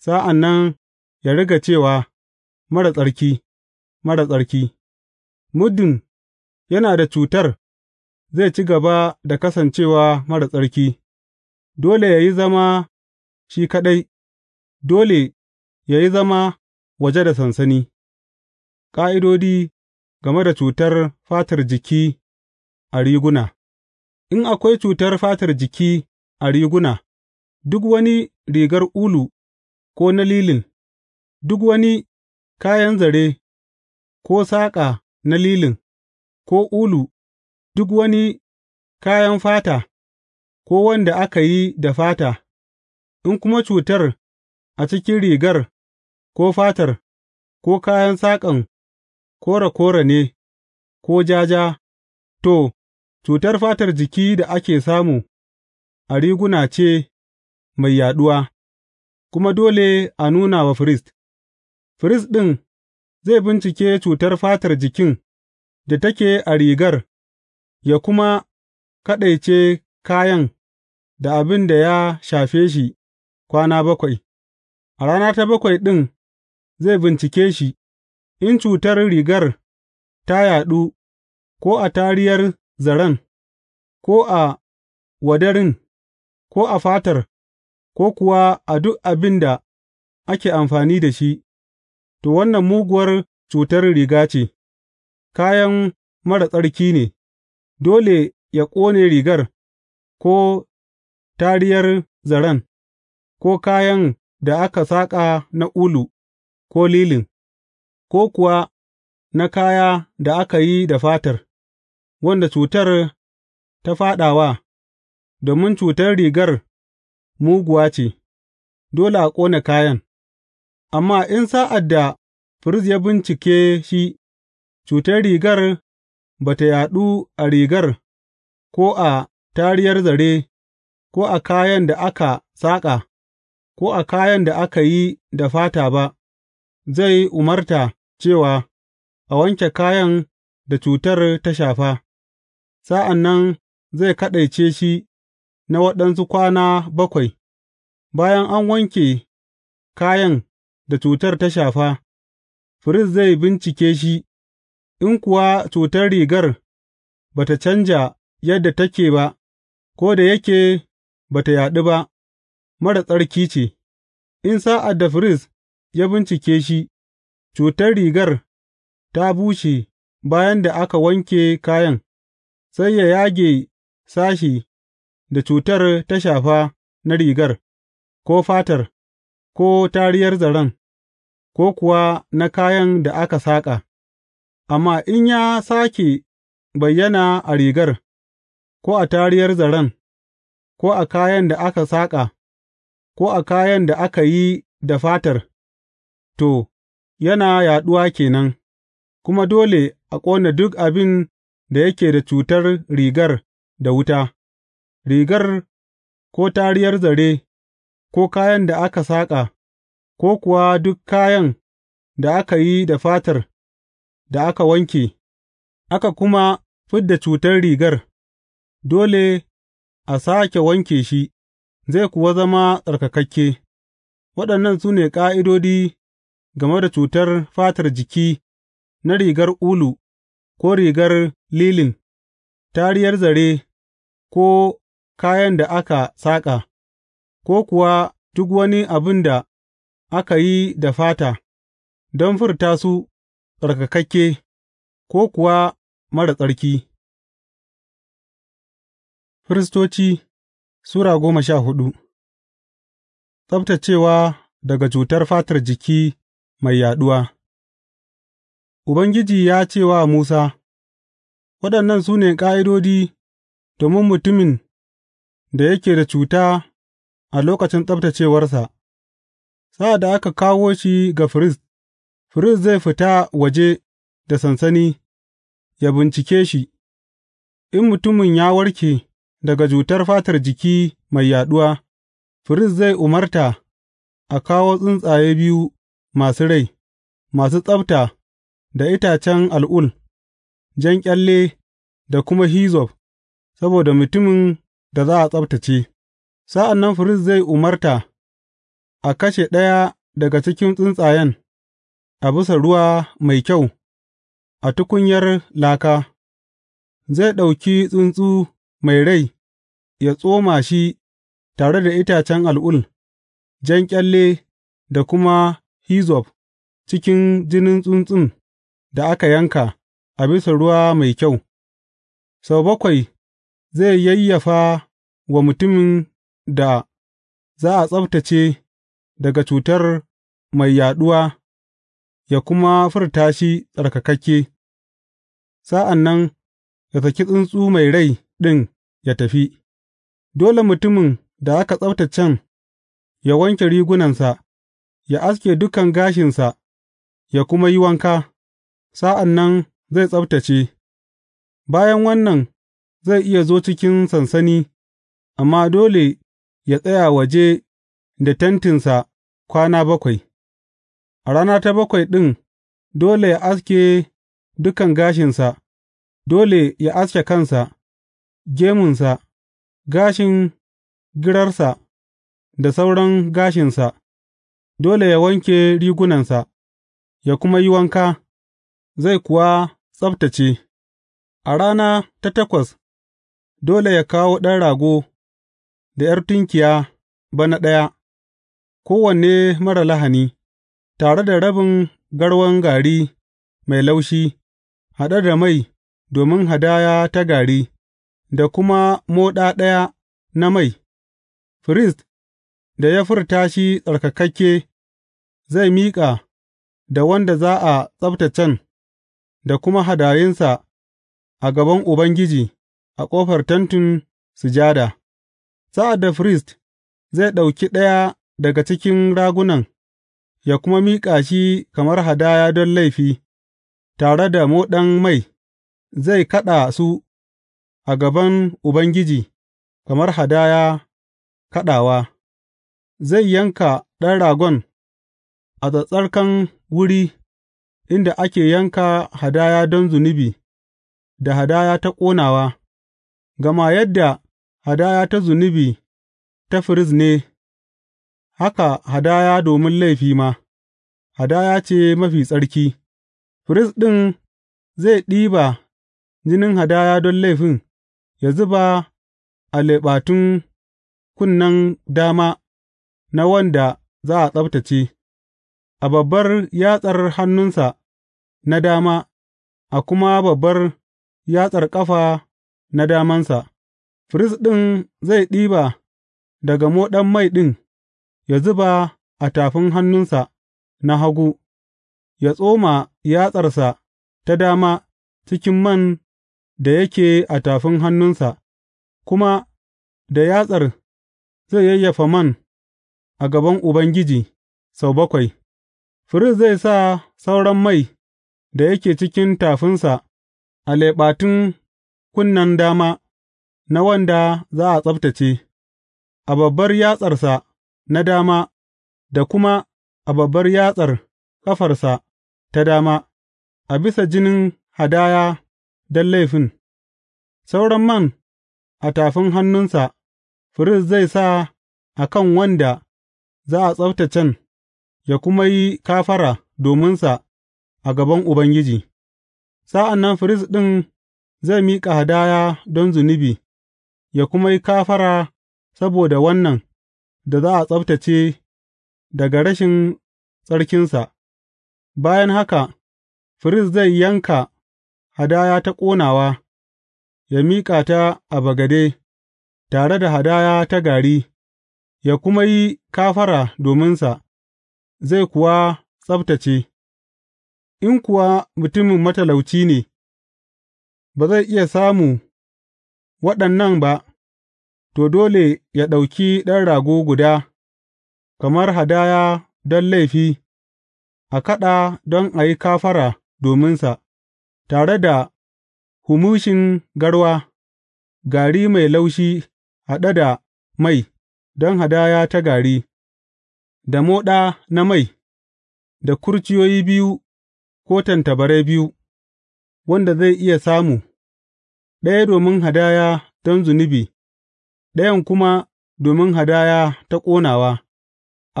sa'an nan ya riga cewa, mara tsarki, mara tsarki, muddin yana da cutar zai ci gaba da kasancewa mara tsarki. Dole yă yi zama shi kaɗai, dole yă yi zama waje da sansani Ƙa'idodi game da cutar fatar jiki a riguna In akwai cutar fatar jiki a riguna, duk wani rigar ulu ko na lilin, duk wani kayan zare, ko saƙa na lilin, ko ulu, duk wani kayan fata. ko wanda aka yi da fata, in kuma cutar a cikin rigar ko fatar, ko kayan saƙan kore kore ne, ko jaja to, cutar fatar jiki da ake samu a riguna ce mai yaɗuwa, kuma dole a nuna wa firist. Firist ɗin zai bincike cutar fatar jikin da take a rigar, ya kuma kaɗaice kayan da abin da ya shafe shi kwana bakwai, a rana ta bakwai ɗin zai bincike shi, in cutar rigar ta yaɗu, ko a tariyar zaren, ko a wadarin, ko a fatar, ko kuwa a duk abin da ake amfani da shi, to, wannan muguwar cutar riga ce, kayan mara tsarki ne, dole ya ƙone rigar ko tariyar zaren, ko kayan da aka saƙa na ulu ko lilin, ko kuwa na kaya da aka yi da fatar, wanda cutar ta fāɗa wa, domin cutar rigar muguwa ce, dole a ƙone kayan, amma in sa'ad da firist ya bincike shi, cutar rigar ba ta yaɗu a rigar ko a tariyar zare. ko a kayan da aka saƙa, ko a kayan da aka yi da fata ba, zai umarta cewa a wanke kayan da cutar ta shafa, sa'an nan zai kaɗaice shi na waɗansu kwana bakwai, bayan an wanke kayan da cutar ta shafa, firist zai bincike shi, in kuwa cutar rigar ba ta canja yadda take ba, ko da yake ba tă yaɗu ba, marar tsarki ce, in sa'ad da firist ya bincike shi, cutar rigar ta bushe bayan da aka wanke kayan, sai ya yage sashi da cutar ta shafa na rigar, ko fatar, ko tariyar zaren, ko kuwa na kayan da aka saƙa, amma in ya sake bayyana a rigar, ko a tariyar zaren, ko a kayan da aka saƙa, ko a kayan da aka yi da fatar, to, yana yaɗuwa ke nan, kuma dole a ƙona duk abin da yake da cutar rigar da wuta, rigar ko tariyar zare, ko kayan da aka saƙa, ko kuwa duk kayan da aka yi da fatar da aka wanke, aka kuma fid da cutar rigar, dole a sāke wanke shi, zai kuwa zama tsarkakakke, waɗannan su ne ƙa'idodi game da cutar fatar jiki na rigar ulu ko rigar lilin, tariyar zare ko kayan da aka saƙa, ko kuwa duk wani abin da aka yi da fata, don furta su tsarkakakke ko kuwa mara tsarki. Firistoci Sura goma sha hudu Tsaftacewa daga cutar fatar jiki mai yaɗuwa Ubangiji ya ce wa Musa, Waɗannan su ne ƙa'idodi domin mutumin da yake da cuta a lokacin tsaftacewarsa. sa'ad da aka kawo shi ga firist, firist zai fita waje da sansani ya bincike shi, in mutumin ya warke. daga jutar fatar jiki mai yaɗuwa, firist zai umarta a kawo tsuntsaye biyu masu rai, masu tsabta da itacen al'ul, jan ƙyalle da kuma hizof, saboda mutumin da za a tsabtace sa'an nan firist zai umarta a kashe ɗaya daga cikin tsuntsayen a bisa ruwa mai kyau a tukunyar laka, zai ɗauki tsuntsu mai rai yă tsoma shi tare da itacen al'ul, jan ƙyalle da kuma hizob cikin jinin tsuntsun da aka yanka a bisa ruwa mai kyau, sau bakwai zai yayyafa wa mutumin da za a tsabtace daga cutar mai yaɗuwa ya kuma furta shi tsarkakakke, sa'an nan ya saki tsuntsu mai rai. ɗin ya tafi, dole mutumin da aka tsabtaccen ya wanke rigunansa, ya aske dukan gashinsa, ya kuma yi wanka, sa'an nan zai tsabtace bayan wannan zai iya zo cikin sansani, amma dole ya tsaya waje da tentinsa kwana bakwai, a rana ta bakwai ɗin dole ya aske dukan gashinsa, dole ya aske kansa. gemunsa, gashin girarsa da sauran gashinsa, dole yă wanke rigunansa, yă kuma yi wanka, zai kuwa tsabtace a rana ta takwas, dole yă kawo ɗan rago da ’yar tunkiya bana ɗaya, kowanne mara lahani, tare da rabin garwan gari mai laushi haɗe da mai domin hadaya ta gari. da kuma moɗa ɗaya na mai, firist da ya furta shi tsarkakakke zai miƙa da wanda za a tsabtaccen da kuma hadayunsa a gaban Ubangiji a ƙofar Tentin Sujada, sa'ad da firist zai ɗauki ɗaya daga cikin ragunan ya kuma miƙa shi kamar hadaya don laifi, tare da moɗan mai, zai kaɗa su a gaban Ubangiji kamar hadaya kaɗawa, zai yanka ɗan ragon a tsattsarkan wuri inda ake yanka hadaya don zunubi da hadaya ta ƙonawa, gama yadda hadaya ta zunubi ta firist ne, haka hadaya domin laifi ma, hadaya ce mafi tsarki, firist ɗin zai ɗiba jinin hadaya don laifin. ya zuba a leɓatun kunnen dama na wanda za a tsabtacce, a babbar yatsar hannunsa na dama, a kuma babbar yatsar ƙafa na damansa, firist ɗin zai ɗiba daga moɗan mai ɗin ya zuba a tafin hannunsa na hagu, ya tsoma yatsarsa ta dama cikin man da yake a tafin hannunsa, kuma da yatsar zai yayyafa man a gaban Ubangiji sau bakwai, firist zai sa sauran mai da yake cikin tafinsa a leɓatun kunnen dama na wanda za a tsabtacce, a babbar yatsarsa na dama da kuma a babbar yatsar ƙafarsa ta dama, a bisa jinin hadaya. don laifin, sauran man a tafin hannunsa firist zai sa a kan wanda za a tsabtacen ya kuma yi kafara dominsa a gaban Ubangiji, sa'an nan firist ɗin zai miƙa hadaya don zunubi ya kuma yi kafara saboda wannan da za a tsabtace daga rashin tsarkinsa, bayan haka firist zai yanka. hadaya ta ƙonawa, ya miƙa ta a bagade, tare da hadaya ta gari, ya kuma yi kafara dominsa, zai kuwa tsabtacce, in kuwa mutumin matalauci ne, ba zai iya samu waɗannan ba, to, dole ya ɗauki ɗan rago guda kamar hadaya don laifi a kaɗa don a yi kafara dominsa. Tare da humushin garwa, gari mai laushi haɗe da mai don hadaya ta gari, da moɗa na mai, da kurciyoyi biyu ko tattabarai biyu, wanda zai iya samu, ɗaya domin hadaya don zunubi, ɗayan kuma domin hadaya ta ƙonawa,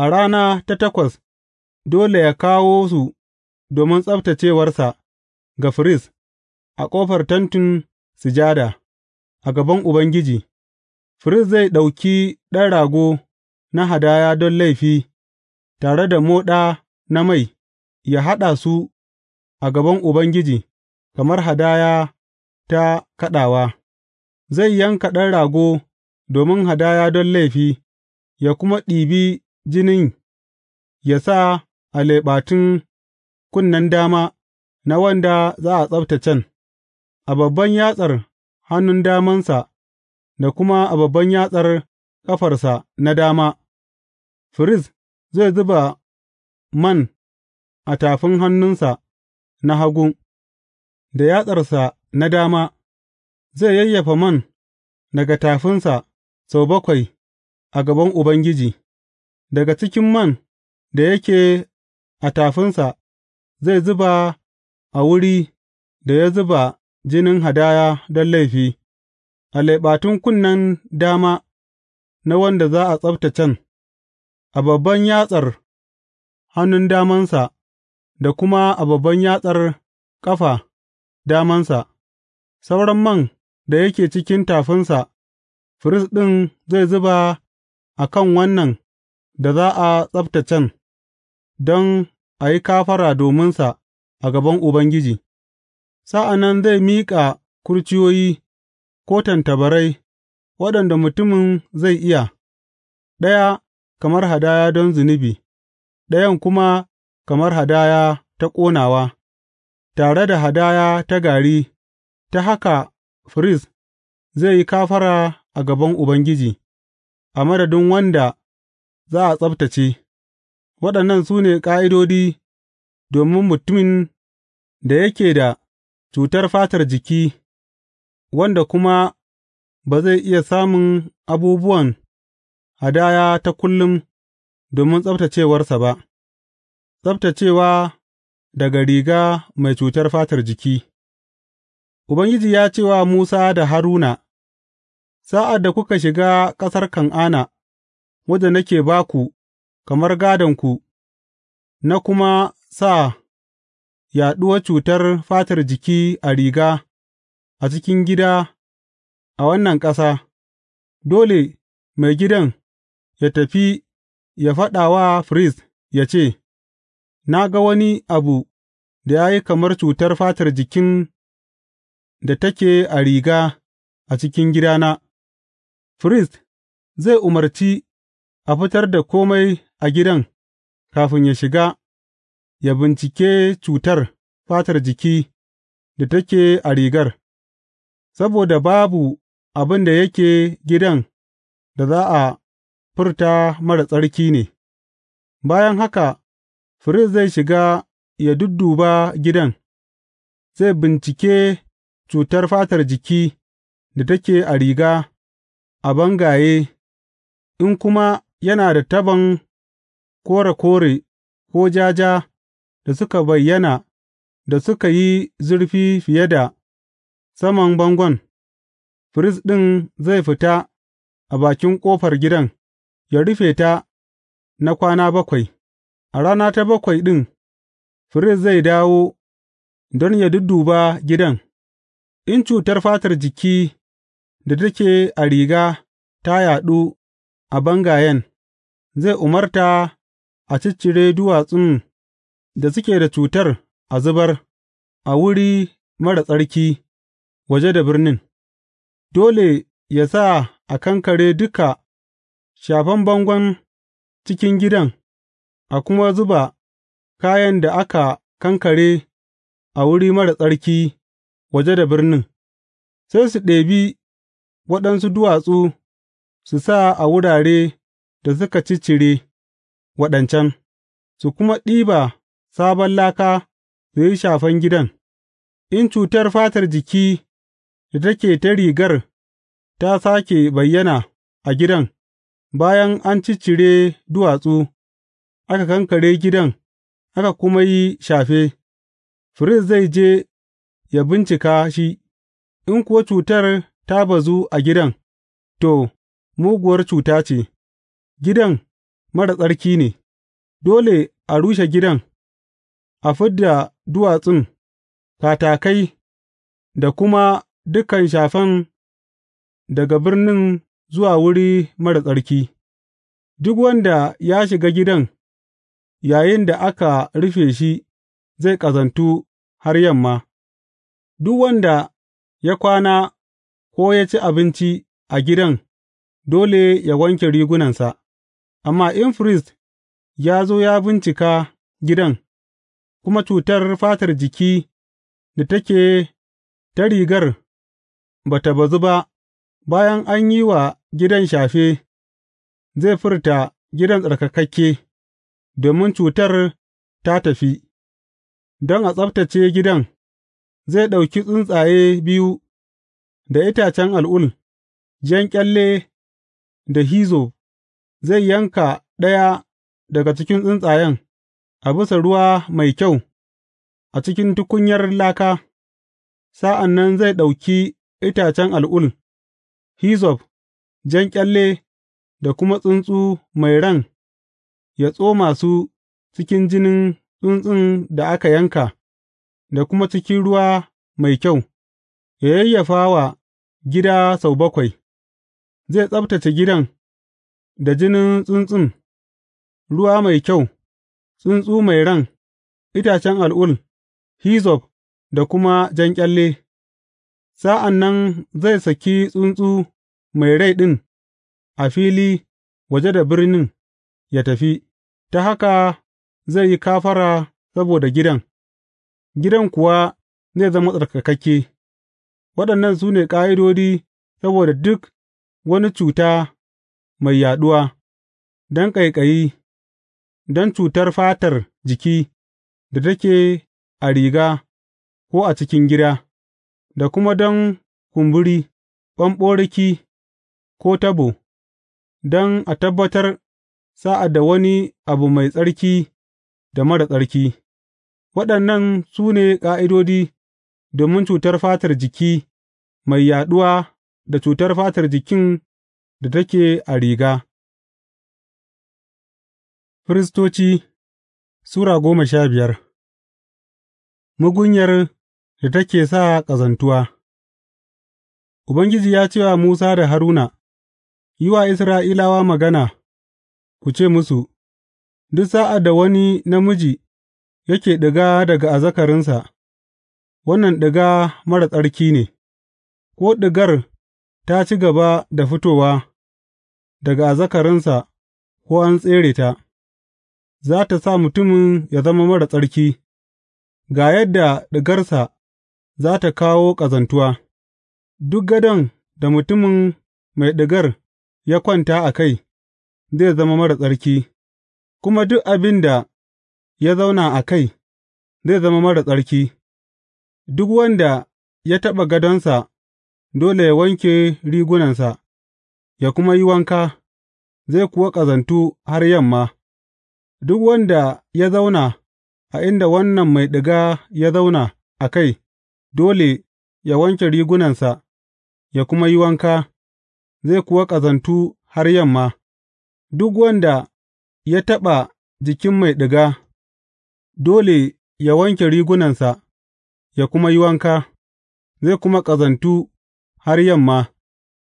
a rana ta takwas dole ya kawo su domin tsabtaccewarsa. ga firist a ƙofar Tentin Sujada, a gaban Ubangiji, firist zai ɗauki ɗan rago na hadaya don laifi tare da moɗa na mai, ya haɗa su a gaban Ubangiji kamar hadaya ta kaɗawa, zai yanka ɗan rago domin hadaya don laifi, ya kuma ɗibi jinin ya sa a leɓatun kunnen dama na wanda za a tsabtaccen, a babban yatsar hannun damansa da kuma a babban yatsar ƙafarsa na dama, firist zai zuba man a tafin hannunsa na hagu, da yatsarsa na dama, zai yayyafa man daga tafinsa sau bakwai a gaban Ubangiji, daga cikin man da yake a tafinsa zai zuba a wuri da ya zuba jinin hadaya don laifi, a leɓatun kunnen dama na wanda za a tsabtaccen, a babban yatsar hannun damansa da kuma a babban yatsar ƙafa damansa, sauran man da yake cikin tafinsa, firist ɗin zai zuba a kan wannan da za a tsabtaccen, don a yi kafara dominsa. a gaban Ubangiji, sa'an nan zai miƙa kurciyoyi ko tattabarai waɗanda mutumin zai iya, ɗaya kamar hadaya don zunubi, ɗayan kuma kamar hadaya ta ƙonawa, tare da hadaya ta gari, ta haka firist zai yi kafara a gaban Ubangiji, a madadin wanda za a tsabtacce, waɗannan su ne ƙa'idodi. domin mutumin da yake da cutar fatar jiki wanda kuma ba zai iya samun abubuwan hadaya ta kullum domin tsabtacewarsa ba, tsabtacewa daga riga mai cutar fatar jiki. Ubangiji ya ce wa Musa da Haruna, Sa'ad da kuka shiga ƙasar Kan'ana, wadda nake ba ku kamar gādonku, na kuma sa yaɗuwar cutar fatar jiki a riga a cikin gida a wannan ƙasa, dole mai gidan ya tafi ya faɗa wa firist ya ce, Na ga wani abu da ya yi kamar cutar fatar jikin da take a riga a cikin gidana, firist zai umarci a fitar da komai a gidan kafin ya shiga. yă bincike cutar fatar jiki da take a rigar, saboda babu abin da yake gidan da za a furta mara tsarki ne, bayan haka firist zai shiga ya dudduba gidan, zai bincike cutar fatar jiki da take a riga a bangaye, in kuma yana da taban kore kore ko jaja ja da suka bayyana da suka yi zurfi fiye da saman bangon, firist ɗin zai fita a bakin ƙofar gidan, ya rufe ta na kwana bakwai, a rana ta bakwai ɗin, firist zai dawo don yă dudduba gidan, in cutar fatar jiki da take a riga ta yaɗu a bangayen, zai umarta a ciccire duwatsun da suke da cutar a zubar a wuri marar tsarki waje da birnin, dole ya sa a kankare duka shafan bangon cikin gidan, a kuma zuba kayan da aka kankare a wuri marar tsarki waje da birnin, sai su ɗebi waɗansu duwatsu su sa a wurare da suka ci cire waɗancan, su kuma ɗiba sabon laka su yi shafan gidan, in cutar fatar jiki da take ta rigar ta sake bayyana a gidan, bayan an ciccire duwatsu, aka kankare gidan, aka kuma yi shafe, firist zai je ya bincika shi, in kuwa cutar ta bazu a gidan, to, muguwar cuta ce, gidan mara tsarki ne, dole a rushe gidan. A fid da duwatsun, katakai da kuma dukan shafan daga birnin zuwa wuri marar tsarki, duk wanda ya shiga gidan yayinda aka rufe shi zai ƙazantu har yamma, duk wanda ya kwana ko ya ci abinci a gidan dole ya wanke rigunansa, amma in firist ya zo ya bincika gidan, kuma cutar fatar jiki da take ta rigar ba ta bazu ba, bayan an yi wa gidan shafe, zai furta gidan tsarkakakke, domin cutar ta tafi, don a tsabtace gidan, zai ɗauki tsuntsaye biyu da itacen al'ul, jan ƙyalle da hizo, zai yanka ɗaya daga cikin tsuntsayen. a bisa ruwa mai kyau a cikin tukunyar laka, sa'an nan zai ɗauki itacen al'ul, hizob, jan ƙyalle da kuma tsuntsu mai ran ya tsoma su cikin jinin tsuntsun da aka yanka, da kuma cikin ruwa mai kyau, ya yayyafa wa gida sau bakwai, zai tsabtacce gidan da jinin tsuntsun, ruwa mai kyau, tsuntsu mai ran, itacen al'ul, hizzob da kuma jan ƙyalle, sa'an nan zai saki tsuntsu mai rai ɗin a fili waje da birnin ya tafi, ta haka zai yi kafara saboda gidan, gidan kuwa zai zama tsarkakakke. Waɗannan su ne ƙa'idodi saboda duk wani cuta mai yaɗuwa, don ƙaiƙayi. don cutar fatar jiki da take a riga ko a cikin gida, da kuma don kumburi, ɓamɓaroki ko tabo, don a tabbatar sa'ad da wani abu mai tsarki da mara tsarki, waɗannan su ne ƙa'idodi domin cutar fatar jiki mai yaɗuwa da cutar fatar jikin da take a riga. Firistoci Sura goma sha biyar Mugunyar da take sa ƙazantuwa Ubangiji ya ce wa Musa da Haruna, Yi wa Isra'ilawa magana, ku ce musu, Duk sa'ad da wani namiji yake ɗiga daga azakarinsa, wannan ɗiga mara tsarki ne, ko ɗigar ta ci gaba da fitowa daga azakarinsa ko an tsere ta. za tă sa mutumin ya zama marar tsarki, ga yadda ɗigarsa za tă kawo ƙazantuwa, duk gadon da mutumin mai ɗigar ya kwanta a kai zai zama marar tsarki, kuma duk abin da ya zauna a kai zai zama marar tsarki, duk wanda ya taɓa gadonsa dole ya wanke rigunansa, ya kuma yi wanka, zai kuwa ƙazantu har yamma. Duk wanda ya zauna a inda wannan mai ɗiga ya zauna a kai, dole yă wanke rigunansa, yă kuma yi wanka, zai kuwa ƙazantu har yamma; duk wanda ya taɓa jikin mai ɗiga, dole yă wanke rigunansa, yă kuma yi wanka, zai kuma ƙazantu har yamma;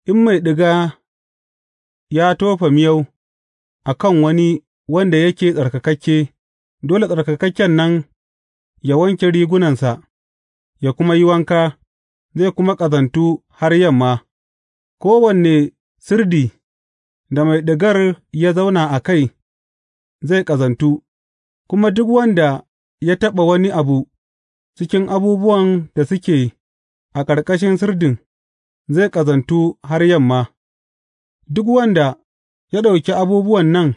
in mai ɗiga ya tofa miyau a kan wani wanda yake tsarkakakke, dole tsarkakakken nan ya wanke rigunansa, ya kuma yi wanka, zai kuma ƙazantu har yamma, kowanne sirdi da mai ɗigar ya zauna a kai zai ƙazantu, kuma duk wanda ya taɓa wani abu cikin abubuwan da suke a ƙarƙashin sirdin zai ƙazantu har yamma, duk wanda ya ɗauki abubuwan nan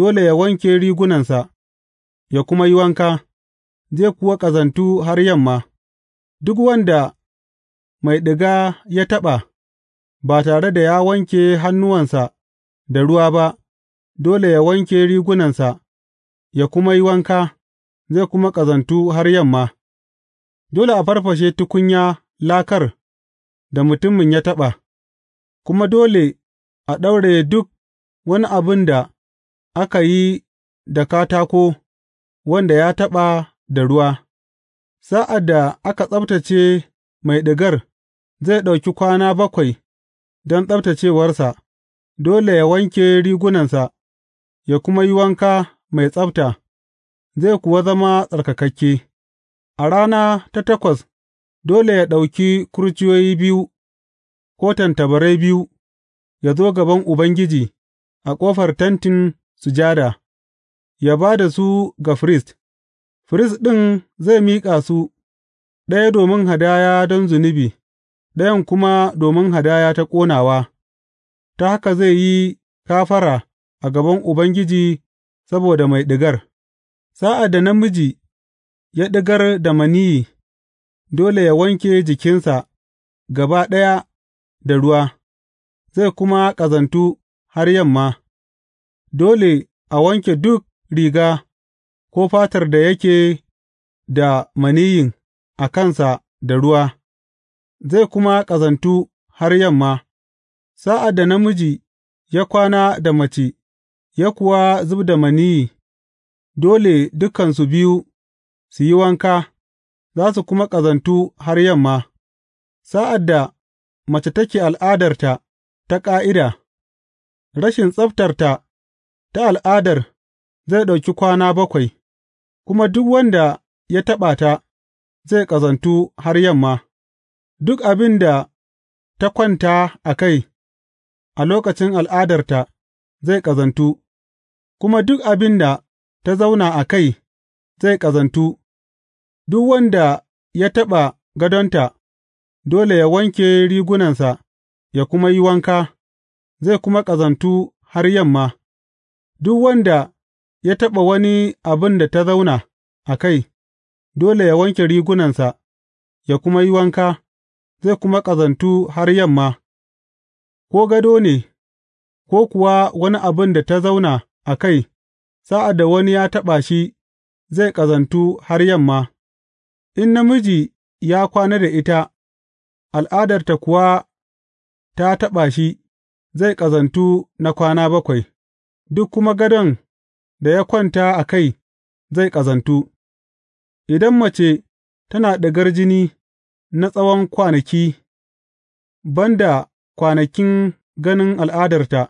dole yă wanke rigunansa, ya kuma yi wanka, zai kuwa ƙazantu har yamma, duk wanda mai ɗiga ya taɓa, ba tare da ya wanke hannuwansa da ruwa ba, dole ya wanke rigunansa, ya kuma yi wanka, zai kuma ƙazantu har yamma, dole a farfashe tukunya lakar da mutumin ya taɓa, kuma dole a ɗauraye duk wani abin da aka yi da katako wanda ya taɓa da ruwa, sa'ad da aka tsabtacce mai ɗigar, zai ɗauki kwana bakwai don tsabtaccewarsa, dole yă wanke rigunansa, yă kuma yi wanka mai tsabta, zai kuwa zama tsarkakakke. A rana ta takwas, dole yă ɗauki kurciyoyi biyu ko tantabarai biyu, yă zo gaban Ubangiji a ƙofar Tentin sujada, ya ba da su ga firist, firist ɗin zai miƙa su, ɗaya domin hadaya don zunubi, ɗayan kuma domin hadaya ta ƙonawa, ta haka zai yi kafara a gaban Ubangiji saboda mai ɗigar, sa'ad da namiji ya ɗigar da maniyi, dole ya wanke jikinsa gaba ɗaya da ruwa, zai kuma ƙazantu har yamma. dole a wanke duk riga ko fatar da yake da maniyyin a kansa da ruwa, zai kuma ƙazantu har yamma, sa'ad da namiji ya kwana da mace, ya kuwa zub da maniyyi, dole dukansu biyu su yi wanka, za su kuma ƙazantu har yamma, sa'ad da mace take al'adarta ta ƙa'ida, rashin tsabtarta ta al'adar zai ɗauki kwana bakwai, kuma duk wanda ya taɓa ta zai ƙazantu har yamma, duk abin da ta kwanta a kai a lokacin al'adarta zai ƙazantu, kuma duk abin da ta zauna a kai zai ƙazantu, duk wanda ya taɓa gadonta dole ya wanke rigunansa ya kuma yi wanka, zai kuma ƙazantu har yamma. Duk wanda ya taɓa wani abin da ta zauna a kai, dole yă wanke rigunansa, yă kuma yi wanka, zai kuma ƙazantu har yamma, ko gado ne, ko kuwa wani abin da ta zauna a kai, sa'ad da wani ya taɓa shi, zai ƙazantu har yamma, in namiji ya kwana da ita, al'adarta kuwa ta taɓa shi, zai ƙazantu na kwana bakwai. duk kuma gadon da ya kwanta a kai zai ƙazantu, idan mace tana ɗigar jini na tsawon kwanaki, ban da kwanakin ganin al'adarta,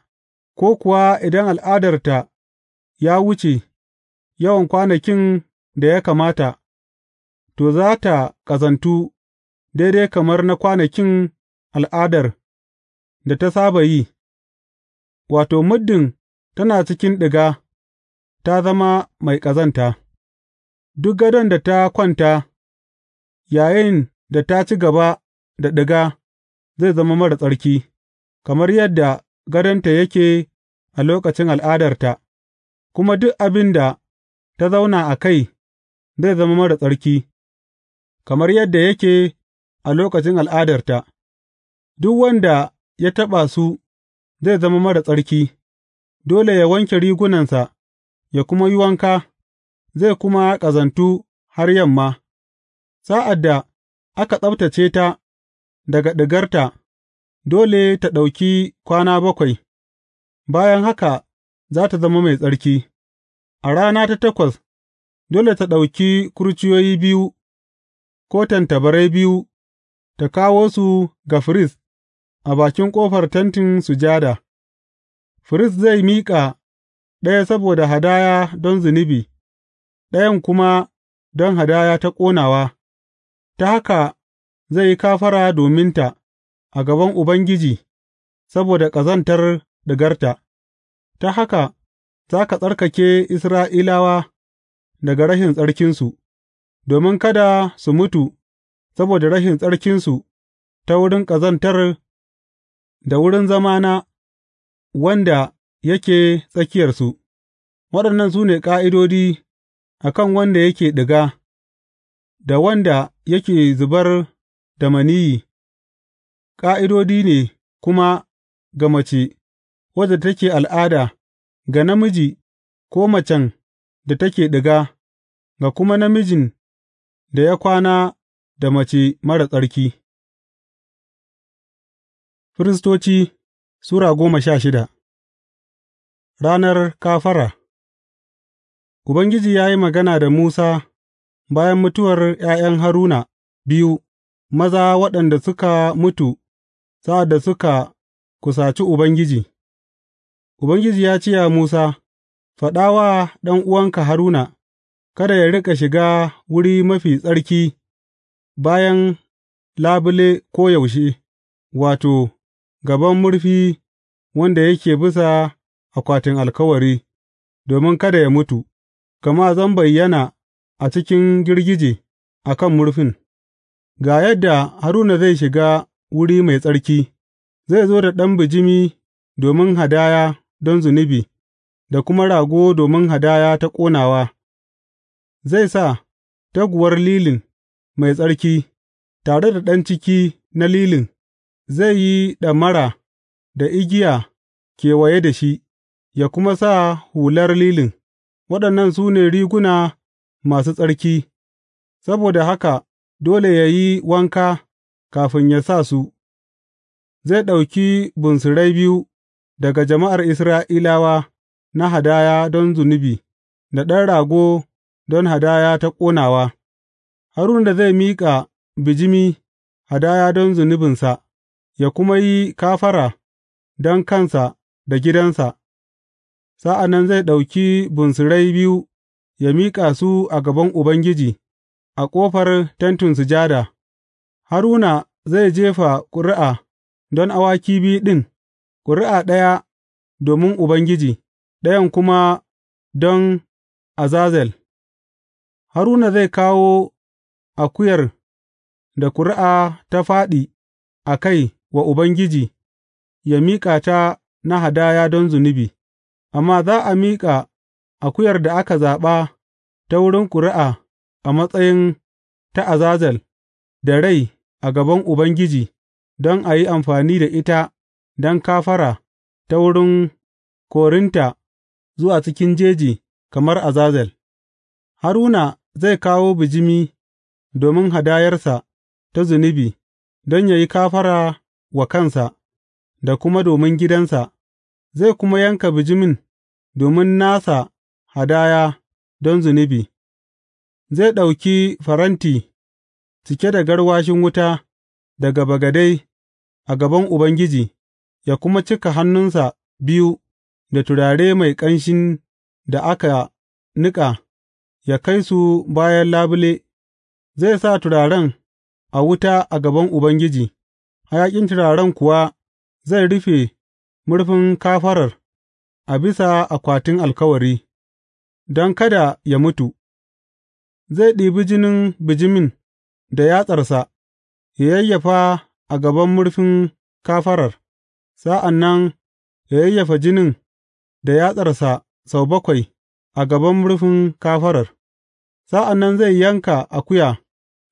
ko kuwa idan al'adarta ya wuce yawan kwanakin da ya kamata, to, za ta ƙazantu daidai kamar na kwanakin al'adar da ta saba yi, wato, muddin tana cikin ɗiga, ta zama mai ƙazanta, duk gadon da ta kwanta yayin da ta ci gaba da ɗiga zai zama mara tsarki, kamar yadda gadonta yake a lokacin al'adarta, kuma duk abin da ta zauna a kai zai zama mara tsarki, kamar yadda yake a lokacin al'adarta, duk wanda ya taɓa su zai zama mara tsarki. dole yă wanke rigunansa, yă kuma yi wanka, zai kuma ƙazantu har yamma, sa'ad da aka tsabtace ta daga ɗigarta, dole ta ɗauki kwana bakwai, bayan haka za ta zama mai tsarki, a rana ta takwas, dole ta ɗauki kurciyoyi biyu ko tantabarai biyu, ta kawo su ga firist a bakin ƙofar Tentin Sujada. Firist zai miƙa ɗaya saboda hadaya don zunubi, ɗayan kuma don hadaya ta ƙonawa, ta haka zai yi kafara dominta a gaban Ubangiji saboda ƙazantar ɗigarta, ta haka za ka tsarkake Isra'ilawa daga rashin tsarkinsu, domin kada su mutu saboda rashin tsarkinsu ta wurin ƙazantar da wurin zamana wanda yake tsakiyarsu, waɗannan su ne ƙa'idodi a kan wanda yake ɗiga, da wanda yake zubar da maniyi, ƙa'idodi ne kuma ga mace wadda take al'ada, ga namiji ko macen da take ɗiga, ga kuma namijin da ya kwana da mace marar tsarki. Firistoci Sura goma sha shida Ranar Kafara Ubangiji ya yi magana da Musa bayan mutuwar ’ya'yan Haruna biyu maza waɗanda suka mutu sa'ad da suka kusaci Ubangiji, Ubangiji ya ce Musa, Faɗa wa ɗan'uwanka Haruna, kada ya riƙa shiga wuri mafi tsarki bayan labule koyaushe, wato, gaban murfi wanda yake bisa akwatin alkawari, domin kada yă mutu, gama zan bayyana a cikin girgije a kan murfin, ga yadda Haruna zai shiga wuri mai tsarki, zai zo da ɗan bijimi domin hadaya don zunubi, da kuma rago domin hadaya ta ƙonawa, zai sa taguwar lilin mai tsarki, tare da ɗan ciki na lilin zai yi ɗamara da igiya kewaye da shi, ya kuma sa hular lilin, waɗannan su ne riguna masu tsarki, saboda haka dole yă yi wanka kafin ya sa su, zai ɗauki bunsurai biyu daga jama'ar Isra'ilawa na hadaya don zunubi, da ɗan rago don hadaya ta ƙonawa, Haruna zai miƙa bijimi hadaya don zunubinsa. yă kuma yi kafara don kansa da gidansa, sa'an nan zai ɗauki bunsurai biyu yă miƙa su a gaban Ubangiji a ƙofar Tentin Sujada, Haruna zai jefa ƙuri'a don awaki biyu ɗin, ƙuri'a ɗaya domin Ubangiji, ɗayan kuma don Azazel, Haruna zai kawo akuyar da ƙuri'a ta fāɗi a kai wa Ubangiji, yă miƙa ta na hadaya don zunubi, amma za a miƙa akuyar da aka zaɓa ta wurin ƙuri'a a matsayin ta azazel da rai a gaban Ubangiji don a yi amfani da ita don kafara ta wurin korinta zuwa cikin jeji kamar azazel. Haruna zai kawo bijimi domin hadayarsa ta zunubi don yă yi kafara wa kansa da kuma domin gidansa, zai kuma yanka bijimin domin nasa hadaya don zunubi, zai ɗauki faranti cike da garwashin wuta daga bagade a gaban Ubangiji, ya kuma cika hannunsa biyu da turare mai ƙanshin da aka niƙa, ya kai su bayan labule, zai sa turaren a wuta a gaban Ubangiji. hayaƙin turaren kuwa zai rufe murfin kafarar a bisa akwatin alkawari, don kada yă mutu, zai ɗibi jinin bijimin da yatsarsa, ya yayyafa a gaban murfin kafarar, sa'an nan ya yayyafa jinin da yatsarsa sau bakwai a gaban murfin kafarar, sa'an nan zai yanka akuya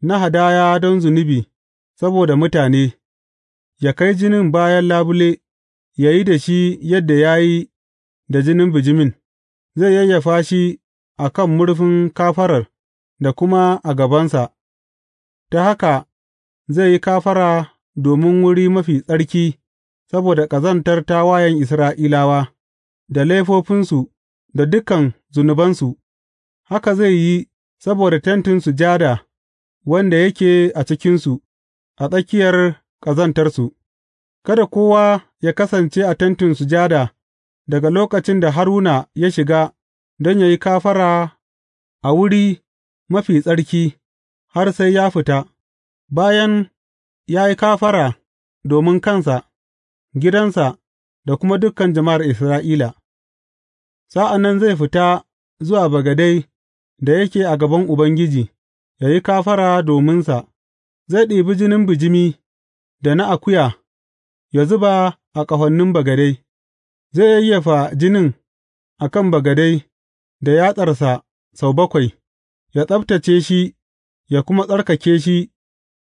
na hadaya don zunubi saboda mutane. yă kai jinin bayan labule, yă yi da shi yadda ya yi da jinin bijimin, zai yayyafa shi a kan murfin kafarar da kuma a gabansa, ta haka zai yi kafara domin wuri mafi tsarki saboda ƙazantar tawayen Isra'ilawa, da laifofinsu da dukan zunubansu, haka zai yi saboda tentin sujada wanda yake a cikinsu a tsakiyar ƙazantarsu, kada kowa ya kasance a Tentin Sujada daga lokacin da Haruna ya shiga don yă yi kafara a wuri mafi tsarki har sai ya fita, bayan ya yi kafara domin kansa, gidansa da kuma dukan jama'ar Isra'ila, sa'an nan zai fita zuwa bagade da yake a gaban Ubangiji, ya yi kafara dominsa, zai ɗibi jinin bijimi. da na akuya ya zuba a ƙahonin bagade, zai yayyafa jinin a kan bagade da yatsarsa sau bakwai, ya tsabtace shi ya kuma tsarkake shi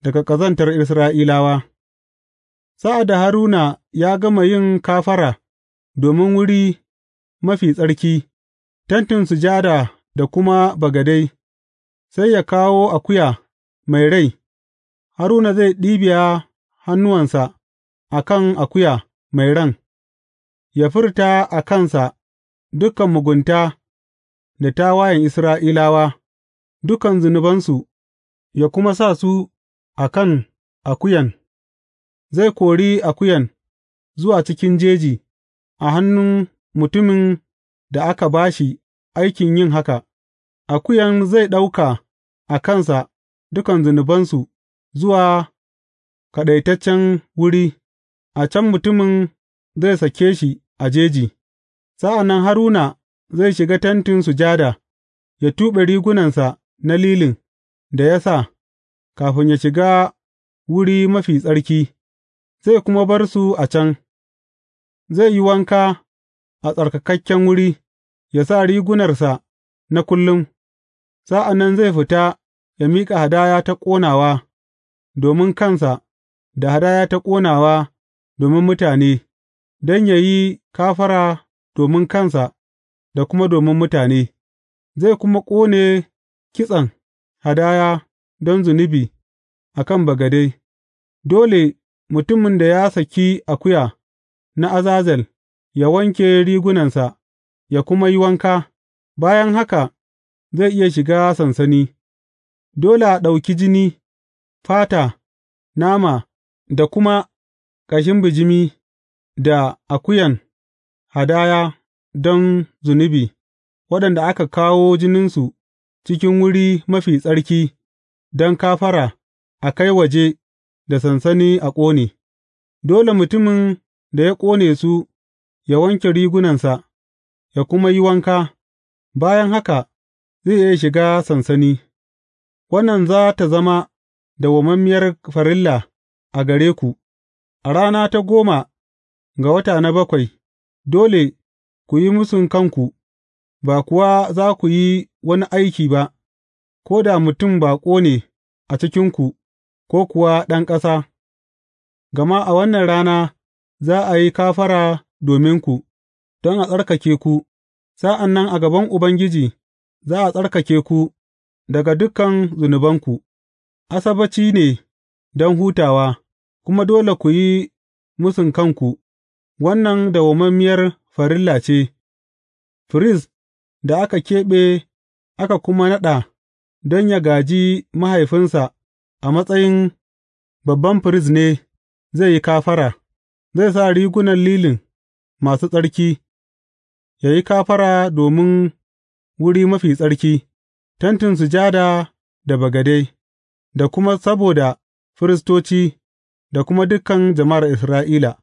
daga ƙazantar Isra'ilawa. Sa'ad da Haruna ya gama yin kafara domin wuri mafi tsarki, Tentin Sujada da kuma bagade, sai ya kawo akuya mai rai, Haruna zai ɗibiya hannuwansa a kan akuya mai ran, yă furta a kansa dukan mugunta da tawayen Isra'ilawa, dukan zunubansu, yă kuma sa su a kan akuyan, zai kori akuyan zuwa cikin jeji a hannun mutumin da aka ba shi aikin yin haka, akuyan zai ɗauka a kansa dukan zunubansu zuwa kaɗaitaccen wuri, a can mutumin zai sake shi a jeji, sa'an nan Haruna zai shiga Tentin Sujada, ya tuɓe rigunansa na lilin da ya sa, kafin ya shiga wuri mafi tsarki, zai kuma bar su a can, zai yi wanka a tsarkakakken wuri, ya sa rigunarsa na kullum, sa'an nan zai fita ya miƙa hadaya ta ƙonawa domin kansa. da hadaya ta ƙonawa domin mutane, don yă yi kafara domin kansa da kuma domin mutane, zai kuma ƙone kitsen hadaya don zunubi a kan bagade, dole mutumin da ya saki akuya na azazel ya wanke rigunansa, ya kuma yi wanka, bayan haka zai iya shiga sansani, dole a ɗauki jini, fata, nama da kuma ƙashin bijimi da akuyan hadaya don zunubi waɗanda aka kawo jininsu cikin wuri mafi tsarki don kafara a kai waje da sansani a ƙone, dole mutumin da ya ƙone su ya wanke rigunansa, ya kuma yi wanka, bayan haka zai iya shiga sansani, wannan za ta zama dawwammamiyar farilla a gare ku, a rana ta goma ga wata na bakwai, dole ku yi mūsun kanku, ba kuwa za ku yi wani aiki ba, ko da mutum baƙo ne a cikinku, ko kuwa ɗan ƙasa, gama a wannan rana za a yi kafara dominku, don a tsarkake ku, sa'an nan a gaban Ubangiji za a tsarkake ku daga dukan zunubanku, Asabbaci ne don hutawa. kuma dole ku yi mūsun kanku, wannan dawwammamiyar farilla ce, firist da aka keɓe aka kuma naɗa don yă gaji mahaifinsa a matsayin babban firist ne zai yi kafara, zai sa rigunan lilin masu tsarki, ya yi kafara domin wuri mafi tsarki, Tentin Sujada da bagade, da kuma saboda firistoci da kuma dukan jama'ar Isra'ila,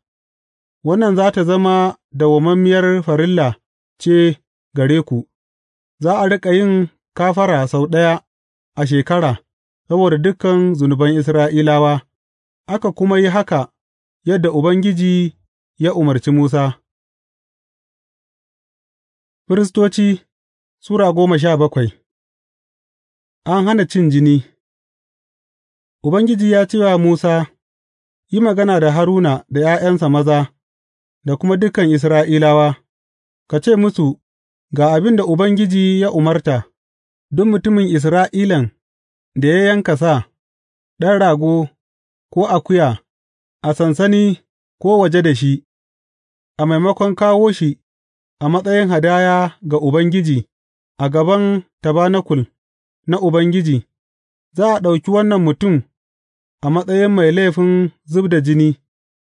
wannan za tă zama dawwammamiyar farilla ce gare ku, za a riƙa yin kafara sau ɗaya a shekara saboda dukan zunuban Isra'ilawa, aka kuma yi haka yadda Ubangiji ya umarci Musa. Firistoci Sura goma sha bakwai An hana cin jini Ubangiji ya ce wa Musa, Yi magana da Haruna da ’ya'yansa maza da kuma dukan Isra'ilawa, ka ce musu, Ga abin da Ubangiji ya umarta, Duk mutumin Isra'ilan da ya yanka sa, ɗan rago ko akuya a sansani ko waje da shi, a maimakon kawo shi a matsayin hadaya ga Ubangiji a gaban tabanakul na Ubangiji, za a ɗauki wannan mutum. a matsayin mai laifin zub da jini,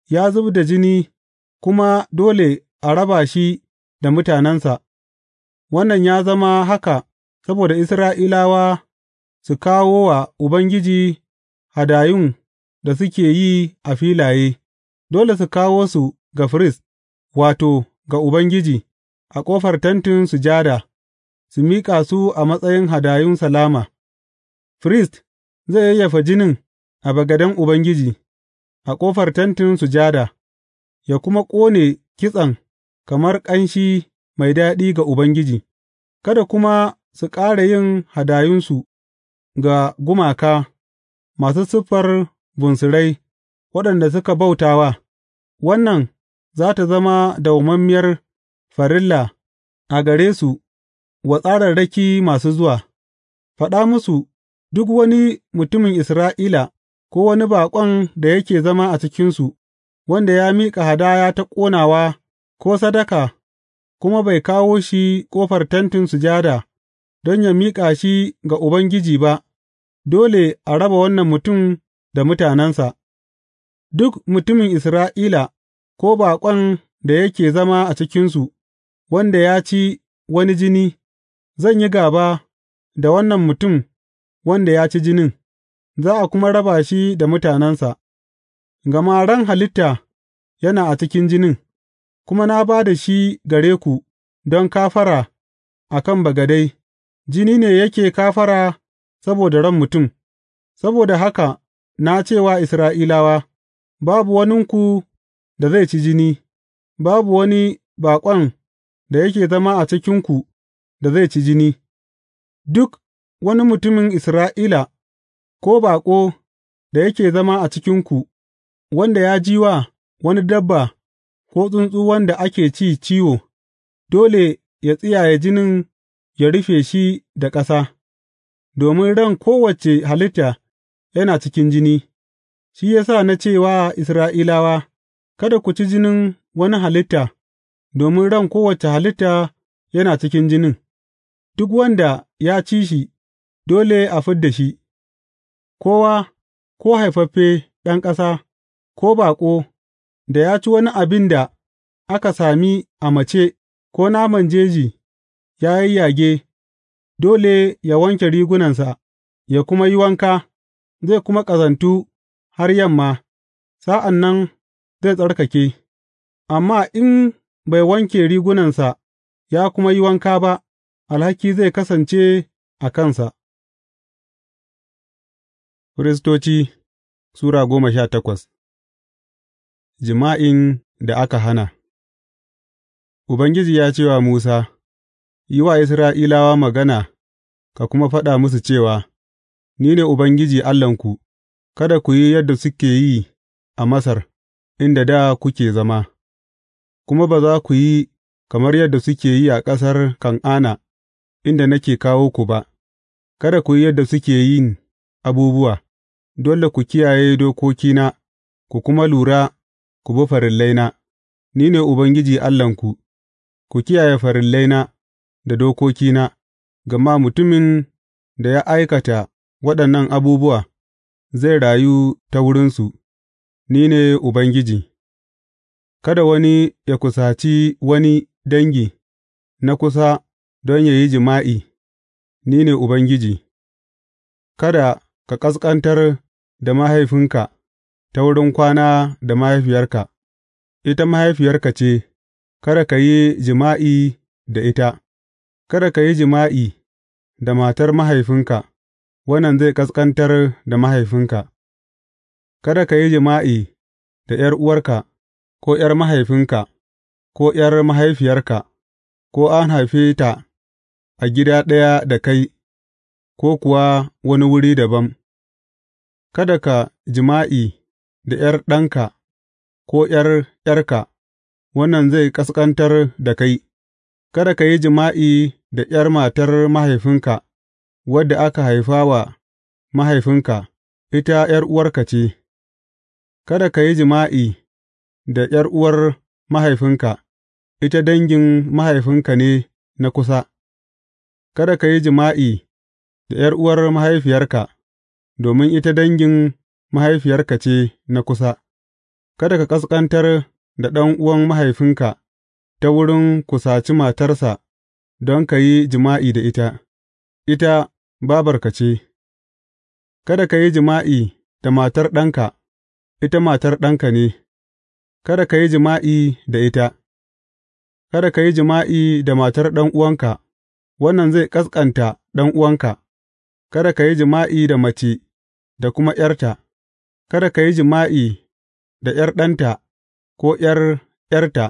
ya zub da jini kuma dole a raba shi da mutanensa, wannan ya zama haka saboda Isra'ilawa su kawo wa Ubangiji hadayun da suke yi a filaye, dole su kawo su ga firist, wato, ga Ubangiji, a ƙofar Tentin Sujada, su miƙa su a matsayin hadayun salama, firist zai yayyafa jinin. a bagaden Ubangiji, a ƙofar Tentin Sujada, ya kuma ƙone kitsen kamar ƙanshi mai daɗi ga Ubangiji, kada kuma su ƙara yin hadayunsu ga gumaka masu siffar bunsurai waɗanda suka bauta wannan za tă zama dawwammamiyar farilla a gare su wa tsararraki masu zuwa, faɗa musu, Duk wani mutumin Isra'ila ko wani baƙon da yake zama a cikinsu, wanda ya miƙa hadaya ta ƙonawa ko sadaka kuma bai kawo shi ƙofar Tentin Sujada don yă miƙa shi ga Ubangiji ba, dole a raba wannan mutum da mutanensa, duk mutumin Isra'ila ko baƙon da yake zama a cikinsu, wanda ya ci wani jini, zan yi gaba da wannan mutum wanda ya ci jinin. za a kuma raba shi da mutanensa, gama ran halitta yana a cikin jinin, kuma na ba da shi gare ku don kafara a kan bagade, jini ne yake kafara saboda ran mutum, saboda haka na ce wa Isra'ilawa, Babu waninku da zai ci jini, babu wani baƙon da yake zama a cikinku da zai ci jini, duk wani mutumin Isra'ila. ko baƙo da yake zama a cikinku, wanda ya ji wa wani dabba ko tsuntsu wanda ake ci ciwo, dole yă tsiyaye jinin ya rufe shi da ƙasa, domin ran kowace halitta yana cikin jini, shi ya sa na ce wa Isra'ilawa, Kada ku ci jinin wani halitta, domin ran kowace halitta yana cikin jinin, duk wanda ya ci shi, dole a fid da shi. Kowa, ko haifaffe ɗan ƙasa, ko baƙo, da ya ci wani abin da aka sami a mace, ko naman jeji ya yayyage, dole yă wanke rigunansa, yă kuma yi wanka, zai kuma ƙazantu har yamma, sa'an nan zai tsarkake, amma in bai wanke rigunansa ya kuma yi wanka ba, alhaki zai kasance a kansa. Firistoci Sura goma sha takwas Jima'in da aka hana Ubangiji ya ce wa Musa, Yi wa Isra'ilawa magana ka kuma faɗa musu cewa, Ni ne Ubangiji Allahnku, kada ku yi yadda suke yi a Masar, inda da kuke zama, kuma ba za ku yi kamar yadda suke yi a ƙasar Kan'ana, inda nake kawo ku ba, kada ku yi yadda suke yin abubuwa. dole ku kiyaye dokokina, ku kuma lura ku bi farillaina, ni ne Ubangiji Allahnku, ku kiyaye farillaina da dokokina, gama mutumin da ya aikata waɗannan abubuwa zai rayu ta wurinsu, ni ne Ubangiji. Kada wani ya kusaci wani dangi na kusa don ya yi jima'i, ni ne Ubangiji, kada ka ƙasƙantar da mahaifinka, ta wurin kwana da mahaifiyarka, ita mahaifiyarka ce, kada ka yi jima'i da ita, kada ka yi jima'i da matar mahaifinka, wannan zai ƙasƙantar da mahaifinka, kada ka yi jima'i da ’yar'uwarka, ko ’yar mahaifinka, ko ’yar mahaifiyarka, ko an haife ta a gida ɗaya da kai, ko kuwa wani wuri dabam. Kada ka jima'i da ’yar ɗanka ko ’yar ’yarka, wannan zai ƙasƙantar da kai; kada ka yi jima'i da ’yar matar mahaifinka, wadda aka haifa wa mahaifinka, ita ’yar'uwarka ce; kada ka yi jima'i da ’yar'uwar mahaifinka, ita dangin mahaifinka ne na kusa; kada ka yi jima'i da ’yar'uwar mahaifiyarka. domin ita dangin mahaifiyarka ce na kusa, kada ka ƙasƙantar da ɗan'uwan mahaifinka ta wurin kusaci matarsa don ka yi jima'i da ita, ita babarka ce, kada ka yi jima'i da matar ɗanka, ita matar ɗanka ne, kada ka yi jima'i da ita, kada ka yi jima'i da matar ɗan'uwanka, wannan zai ƙasƙanta ɗan'uwanka, kada ka yi jima'i da mace. da kuma ’yarta, kada ka yi jima'i da ’yar ɗanta ko ’yar ’yarta,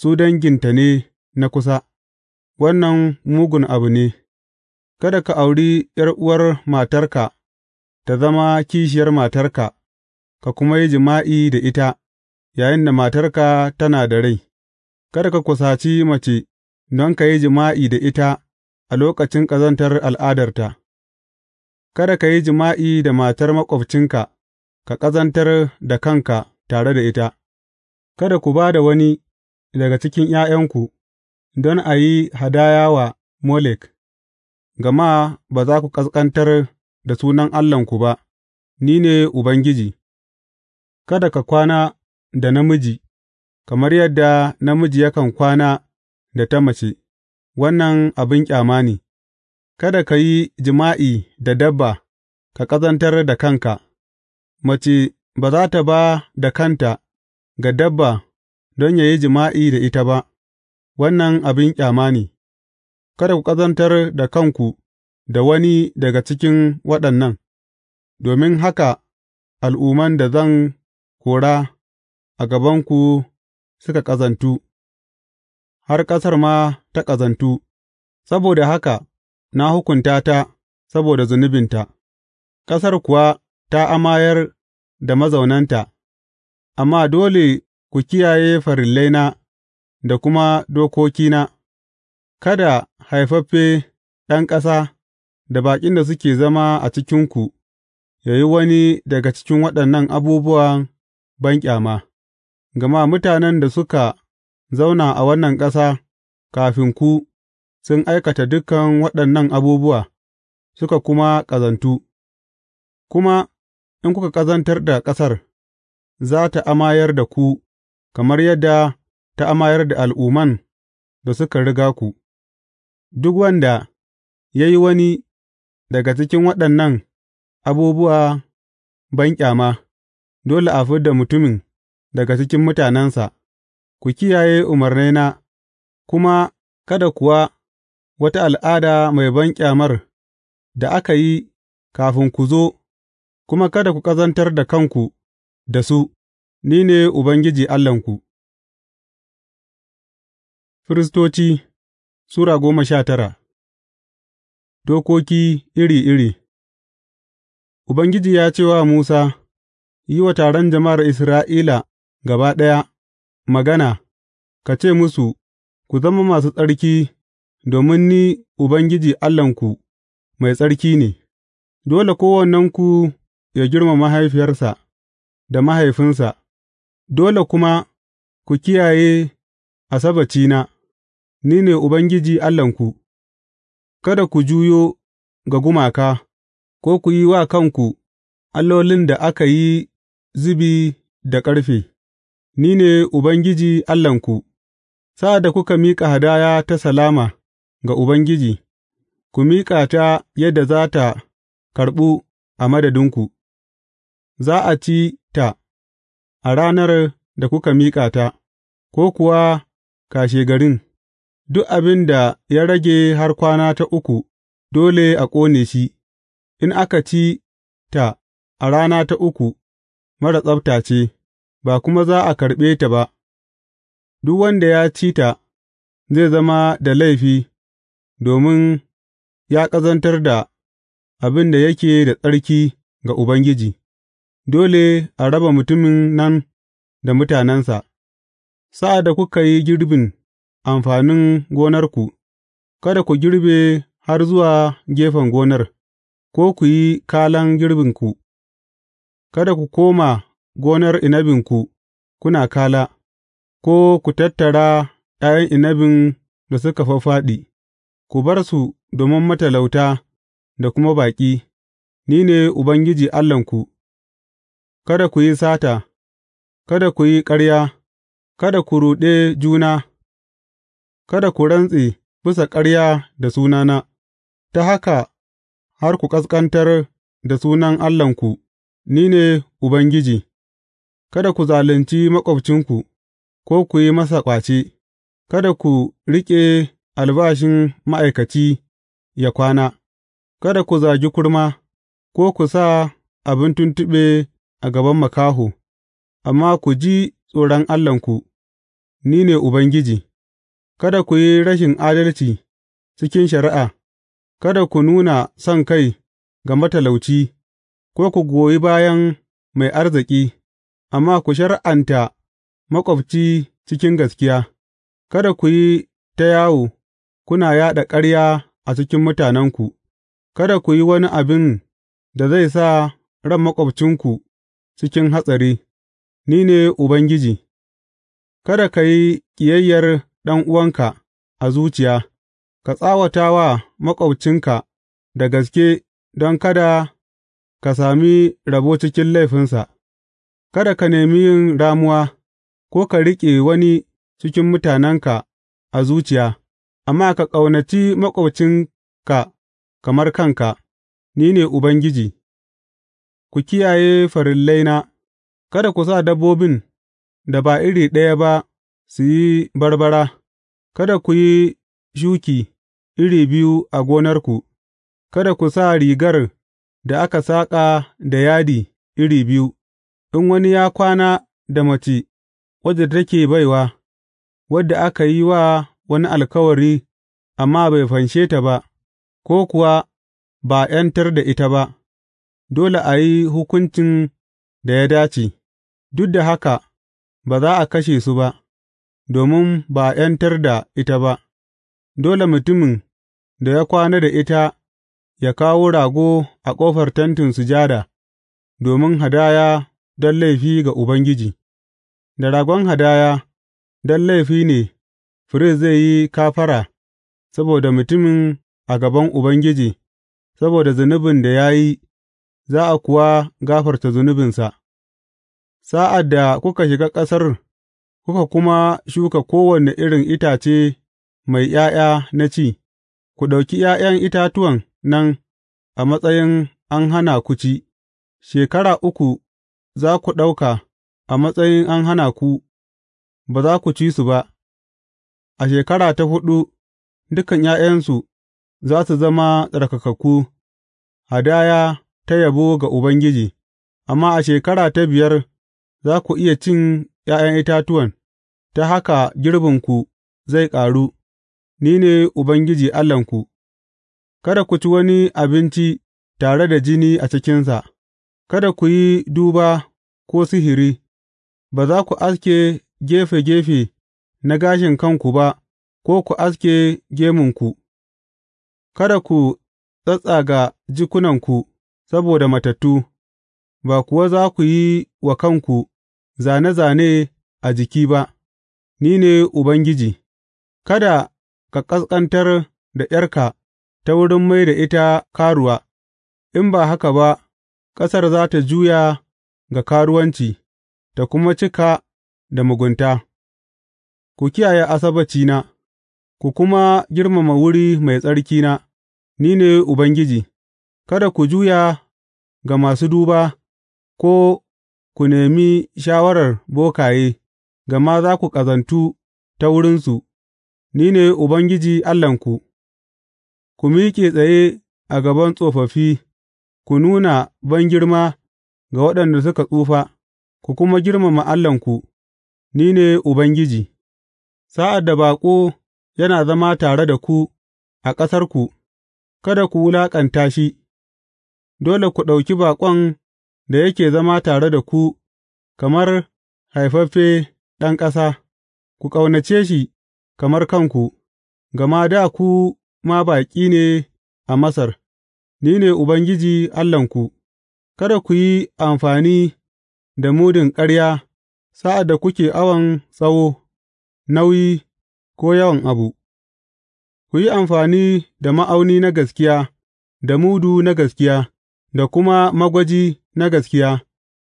su danginta ne na kusa, wannan mugun abu ne, kada ka auri ’yar'uwar matarka ta zama kishiyar matarka, ka kuma yi jima'i da ita yayinda matarka tana da rai, kada ka kusaci mace don ka yi jima'i da ita a lokacin ƙazantar al'adarta. Kada ka yi jima'i da matar maƙwabcinka ka ƙazantar da kanka tare da ita, kada ku ba da wani daga cikin ’ya'yanku don a yi hadaya wa Molek, gama ba za ku ƙasƙantar da sunan Allahnku ba, ni ne Ubangiji, kada ka kwana da namiji, kamar yadda namiji yakan kwana da ta mace, wannan abin ƙyama ne. Kada ka yi jima'i da dabba ka ƙazantar da kanka; mace ba za tă ba da kanta ga dabba don yă yi jima'i da ita ba, wannan abin ƙyama ne, kada ku ƙazantar da kanku da wani daga cikin waɗannan, domin haka al'umman da zan kora a gabanku suka ƙazantu, har ƙasar ma ta ƙazantu, saboda haka. na hukunta ta saboda zunubinta, ƙasar kuwa ta amayar da mazaunanta, amma dole ku kiyaye farillaina da kuma dokokina, kada haifaffe ɗan ƙasa da baƙin da suke zama a cikinku ya yi wani daga cikin waɗannan abubuwan banƙyama, gama mutanen da suka zauna a wannan ƙasa kafin ku sun aikata dukan waɗannan abubuwa, suka kuma ƙazantu, kuma in kuka ƙazantar da ƙasar, za tă amayar da ku kamar yadda ta amayar da al'umman da suka riga ku, duk wanda ya yi wani daga cikin waɗannan abubuwa banƙyama, dole a fid da mutumin daga cikin mutanensa, ku kiyaye umarnaina, kuma kada kuwa wata al'ada mai banƙyamar da aka yi kafin ku zo, kuma kada ku ƙazantar da kanku da su, ni ne Ubangiji Allahnku. Firistoci Sura goma sha tara Dokoki iri iri Ubangiji ya ce wa Musa, Yi wa taron jama'ar Isra'ila gaba ɗaya magana, ka ce musu, Ku zama masu tsarki domin ni Ubangiji Allahnku mai tsarki ne, dole kowannenku ya girmama mahaifiyarsa da mahaifinsa, dole kuma ku kiyaye Asabbacina, ni ne Ubangiji Allahnku, kada ku juyo ga gumaka, ko ku yi wa kanku allolin da aka yi zubi da ƙarfe, ni ne Ubangiji Allahnku, sa'ad da kuka miƙa hadaya ta salama. ga Ubangiji, ku miƙa ta yadda za ta karɓu a madadinku, za a ci ta a ranar da kuka miƙa ta, ko kuwa kashegarin, duk abin da ya rage har kwana ta uku dole a ƙone shi, in aka ci ta a rana ta uku mara tsabta ce, ba kuma za a karɓe ta ba, duk wanda ya ci ta zai zama da laifi. domin ya ƙazantar da abin da yake da tsarki ga Ubangiji, dole a raba mutumin nan da mutanensa, sa'ad da kuka yi girbin amfanin gonarku, kada ku girbe har zuwa gefen gonar, ko ku yi kalan girbinku, kada ku koma gonar inabinku kuna kala, ko ku tattara ’ya'yan inabin da suka fāffāɗi. ku bar su domin matalauta da kuma baƙi, ni ne Ubangiji Allahnku, kada ku yi sata, kada ku yi ƙarya, kada ku ruɗe juna, kada ku rantse bisa ƙarya da sunana, ta haka har ku ƙasƙantar da sunan Allahnku, ni ne Ubangiji, kada ku zalunci maƙwabcinku, ko ku yi masa ƙwace, kada ku riƙe albashin ma'aikaci ya kwana, kada ku zagi kurma, ko ku sa abin tuntuɓe a gaban makaho, amma ku ji tsoron Allahnku, ni ne Ubangiji, kada ku yi rashin adalci cikin shari'a, kada ku nuna son kai ga matalauci, ko ku goyi bayan mai arziki, amma ku shari'anta maƙwabci cikin gaskiya, kada ku yi ta yawo. kuna yaɗa ƙarya a cikin mutanenku, kada ku yi wani abin da zai sa ran maƙwabcinku cikin hatsari, ni ne Ubangiji, kada ka yi ƙiyayyar ɗan'uwanka a zuciya, ka tsawata wa maƙwabcinka da gaske don kada ka sami rabo cikin laifinsa, kada ka nemi yin ramuwa ko ka riƙe wani cikin mutanenka a zuciya. Amma ka ƙaunaci maƙwabcinka kamar kanka, ni ne Ubangiji, ku kiyaye farillaina, kada ku sa dabbobin da ba iri ɗaya ba su yi barbara, kada ku yi shuki iri biyu a gonarku, kada ku sa rigar da aka saƙa da yadi iri biyu, in wani ya kwana da mace wadda take baiwa, wadda aka yi wa wani alkawari amma bai fanshe ta ba, ko kuwa ba ’yantar da ita ba, dole a yi hukuncin da ya dace, duk da haka ba za a kashe su ba, domin ba ’yantar da ita ba, dole mutumin da ya kwana da ita ya kawo rago a ƙofar tentin sujada, domin hadaya don laifi ga Ubangiji, da ragon hadaya don laifi ne Firist zai yi kafara saboda mutumin a gaban Ubangiji saboda zunubin da ya yi, za a kuwa gafarta zunubinsa, sa'ad da kuka shiga ƙasar kuka kuma shuka kowane irin itace mai ’ya'ya na ci, ku ɗauki ’ya'yan itatuwan nan a matsayin an hana ku ci, shekara uku za ku ɗauka a matsayin an hana ku, ba za ku ci su ba. A shekara ta huɗu dukan ’ya'yansu za su zama tsarkakakku, hadaya ta yabo ga Ubangiji, amma a shekara ta biyar za ku iya cin ’ya'yan itatuwan, ta haka girbinku zai ƙaru, ni ne Ubangiji Allahnku, kada ku ci wani abinci tare da jini a cikinsa, kada ku yi duba ko sihiri, ba za ku aske gefe gefe. na gashin kanku ba ko ku aske gemunku, kada ku tsattsaga jikunanku saboda matattu, ba kuwa za ku yi wa kanku zane-zane a jiki ba, ni ne Ubangiji, kada ka ƙasƙantar da ’yarka ta wurin mai da ita karuwa, in ba haka ba, ƙasar za ta juya ga karuwanci, ta kuma cika da mugunta. Ku kiyaye Asabbacina, ku kuma girmama wuri mai tsarkina, ni ne Ubangiji; kada ku juya ga masu duba ko ku nemi shawarar bokaye, gama za ku ƙazantu ta wurinsu, ni ne Ubangiji Allahnku; ku miƙe tsaye a gaban tsofaffi, ku nuna bangirma ga waɗanda suka tsufa, ku kuma girmama Allahnku, ni ne Ubangiji. sa'ad da baƙo yana zama tare da ku a ƙasarku, kada ku wulaƙanta shi, dole ku ɗauki baƙon da yake zama tare da ku kamar haifaffe ɗan ƙasa, ku ƙaunace shi kamar kanku, gama da ku ma baƙi ne a Masar, ni ne Ubangiji Allahnku, kada ku yi amfani da mudun ƙarya sa'ad da kuke awon tsawo. nauyi, ko yawan abu Ku yi amfani da ma'auni na gaskiya, da mudu na gaskiya, da kuma magwaji na gaskiya,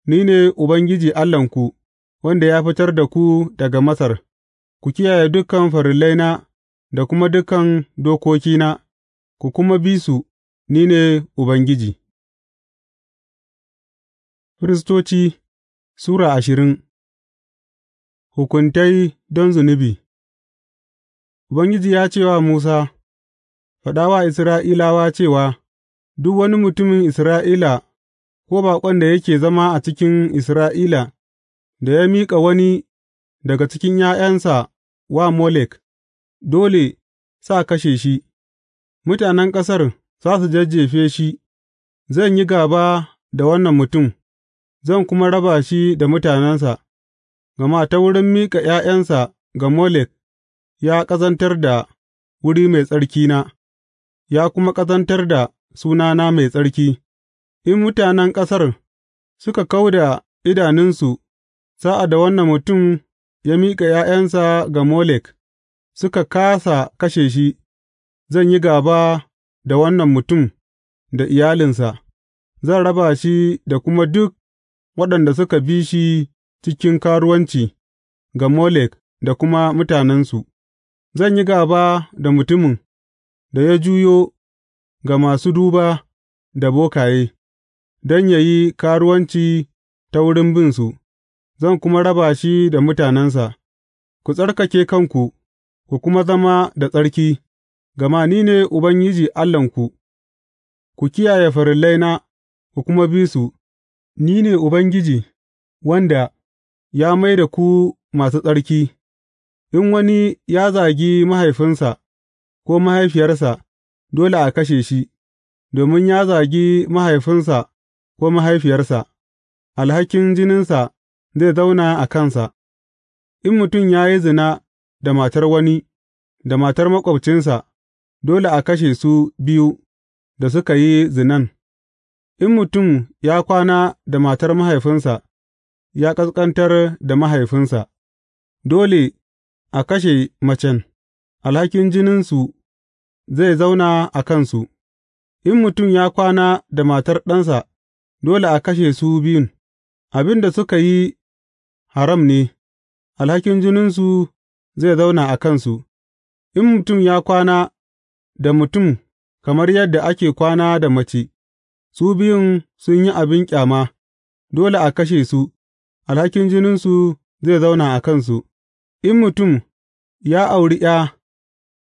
ni ne Ubangiji Allahnku, wanda ya fitar da ku daga Masar, ku kiyaye dukan farillaina da kuma dukan dokokina, ku kuma bi su, ni ne Ubangiji. Firistoci Sura ashirin Hukuntai don zunubi Ubangiji ya ce wa Musa, Faɗa wa Isra'ilawa cewa, Duk wani mutumin Isra'ila ko baƙon da yake zama a cikin Isra'ila da ya miƙa wani daga cikin ’ya'yansa wa Molek, dole sa kashe shi, mutanen ƙasar za su jajjefe shi, zan yi gaba da wannan mutum, zan kuma raba shi da mutanensa. gama ta wurin miƙa ’ya'yansa ga Molek ya ƙazantar da wuri mai tsarkina, ya kuma ƙazantar da sunana mai tsarki, in mutanen ƙasar suka kau da idanunsu sa'ad da wannan mutum ya miƙa ’ya'yansa ga Molek, suka kāsa kashe shi, zan yi gāba da wannan mutum da iyalinsa, zan raba shi da kuma duk waɗanda suka bi shi cikin karuwanci ga Molek da kuma mutanensu, zan yi gāba da mutumin da ya juyo ga masu duba da bokaye, don yă yi karuwanci ta wurin binsu, zan kuma raba shi da mutanensa, ku tsarkake kanku, ku kuma zama da tsarki, gama ni ne Ubangiji Allahnku, ku kiyaye farillaina, ku kuma bi su, ni ne Ubangiji wanda. ya mai da ku masu tsarki, in wani ya zagi mahaifinsa ko mahaifiyarsa, dole a kashe shi, domin ya zagi mahaifinsa ko mahaifiyarsa, alhakin jininsa zai zauna a kansa, in mutum ya yi zina da matar wani, da matar maƙwabcinsa, dole a kashe su biyu da suka yi zinan, in mutum ya kwana da matar mahaifinsa. ya ƙasƙantar da mahaifinsa, dole a kashe macen, alhakin jininsu zai zauna a kansu, in mutum ya kwana da matar ɗansa, dole a kashe su biyun, abin da suka yi haram ne, alhakin jininsu zai zauna a kansu, in mutum ya kwana da mutum kamar yadda ake kwana da mace, su biyun sun yi abin ƙyama, dole a kashe su. alhakin jininsu zai zauna a kansu, in mutum ya auri ’ya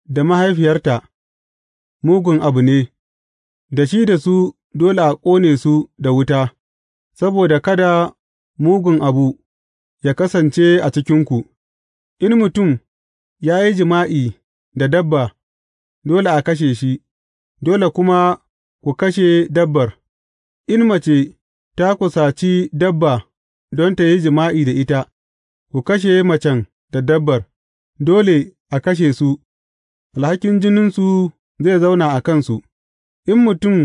da mahaifiyarta, mugun abu ne, da shi da su dole a ƙone su da wuta, saboda kada mugun abu ya kasance a cikinku, in mutum ya yi jima'i da dabba, dole a kashe shi, dole kuma ku kashe dabbar, in mace ta kusaci dabba. don tă yi jima'i da ita, ku kashe macen da dabbar, dole a kashe su, alhakin jininsu zai zauna a kansu, in mutum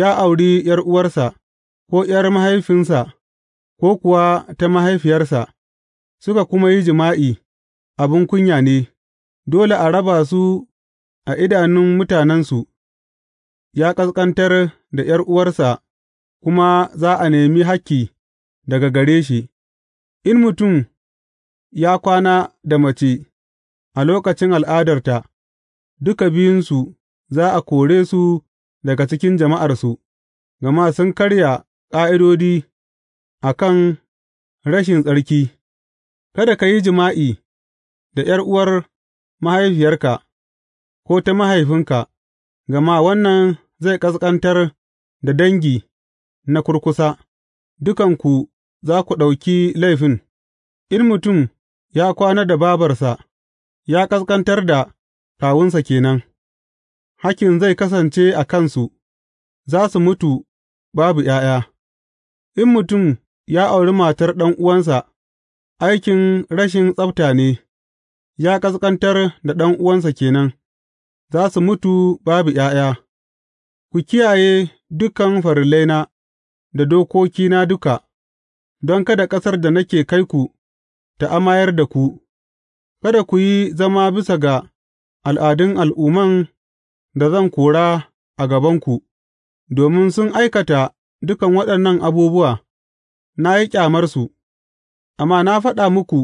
ya auri ’yar'uwarsa, ko ’yar mahaifinsa, ko kuwa ta mahaifiyarsa, suka kuma yi jima'i, abin kunya ne, dole a raba su a idanun mutanensu, ya ƙasƙantar da ’yar'uwarsa kuma za a nemi hakki. daga gare shi, in mutum ya kwana da mace a lokacin al'adarta, duka biyunsu za a kore su daga cikin jama'arsu, gama sun karya ƙa'idodi a kan rashin tsarki, kada ka yi jima'i da ’yar'uwar mahaifiyarka ko ta mahaifinka, gama wannan zai ƙasƙantar da dangi na kurkusa, dukanku za ku ɗauki laifin, in mutum ya kwana da babarsa. ya ƙasƙantar da kawunsa ke nan, hakkin zai kasance a kansu, za su mutu babu ’ya'ya, in mutum ya auri matar ɗan'uwansa, aikin rashin tsabta ne, ya ƙasƙantar da ɗan'uwansa ke nan, za su mutu babu ’ya'ya, ku kiyaye dukan farillaina da dokokina duka. don kada ƙasar da nake kai ku ta amayar da ku, kada ku yi zama bisa ga al'adun al'umman da zan kora a gabanku, domin sun aikata dukan waɗannan abubuwa, na yi ƙyamarsu, amma na faɗa muku,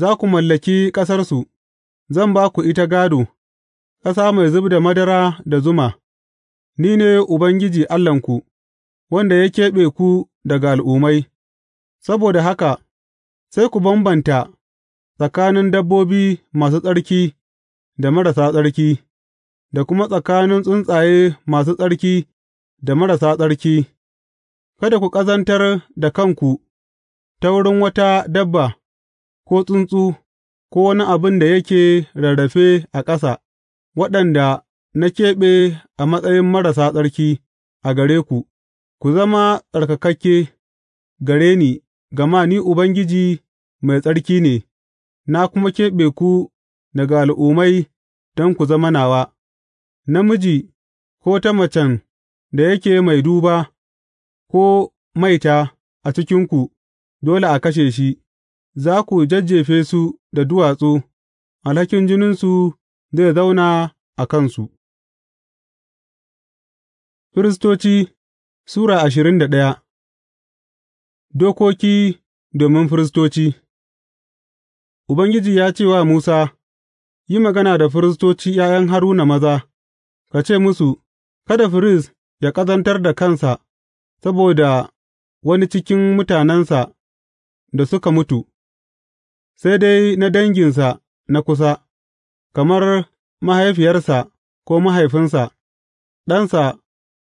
za ku mallaki ƙasarsu, zan ba ku ita gādo, ƙasa mai zub da madara da zuma, ni ne Ubangiji Allahnku, wanda ya keɓe ku daga al'ummai. Saboda haka sai ku bambanta tsakanin dabbobi masu tsarki da marasa tsarki, da kuma tsakanin tsuntsaye masu tsarki da marasa tsarki, kada ku ƙazantar da kanku ta wurin wata dabba, ko tsuntsu, ko wani abin da yake rarrafe a ƙasa, waɗanda na keɓe a matsayin marasa tsarki a gare ku, ku zama tsarkakakke gare ni. Gama Ni Ubangiji mai tsarki ne, na kuma keɓe ku daga al'ummai don ku zama nawa, namiji ko ta macen da yake mai duba ko maita a cikinku, dole a kashe shi, za ku jajjefe su da duwatsu, alhakin jininsu zai zauna a kansu. Firistoci Sura ashirin da ɗaya. Dokoki domin firistoci Ubangiji ya ce wa Musa, Yi magana da firistoci ’ya'yan Haruna maza, ka ce musu, Kada firist ya ƙazantar da kansa saboda wani cikin mutanensa da suka mutu, sai dai na danginsa na kusa, kamar mahaifiyarsa ko mahaifinsa, ɗansa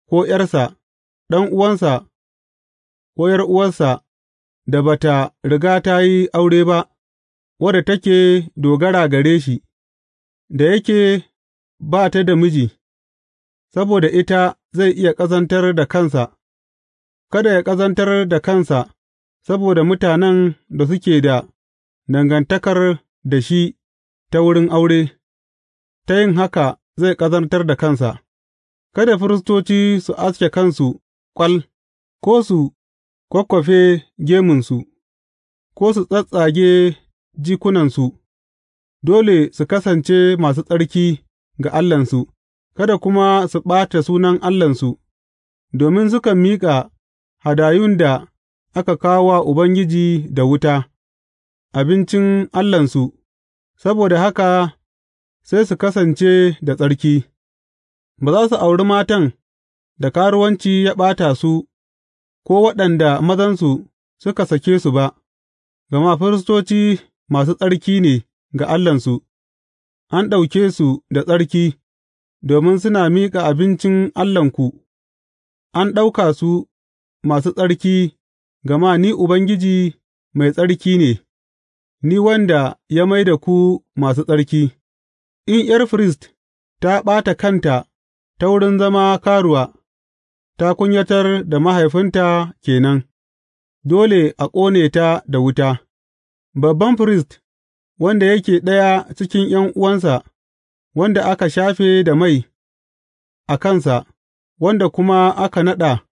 ko ’yarsa, ɗan'uwansa ko ’yar'uwarsa da ba tă riga ta yi aure ba, wadda take dogara gare shi, da yake ba ta da miji, saboda ita zai iya ƙazantar da kansa, kada ya ƙazantar da kansa saboda mutanen da suke da dangantakar da shi ta wurin aure, ta yin haka zai ƙazantar da kansa, kada firistoci su aske kansu ƙwal, ko su kwakkwafe gemunsu, ko su tsattsage jikunansu, dole su kasance masu tsarki ga Allahnsu, kada kuma su ɓata sunan Allahnsu, domin sukan miƙa hadayun da aka kawo wa Ubangiji da wuta, abincin Allahnsu, saboda haka sai su kasance da tsarki, ba za su auri matan da karuwanci ya ɓata su. ko waɗanda mazansu suka sake su ba, gama firistoci masu tsarki ne ga Allahnsu, an ɗauke su da tsarki, domin suna miƙa abincin Allahnku, an ɗauka su masu tsarki, gama ni Ubangiji mai tsarki ne, ni wanda ya mai da ku masu tsarki, in ’yar firist ta ɓata kanta ta wurin zama karuwa. ta kunyatar da mahaifinta ke nan, dole a ƙone ta da wuta, babban firist, wanda yake ɗaya cikin ’yan'uwansa, wanda aka shafe da mai a kansa, wanda kuma aka naɗa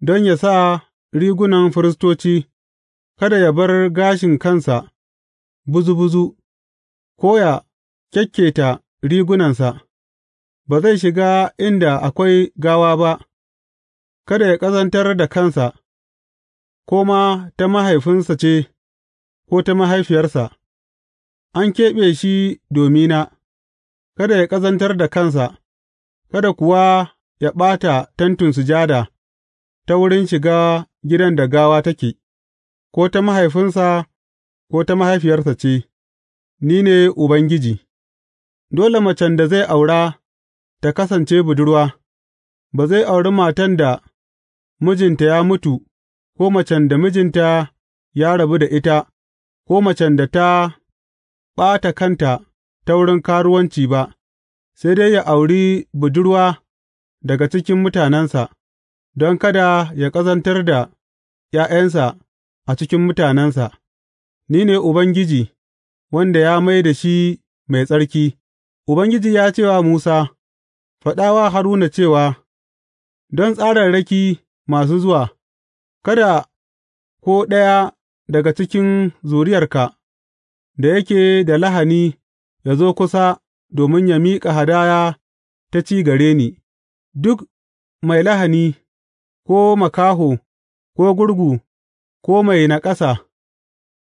don yă sa rigunan firistoci, kada ya bar gashin kansa buzu buzu, ko ya kyakketa rigunansa, ba zai shiga inda akwai gawa ba. Kada yă ƙazantar da kansa, ko ma ta mahaifinsa ce, ko ta mahaifiyarsa, an keɓe shi domina, kada yă ƙazantar da kansa, kada kuwa yă ɓata tentin sujada ta wurin shiga gidan da gawa take, ko ta mahaifinsa ko ta mahaifiyarsa ce, Ni ne Ubangiji, dole macen da zai aura ta kasance budurwa, ba zai auri matan da mijinta ya mutu, ko macen da mijinta ya rabu da ita, ko macen da ta ɓata kanta ta wurin karuwanci ba, sai dai ya auri budurwa daga cikin mutanensa, don kada ya ƙazantar da ’ya'yansa a cikin mutanensa, ni ne Ubangiji, wanda ya mai da shi mai tsarki, Ubangiji ya ce wa Musa, Faɗa wa Haruna cewa, Don tsararraki masu zuwa, kada ko ɗaya daga cikin zuriyarka da yake da lahani ya zo kusa domin ya miƙa hadaya ta ci gare ni, duk mai lahani, ko makaho, ko gurgu, ko mai naƙasa,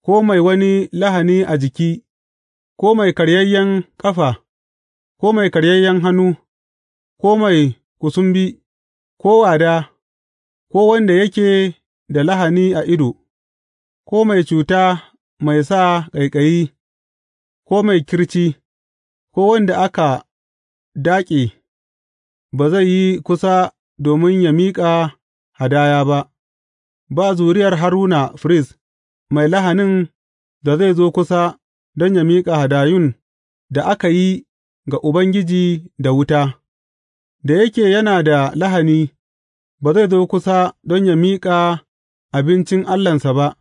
ko mai wani lahani a jiki, ko mai karyayyen ƙafa, ko mai karyayyen hannu, ko mai kusumbi, ko wada. ko wanda yake da lahani a ido, ko mai cuta mai sa ƙaiƙayi, ko mai kirci, ko wanda aka daƙe, ba zai yi kusa domin ya miƙa hadaya ba, ba zuriyar Haruna firist mai lahanin da zai zo kusa don ya miƙa hadayun da aka yi ga Ubangiji da wuta, da yake yana da lahani. ba zai zo kusa don yă miƙa abincin Allahnsa ba,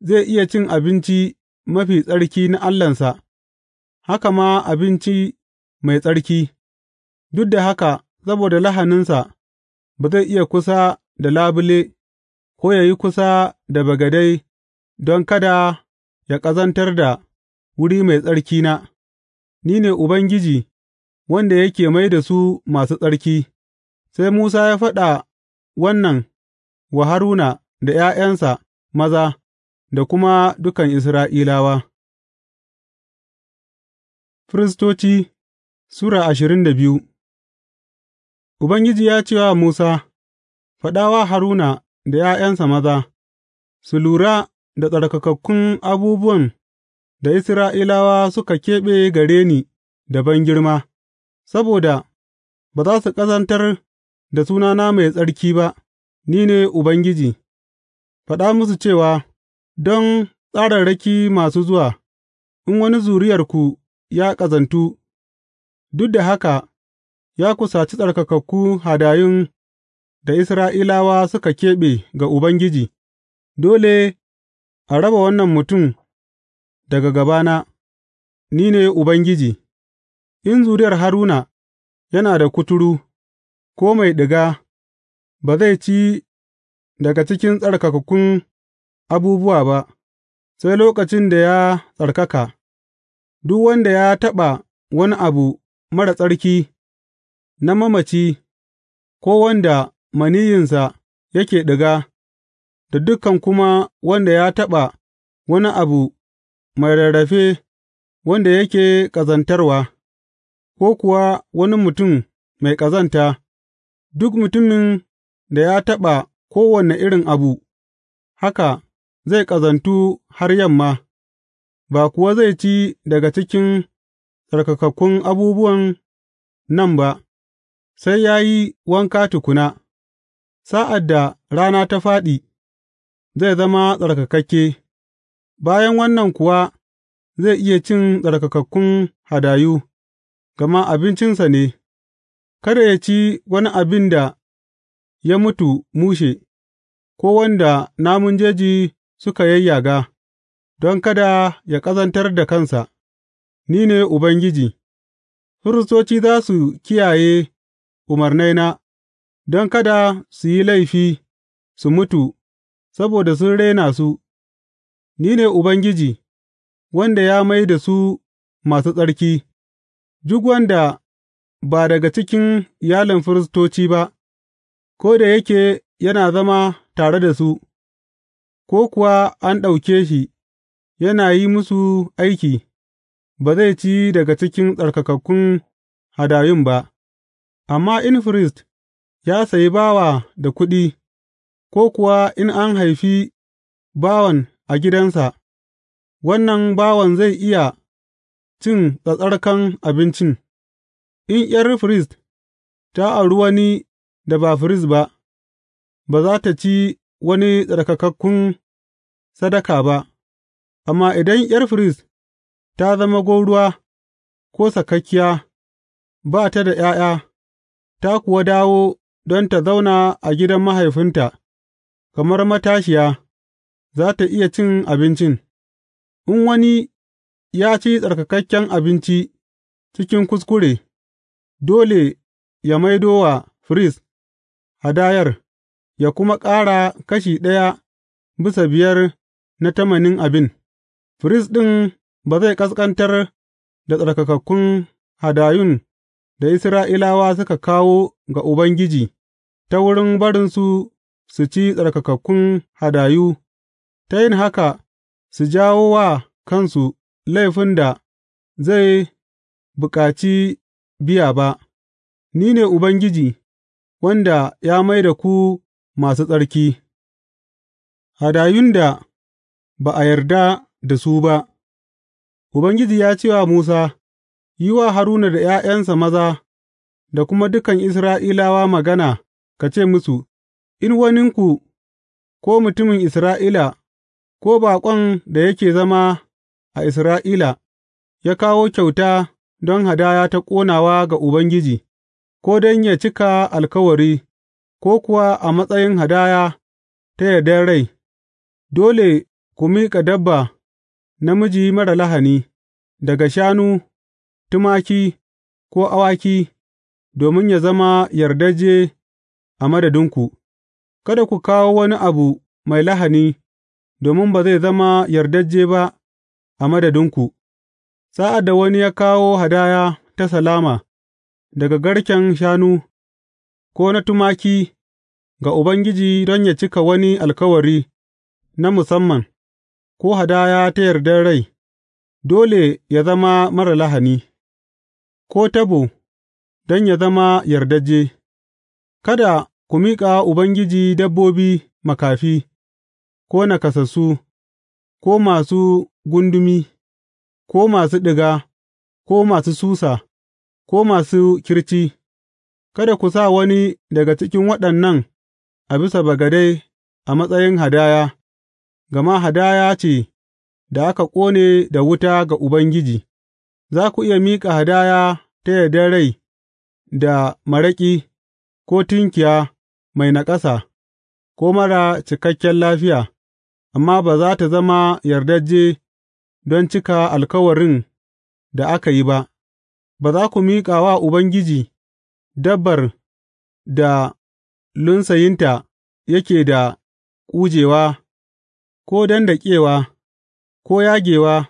zai iya cin abinci mafi tsarki na Allahnsa, haka ma abinci mai tsarki, duk da haka saboda lahaninsa ba zai iya kusa da labule ko ya yi kusa da bagadai don kada ya ƙazantar da wuri mai tsarkina, ni ne Ubangiji wanda yake mai da su masu tsarki, sai Musa ya faɗa wannan wa Haruna da ’ya'yansa maza da kuma dukan Isra'ilawa. Firistoci Sura ashirin da biyu Ubangiji ya ce wa Musa, Faɗa wa Haruna da ’ya'yansa maza, su lura da tsarkakakkun abubuwan da Isra'ilawa suka keɓe gare ni da bangirma, saboda ba za su ƙazantar da sunana mai tsarki ba, ni ne Ubangiji, faɗa musu cewa, Don tsararraki masu zuwa, in wani zuriyarku ya ƙazantu, duk da haka ya kusaci tsarkakakku hadayun da Isra'ilawa suka keɓe ga Ubangiji, dole a raba wannan mutum daga gabana, ni ne Ubangiji, in zuriyar Haruna yana da kuturu. ko mai ɗiga ba zai ci daga cikin tsarkakakkun abubuwa ba, sai lokacin da ya tsarkaka, duk wanda ya taɓa wani abu mara tsarki na mamaci, ko wanda maniyinsa yake ɗiga, da dukan kuma wanda ya taɓa wani abu mai rarrafe wanda yake ƙazantarwa, ko kuwa wani mutum mai ƙazanta. Duk mutumin da ya taɓa kowane irin abu haka zai ƙazantu har yamma, ba kuwa zai ci daga cikin tsarkakakkun abubuwan nan ba, sai ya yi wanka tukuna, sa'ad da rana ta fāɗi, zai zama tsarkakakke, bayan wannan kuwa zai iya cin tsarkakakkun hadayu, gama abincinsa ne. Kada yă ci wani abin da ya mutu mushe, ko wanda namun jeji suka yayyaga, don kada yă ƙazantar da kansa, Ni ne Ubangiji; firistoci za su kiyaye umarnaina, don kada su yi laifi su mutu saboda sun rena su, Ni ne Ubangiji, wanda ya mai da su masu tsarki, duk wanda ba daga cikin iyalin firistoci ba, ko da yake yana zama tare da su, ko kuwa an ɗauke shi yana yi musu aiki, ba zai ci daga cikin tsarkakakkun hadayun ba, amma in firist ya sayi bawa da kuɗi, ko kuwa in an haifi bawan a gidansa, wannan bawan zai iya cin tsattsarkan abincin. In ’yar firist ta auri wani da ba firist ba, ba za tă ci wani tsarkakakkun sadaka ba, amma idan ’yar firist ta zama gwauruwa ko sakakkiya, ba ta da ’ya'ya, ta kuwa dawo don ta zauna a gidan mahaifinta kamar matashiya, za tă iya cin abincin, in wani ya ci tsarkakakken abinci cikin kuskure. dole yă maido wa firist hadayar, yă kuma ƙara kashi ɗaya bisa biyar na tamanin abin, firist ɗin ba zai ƙasƙantar da tsarkakakkun hadayun da Isra'ilawa suka kawo ga Ubangiji ta wurin barinsu su ci tsarkakakkun hadayu, ta yin haka su jawo wa kansu laifin da zai bukaci biya ba, Ni ne Ubangiji, wanda ya mai da ku masu tsarki, hadayun da ba a yarda da su ba, Ubangiji ya ce wa Musa, Yi wa Haruna da ’ya'yansa maza da kuma dukan Isra'ilawa magana ka ce musu, In waninku, ko mutumin Isra'ila, ko baƙon da yake zama a Isra'ila, ya kawo kyauta don hadaya ta ƙonawa ga Ubangiji, ko don yă cika alkawari, ko kuwa a matsayin hadaya ta yardar rai, dole ku miƙa dabba namiji mara lahani, daga shanu, tumaki ko awaki, domin ya zama yardajje a madadinku, kada ku kawo wani abu mai lahani, domin ba zai zama yardajje ba a madadinku. Sa'ad da wani ya kawo hadaya ta salama daga garken shanu, ko na tumaki ga Ubangiji don yă cika wani alkawari na musamman, ko hadaya ta yardar rai, dole yă zama marar lahani, ko tabo don yă zama yardajje, kada ku miƙa Ubangiji dabbobi makafi, ko nakasassu, ko masu gundumi. ko masu ɗiga, ko masu susa, ko masu kirci, kada ku sa wani daga cikin waɗannan a bisa bagade a matsayin hadaya, gama hadaya ce da aka ƙone da wuta ga Ubangiji, za ku iya miƙa hadaya ta yardar rai da maraƙi, ko tunkiya mai naƙasa, ko mara cikakken lafiya, amma ba za ta zama yardajje. don cika alkawarin da aka yi ba, ba za ku miƙa wa Ubangiji dabbar da lunsayinta yake da ƙujewa, ko dandaƙewa, ko yagewa,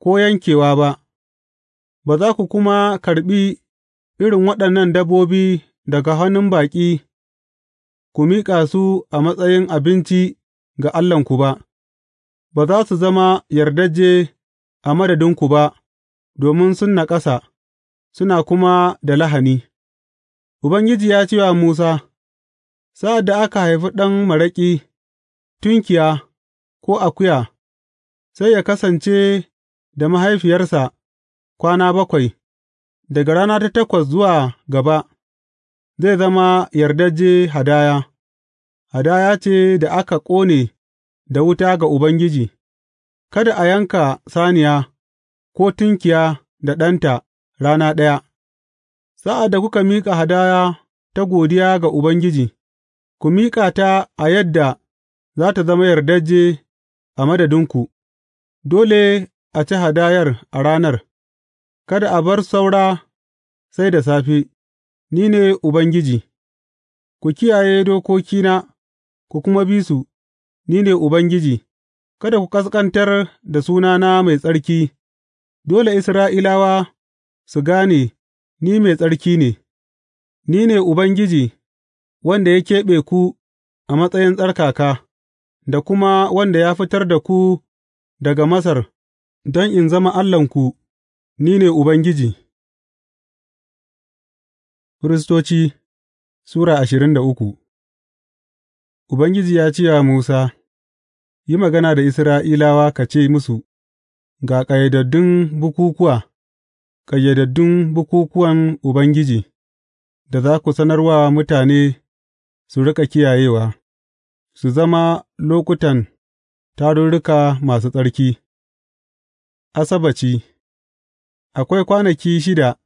ko yankewa ba, ba za ku kuma karɓi irin waɗannan dabbobi daga hannun baƙi ku miƙa su a matsayin abinci ga Allahnku ba. ba za su zama yardajje a madadinku ba, domin sun naƙasa, suna kuma da lahani. Ubangiji ya ce wa Musa, Sa'ad da aka haifi ɗan maraƙi, tunkiya ko akuya, sai ya kasance da mahaifiyarsa kwana bakwai, daga rana ta takwas zuwa gaba, zai zama yardajje hadaya, hadaya ce da aka ƙone da wuta ga Ubangiji, kada a yanka saniya ko tunkiya da ɗanta rana ɗaya, sa'ad da kuka miƙa hadaya ta godiya ga Ubangiji, ku miƙa ta a yadda za ta zama yardajje a madadinku, dole a ci hadayar a ranar, kada a bar saura sai da safe, ni ne Ubangiji, ku kiyaye dokokina ku kuma bi su. Ni ne Ubangiji, kada ku ƙasƙantar da sunana mai tsarki; dole Isra'ilawa su gane ni mai tsarki ne, Ni ne Ubangiji, wanda ya keɓe ku a matsayin tsarkaka, da kuma wanda ya fitar da ku daga Masar don in zama Allahnku, Ni ne Ubangiji. Firistoci Sura ashirin da uku Ubangiji ya ce wa Musa, Yi magana da Isra'ilawa ka ce musu, Ga ƙayyadaddun bukukuwa. ƙayyadaddun bukukuwan Ubangiji, da za ku sanar wa mutane su riƙa kiyayewa, su zama lokutan tarurruka masu tsarki. Asabaci. Akwai kwanaki shida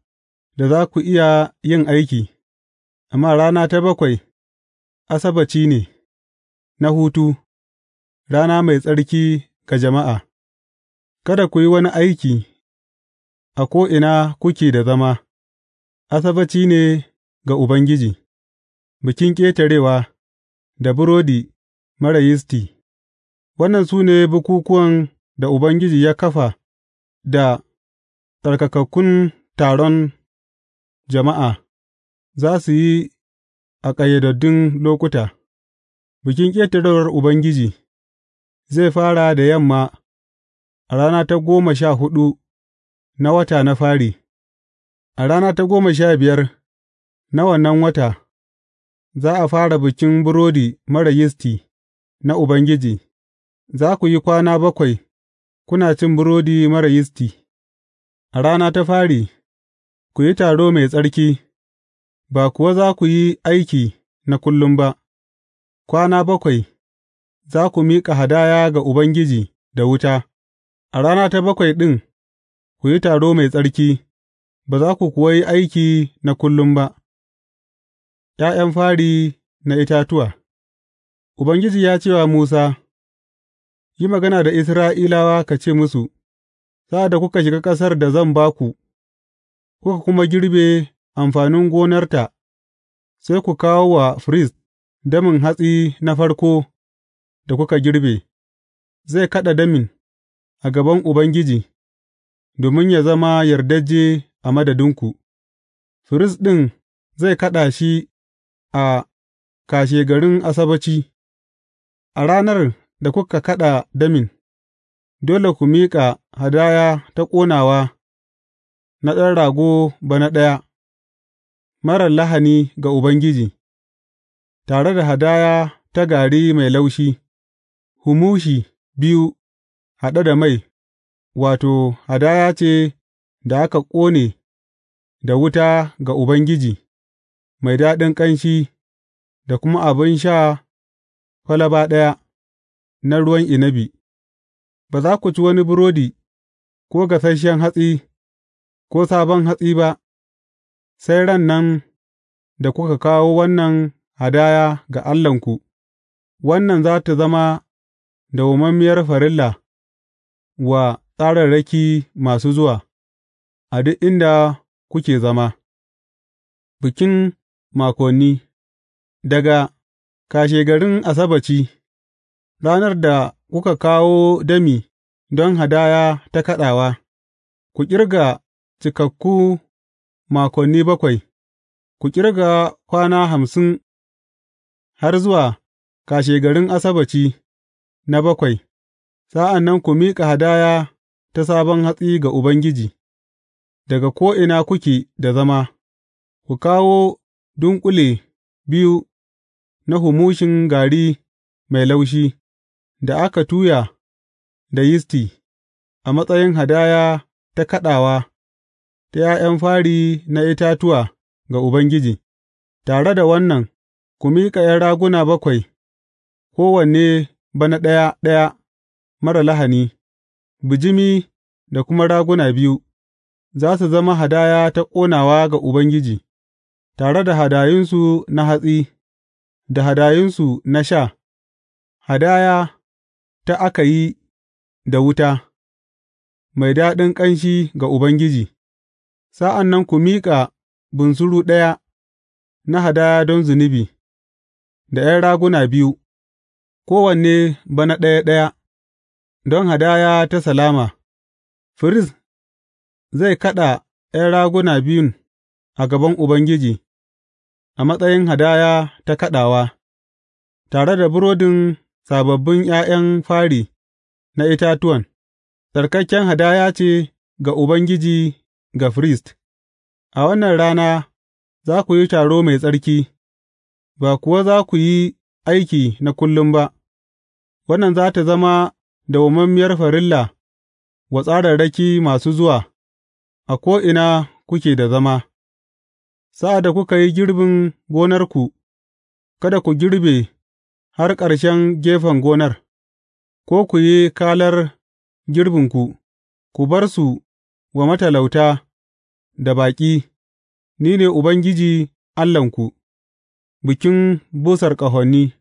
da za ku iya yin aiki, amma rana ta bakwai, asabaci ne. na hutu, rana mai tsarki ga jama'a, kada ku yi wani aiki a ko'ina kuke da zama, asabaci ne ga Ubangiji, Bikin Ƙetarewa, da burodi mara yisti, wannan su ne bukukuwan da Ubangiji ya kafa da tsarkakakkun taron jama'a za su yi a ƙayyadaddun lokuta. Bikin Ƙetarewar Ubangiji zai fara da yamma a rana ta goma sha huɗu na wata na fari, a rana ta goma sha biyar na wannan wata, za a fara Bikin Burodi mara Yisti na Ubangiji, za ku yi kwana bakwai kuna cin burodi mara yisti, a rana ta fari, ku yi taro mai tsarki, ba kuwa za ku yi aiki na kullum ba. Kwana bakwai za ku miƙa hadaya ga Ubangiji da wuta, a rana ta bakwai ɗin ku yi taro mai tsarki, ba za ku kuwa yi aiki na kullum ba. ’Ya'yan fari na itatuwa Ubangiji ya ce wa Musa, Yi magana da Isra'ilawa ka ce musu, Sa'ad da kuka shiga ƙasar da zan ba ku, kuka kuma girbe amfanin gonarta, sai ku kawo wa firist. damin hatsi na farko da kuka girbe, zai kaɗa damin a gaban Ubangiji, domin yă zama yardajje a madadinku, firist ɗin zai kaɗa shi a kashegarin Asabaci, a ranar da kuka kaɗa damin, dole ku miƙa hadaya ta ƙonawa na ɗan rago bana ɗaya, marar lahani ga Ubangiji. tare da hadaya ta gari mai laushi, humushi biyu haɗe da mai, wato, hadaya ce da aka ƙone da wuta ga Ubangiji, mai daɗin ƙanshi da kuma abin sha falaba ɗaya na ruwan inabi, ba za ku ci wani burodi, ko gasasshen hatsi, ko sabon hatsi ba, sai ran nan da kuka kawo wannan hadaya ga Allahnku, wannan za tă zama dawwammamiyar farilla wa tsararraki masu zuwa, a duk inda kuke zama. Bikin makonni. Daga kashegarin asabaci ranar da kuka kawo dami don hadaya ta kaɗawa, ku ƙirga cikakku makonni bakwai, ku ƙirga kwana hamsin har zuwa kashegarin Asabbaci na bakwai, sa'an nan ku miƙa hadaya ta sabon hatsi ga Ubangiji, daga ko'ina kuke da zama, ku kawo dunƙule biyu na humushin gari mai laushi, da aka tuya da yisti, a matsayin hadaya ta kaɗawa ta ’ya'yan fari na itatuwa ga Ubangiji, tare da wannan. Ku miƙa ’yan raguna bakwai, kowanne bana ɗaya ɗaya marar lahani, bijimi da kuma raguna biyu, za su zama hadaya ta ƙonawa ga Ubangiji, tare da hadayunsu na hatsi, da hadayunsu na sha, hadaya ta aka yi da wuta, mai daɗin ƙanshi ga Ubangiji, sa'an nan ku miƙa bunsuru ɗaya na hadaya don zunubi. da ’yan raguna biyu, kowanne bana ɗaya ɗaya, don hadaya ta salama, firist zai kaɗa ’yan raguna biyun a gaban Ubangiji a matsayin hadaya ta kaɗawa, tare da burodin sababbin ’ya'yan fari na itatuwan, tsarkaken hadaya ce ga Ubangiji ga firist, a wannan rana za ku yi taro mai tsarki. ba kuwa za ku yi aiki na kullum ba, wannan za tă zama dawwammamiyar farilla wa tsararraki masu zuwa a ko'ina kuke da zama, sa'ad da kuka yi girbin gonarku, kada ku girbe har ƙarshen gefen gonar, ko ku yi kalar girbinku, ku bar su wa matalauta da baƙi, ni ne Ubangiji Allahnku. Bikin busar ƙahoni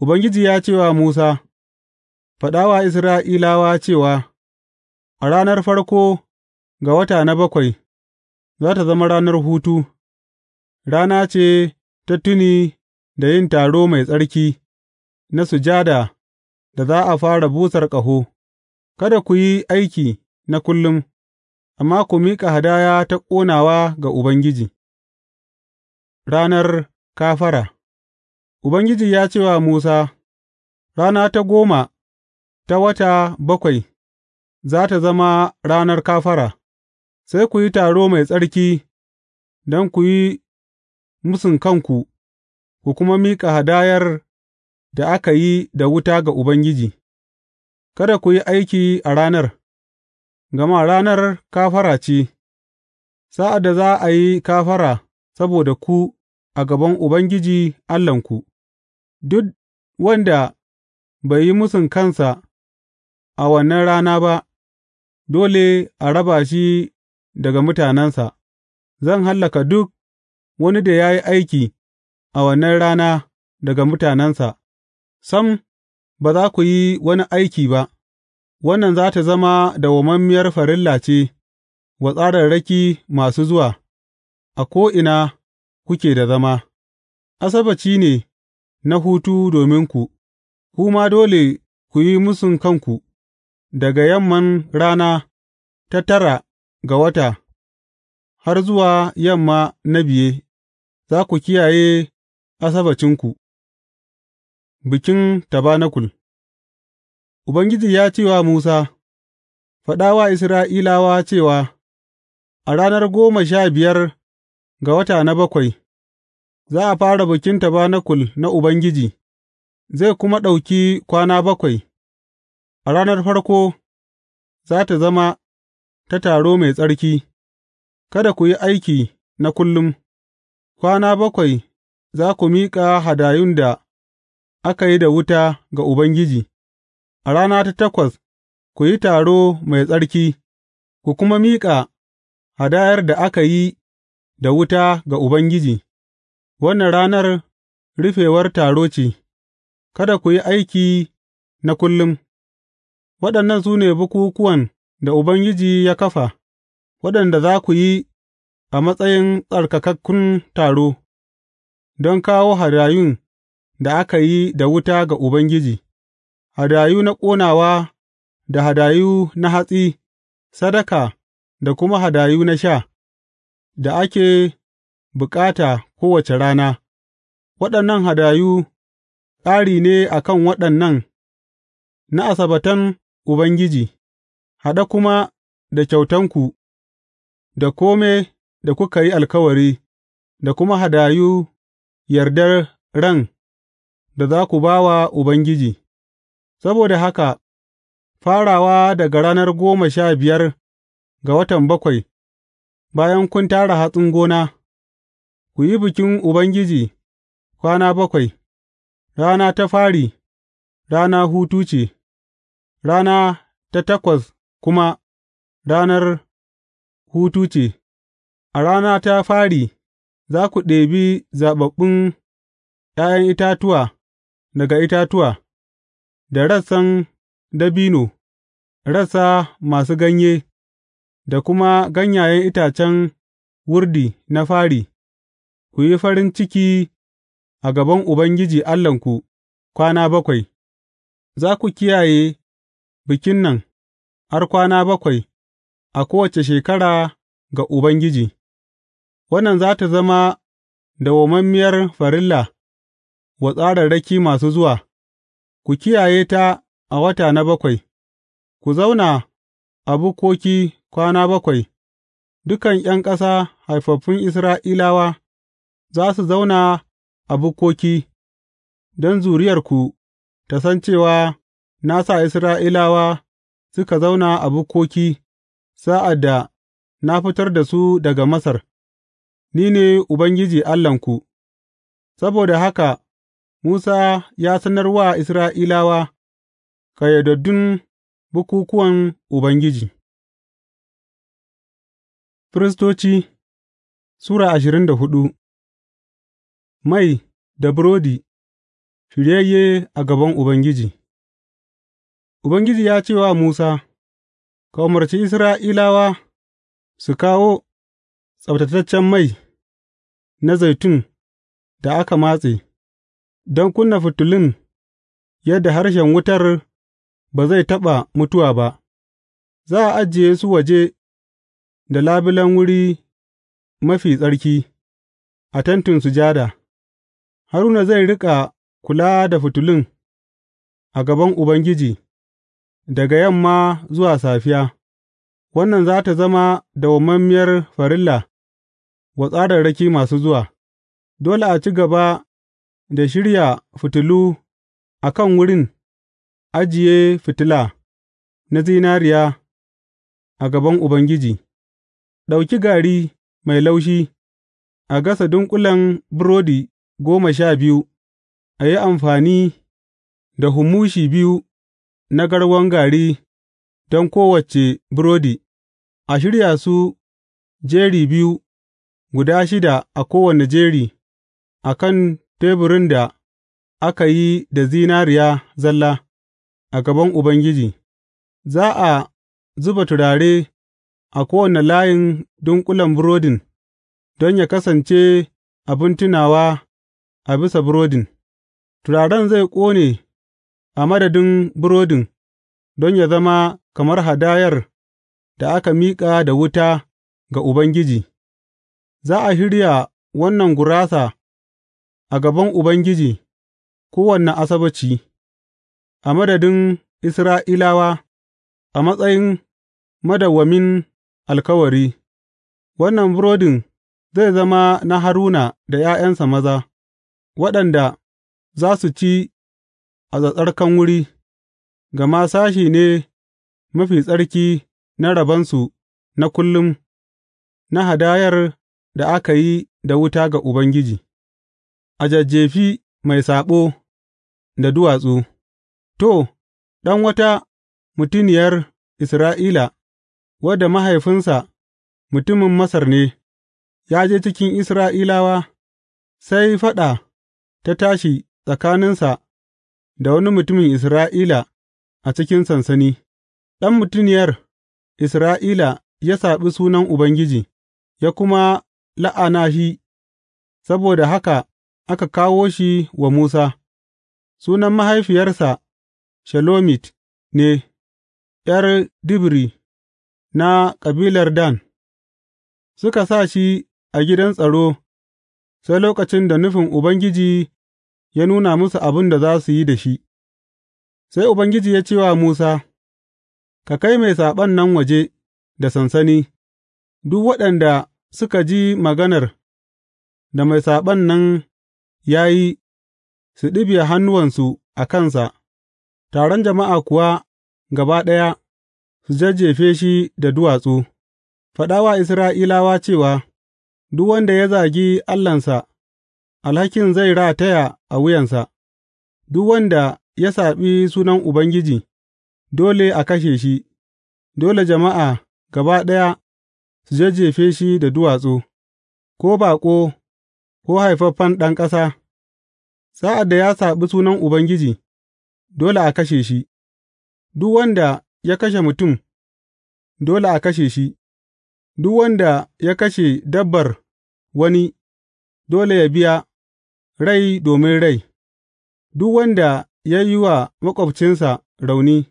Ubangiji ya ce wa Musa, Faɗa wa Isra'ilawa cewa, A ranar farko ga wata na bakwai, za ta zama ranar hutu, rana ce ta tuni da yin taro mai tsarki na sujada da za a fara busar ƙaho, kada ku yi aiki na kullum, amma ku miƙa hadaya ta ƙonawa ga Ubangiji. Ranar Kafara Ubangiji ya ce wa Musa, Rana ta goma ta wata bakwai za ta zama ranar kafara, sai ku yi taro mai tsarki don ku yi mūsun kanku, ku kuma miƙa hadayar da aka yi da wuta ga Ubangiji, kada ku yi aiki a ranar, gama ranar kafara ce, sa'ad da za a yi kafara saboda ku. a gaban Ubangiji Allahnku, duk wanda bai yi mūsun kansa a wannan rana ba, dole a raba shi daga mutanensa, zan hallaka duk wani da ya yi aiki a wannan rana daga mutanensa, sam, ba za ku yi wani aiki ba, wannan za ta zama dawwammamiyar farilla ce wa tsararraki masu zuwa a ko'ina. kuke da zama, Asabbaci ne na hutu dominku, ku ma dole ku yi mūsun kanku, daga yamman rana ta tara ga wata har zuwa yamma na biye, za ku kiyaye Asabbacinku, bikin tabanakul Ubangiji ya ce wa Musa, Faɗa wa Isra'ilawa cewa, A ranar goma sha biyar ga wata na bakwai, za a fara Bikin Tabanakul na Ubangiji, zai kuma ɗauki kwana bakwai, a ranar farko za tă zama ta taro mai tsarki, kada ku yi aiki na kullum, kwana bakwai za ku miƙa hadayun da aka yi da wuta ga Ubangiji, a rana ta takwas ku yi taro mai tsarki, ku kuma miƙa hadayar da aka yi da wuta ga Ubangiji, wannan ranar rufewar taro ce, kada ku yi aiki na kullum, waɗannan su ne bukukuwan da Ubangiji ya kafa, waɗanda za ku yi a matsayin tsarkakakkun taro, don kawo hadayun da aka yi da wuta ga Ubangiji, hadayu na ƙonawa da hadayu na hatsi, sadaka da kuma hadayu na sha. da ake bukata kowace rana, waɗannan hadayu ƙari ne a kan waɗannan na asabatan Ubangiji, haɗa kuma da kyautanku, da kome da kuka yi alkawari, da kuma hadayu yardar ran da za ku ba wa Ubangiji, saboda haka, farawa daga ranar goma sha biyar ga watan bakwai. Bayan kun tara hatsin gona, ku yi bikin Ubangiji kwana bakwai, rana ta fari, rana hutu ce, rana ta takwas kuma ranar hutu ce, a rana ta fari za ku ɗebi zaɓaɓɓun ’ya'yan itatuwa daga itatuwa, da rassan dabino, rassa masu ganye. da kuma ganyayen itacen wurdi na fari, ku yi farin ciki a gaban Ubangiji Allahnku kwana bakwai, za ku kiyaye bikin nan har kwana bakwai a kowace shekara ga Ubangiji, wannan za ta zama dawwammamiyar farilla wa tsararraki masu zuwa, ku kiyaye ta a wata na bakwai, ku zauna a bukkoki kwana bakwai, dukan ’yan ƙasa haifaffun Isra'ilawa za su zauna a bukkoki, don zuriyarku ta san cewa na sa Isra'ilawa suka zauna a bukkoki sa'ad da na fitar da su daga Masar, ni ne Ubangiji Allahnku, saboda haka Musa ya sanar wa Isra'ilawa ƙayyadaddun bukukuwan Ubangiji. Firistoci Sura ashirin da hudu Mai da burodi shiryayye a gaban Ubangiji Ubangiji ya ce wa Musa, Ka umarci Isra'ilawa su kawo tsabtataccen mai na zaitun da aka matse, don kunna fitilun yadda harshen wutar ba zai taɓa mutuwa ba, za a ajiye su waje. da labulen Wuri Mafi Tsarki a Tentin Sujada, Haruna zai riƙa kula da fitilun a gaban Ubangiji daga yamma zuwa safiya, wannan za ta zama dawwammamiyar farilla wa tsararraki masu zuwa, dole a ci gaba da shirya fitilu a kan wurin ajiye fitila na zinariya a gaban Ubangiji. Ɗauki gari mai laushi, a gasa dunƙulen burodi goma sha biyu, a yi amfani da humushi biyu na garwan gari don kowace burodi, a shirya su jeri biyu, guda shida a kowane jeri, a kan teburin da aka yi da zinariya zalla, a gaban Ubangiji; za a zuba turare. a kowane layin dunƙulen burodin don yă kasance abin tunawa a bisa burodin, turaren zai ƙone a madadin burodin don yă zama kamar hadayar da aka miƙa da wuta ga Ubangiji, za a shirya wannan gurasa a gaban Ubangiji kowane Asabaci, a madadin Isra'ilawa a matsayin madawwamin Alkawari Wannan burodin zai zama na Haruna da ’ya'yansa maza, waɗanda za su ci a tsattsarkan wuri, gama sashi ne mafi tsarki na rabonsu na kullum na hadayar da aka yi da wuta ga Ubangiji, a jajjefi mai saɓo da duwatsu, to, ɗan wata mutiniyar Isra'ila. wadda mahaifinsa mutumin Masar ne, ya je cikin Isra'ilawa, sai faɗa ta tashi tsakaninsa da wani mutumin Isra'ila a cikin sansani, ɗan mutuniyar Isra'ila ya saɓi sunan Ubangiji, ya kuma la'ana shi, saboda haka aka kawo shi wa Musa, sunan mahaifiyarsa Shelomit ne, ’yar Dibri. na kabilar Dan, suka sa shi a gidan tsaro sai lokacin da nufin Ubangiji ya nuna musu abin da za su yi da shi, sai Ubangiji ya ce wa Musa, Ka kai mai saɓon nan waje da sansani, duk waɗanda suka ji maganar da mai saɓon nan ya yi su ɗibiya hannuwansu a kansa, taron jama'a kuwa gaba ɗaya su jajjefe shi da duwatsu, faɗa wa Isra'ilawa cewa, Duk wanda ya zagi Allahnsa, alhakin zai rataya a wuyansa, duk wanda ya saɓi sunan Ubangiji, dole a kashe shi, dole jama'a gaba ɗaya su jajjefe shi da duwatsu, ko baƙo ko haifaffen ɗan ƙasa, sa'ad da ya saɓi sunan Ubangiji, dole a kashe shi, duk wanda ya kashe mutum, dole a kashe shi, duk wanda ya kashe dabbar wani, dole ya biya, rai domin rai, duk wanda ya yi wa maƙwabcinsa rauni,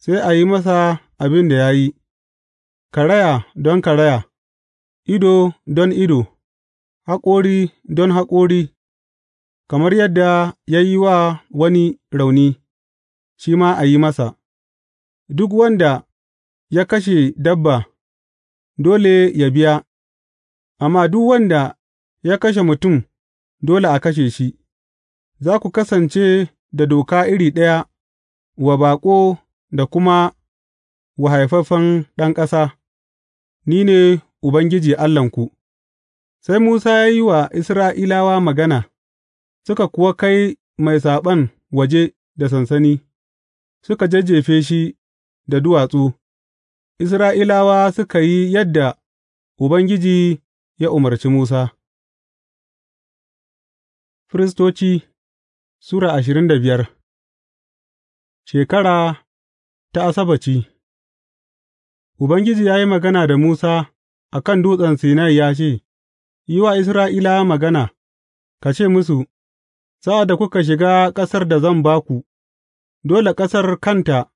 sai a yi masa abin da ya yi, karaya don karaya, ido don ido, haƙori don haƙori, kamar yadda ya yi wa wani rauni, shi ma a yi masa. Duk wanda ya kashe dabba, dole yă biya, amma duk wanda ya kashe mutum, dole a kashe shi, za ku kasance da doka iri ɗaya wa baƙo da kuma wa haifaffen ɗan ƙasa, ni ne Ubangiji Allahnku. Sai Musa ya yi wa Isra'ilawa magana, suka kuwa kai mai saɓon waje da sansani, suka jajjefe shi da duwatsu, Isra'ilawa suka yi yadda Ubangiji ya umarci Musa. Firistoci Sura ashirin da biyar Shekara ta Asabaci. Ubangiji ya yi magana da Musa a kan dutsen Sinai ya ce, Yi wa Isra'ilawa magana, ka ce musu, Sa'ad da kuka shiga ƙasar da zan ba ku, dole ƙasar kanta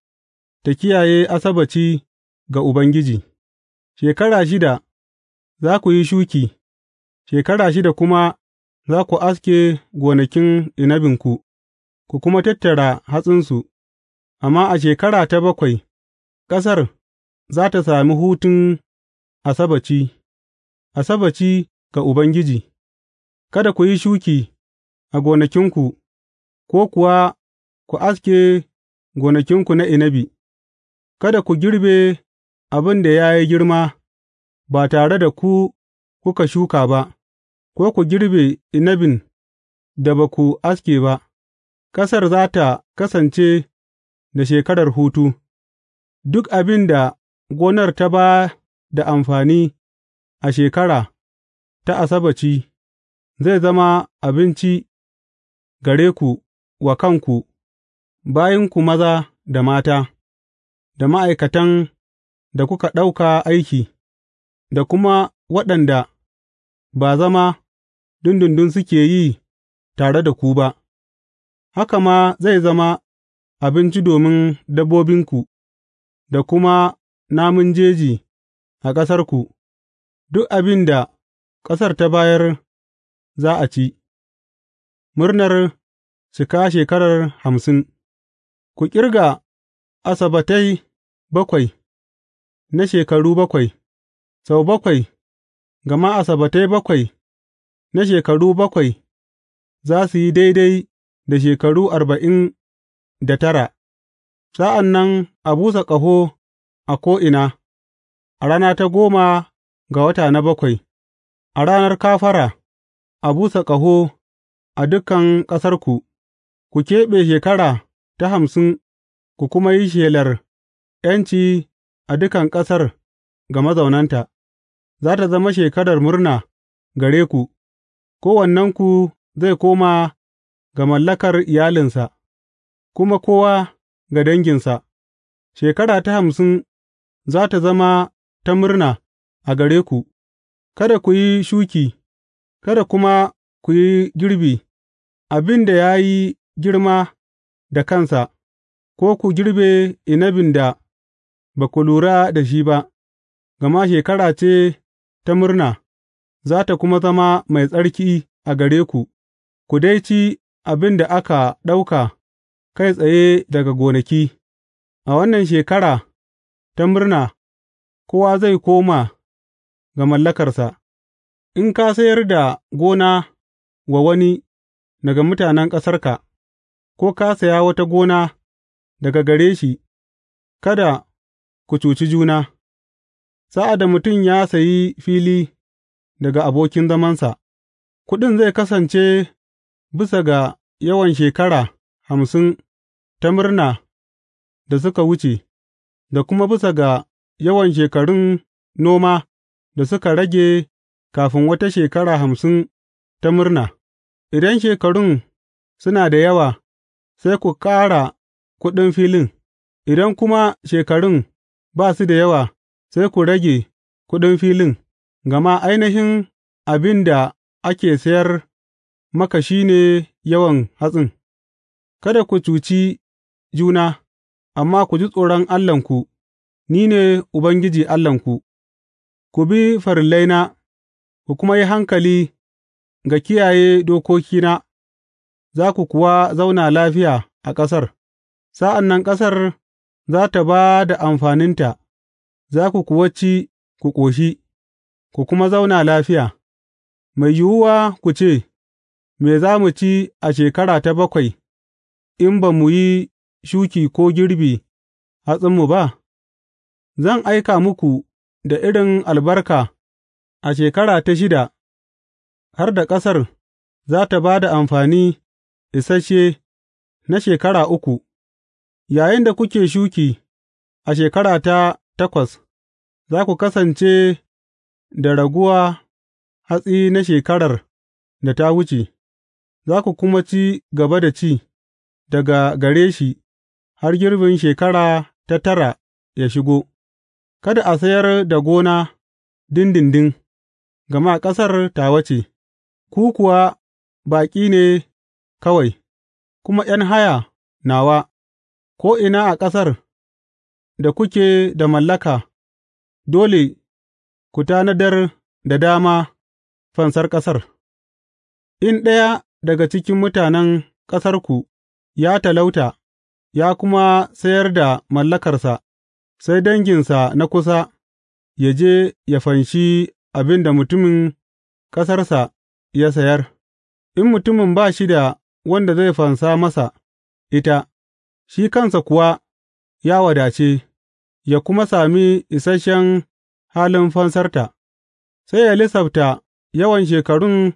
ta kiyaye Asabbaci ga Ubangiji, shekara shida za ku yi shuki, shekara shida kuma za ku aske gonakin inabinku, ku kuma tattara hatsinsu, amma a shekara ta bakwai ƙasar za ta sami hutun Asabbaci, Asabbaci ga Ubangiji, kada ku yi shuki a gonakinku, ko kuwa ku aske gonakinku na inabi. Kada ku girbe abin da ya yi girma ba tare da ku kuka shuka ba, ko ku girbe inabin da ba ku aske ba, ƙasar za ta kasance da shekarar hutu, duk abin da gonar ta ba da amfani a shekara ta Asabbaci zai zama abinci gare ku wa kanku, bayinku maza da mata. da ma'aikatan da kuka ɗauka aiki, da kuma waɗanda ba zama dundundun suke yi tare da ku ba, haka ma zai zama abinci domin dabbobinku da kuma namun jeji a ƙasarku, duk abin da ƙasar ta bayar za a ci, murnar cika shekarar hamsin, ku ƙirga Asabbatai bakwai na shekaru bakwai, sau bakwai, gama Asabbatai bakwai na shekaru bakwai za su yi daidai da shekaru arba'in da tara, sa'an nan a busa ƙaho a ko'ina a rana ta goma ga wata na bakwai, a ranar kafara, a busa ƙaho a dukan ƙasarku, ku keɓe shekara ta hamsin. ku kuma yi shelar ’yanci a dukan ƙasar ga mazaunanta, za tă zama shekarar murna gare ku, kowannenku zai koma ga mallakar iyalinsa, kuma kowa ga danginsa, shekara ta hamsin za tă zama ta murna a gare ku, kada ku yi shuki, kada kuma ku yi girbi, abin da ya yi girma da kansa. ko ku girbe inabin da ba ku lura da shi ba, gama shekara ce ta murna, za tă kuma zama mai tsarki a gare ku, ku dai ci abin da aka ɗauka kai tsaye daga gonaki, a wannan shekara ta murna, kowa zai koma ga mallakarsa, in ka sayar da gona wa wani daga mutanen ƙasarka, ko ka saya wata gona. daga gare shi, Kada ku cuci juna Sa'ad da mutum ya sayi fili daga abokin zamansa, kuɗin zai kasance bisa ga yawan shekara hamsin ta murna da suka wuce, da kuma bisa ga yawan shekarun noma da suka rage kafin wata shekara hamsin ta murna, idan shekarun suna da yawa, sai ku ƙara kuɗin filin, idan kuma shekarun ba su da yawa, sai ku rage kuɗin filin, gama ainihin abin da ake sayar maka shi ne yawan hatsin, kada ku cuci juna, amma ku ji tsoron Allahnku, ni ne Ubangiji Allahnku, ku bi farillaina, ku kuma yi hankali ga kiyaye dokokina, za ku kuwa zauna lafiya a ƙasar. Sa'an nan ƙasar za tă ba da amfaninta, za ku kuwa ci ku ƙoshi, ku kuma zauna lafiya, mai yiwuwa ku ce, Me za mu ci a shekara ta bakwai in ba mu yi shuki ko hatsin hatsinmu ba, zan aika muku da irin albarka a shekara ta shida, har da ƙasar za ta ba da amfani isasshe na shekara uku. Yayinda kuke shuki a shekara ta takwas, za ku kasance da raguwa hatsi na shekarar da ta wuce, za ku kuma ci gaba da ci daga gare shi har girbin shekara ta tara ya shigo, kada a sayar da gona dindindin, gama ƙasar tawa ce, ku kuwa baƙi ne kawai, kuma ’yan haya nawa. Ko'ina a ƙasar da kuke da mallaka, dole ku tanadar da dama fansar ƙasar, in ɗaya daga cikin mutanen ƙasarku ya talauta ya kuma sayar da mallakarsa, sai danginsa na kusa ya je ya fanshi abin da mutumin ƙasarsa ya sayar, in mutumin ba shi da wanda zai fansa masa ita. shi kansa kuwa ya wadace, ya kuma sami isasshen halin fansarta, sai ya lissafta yawan shekarun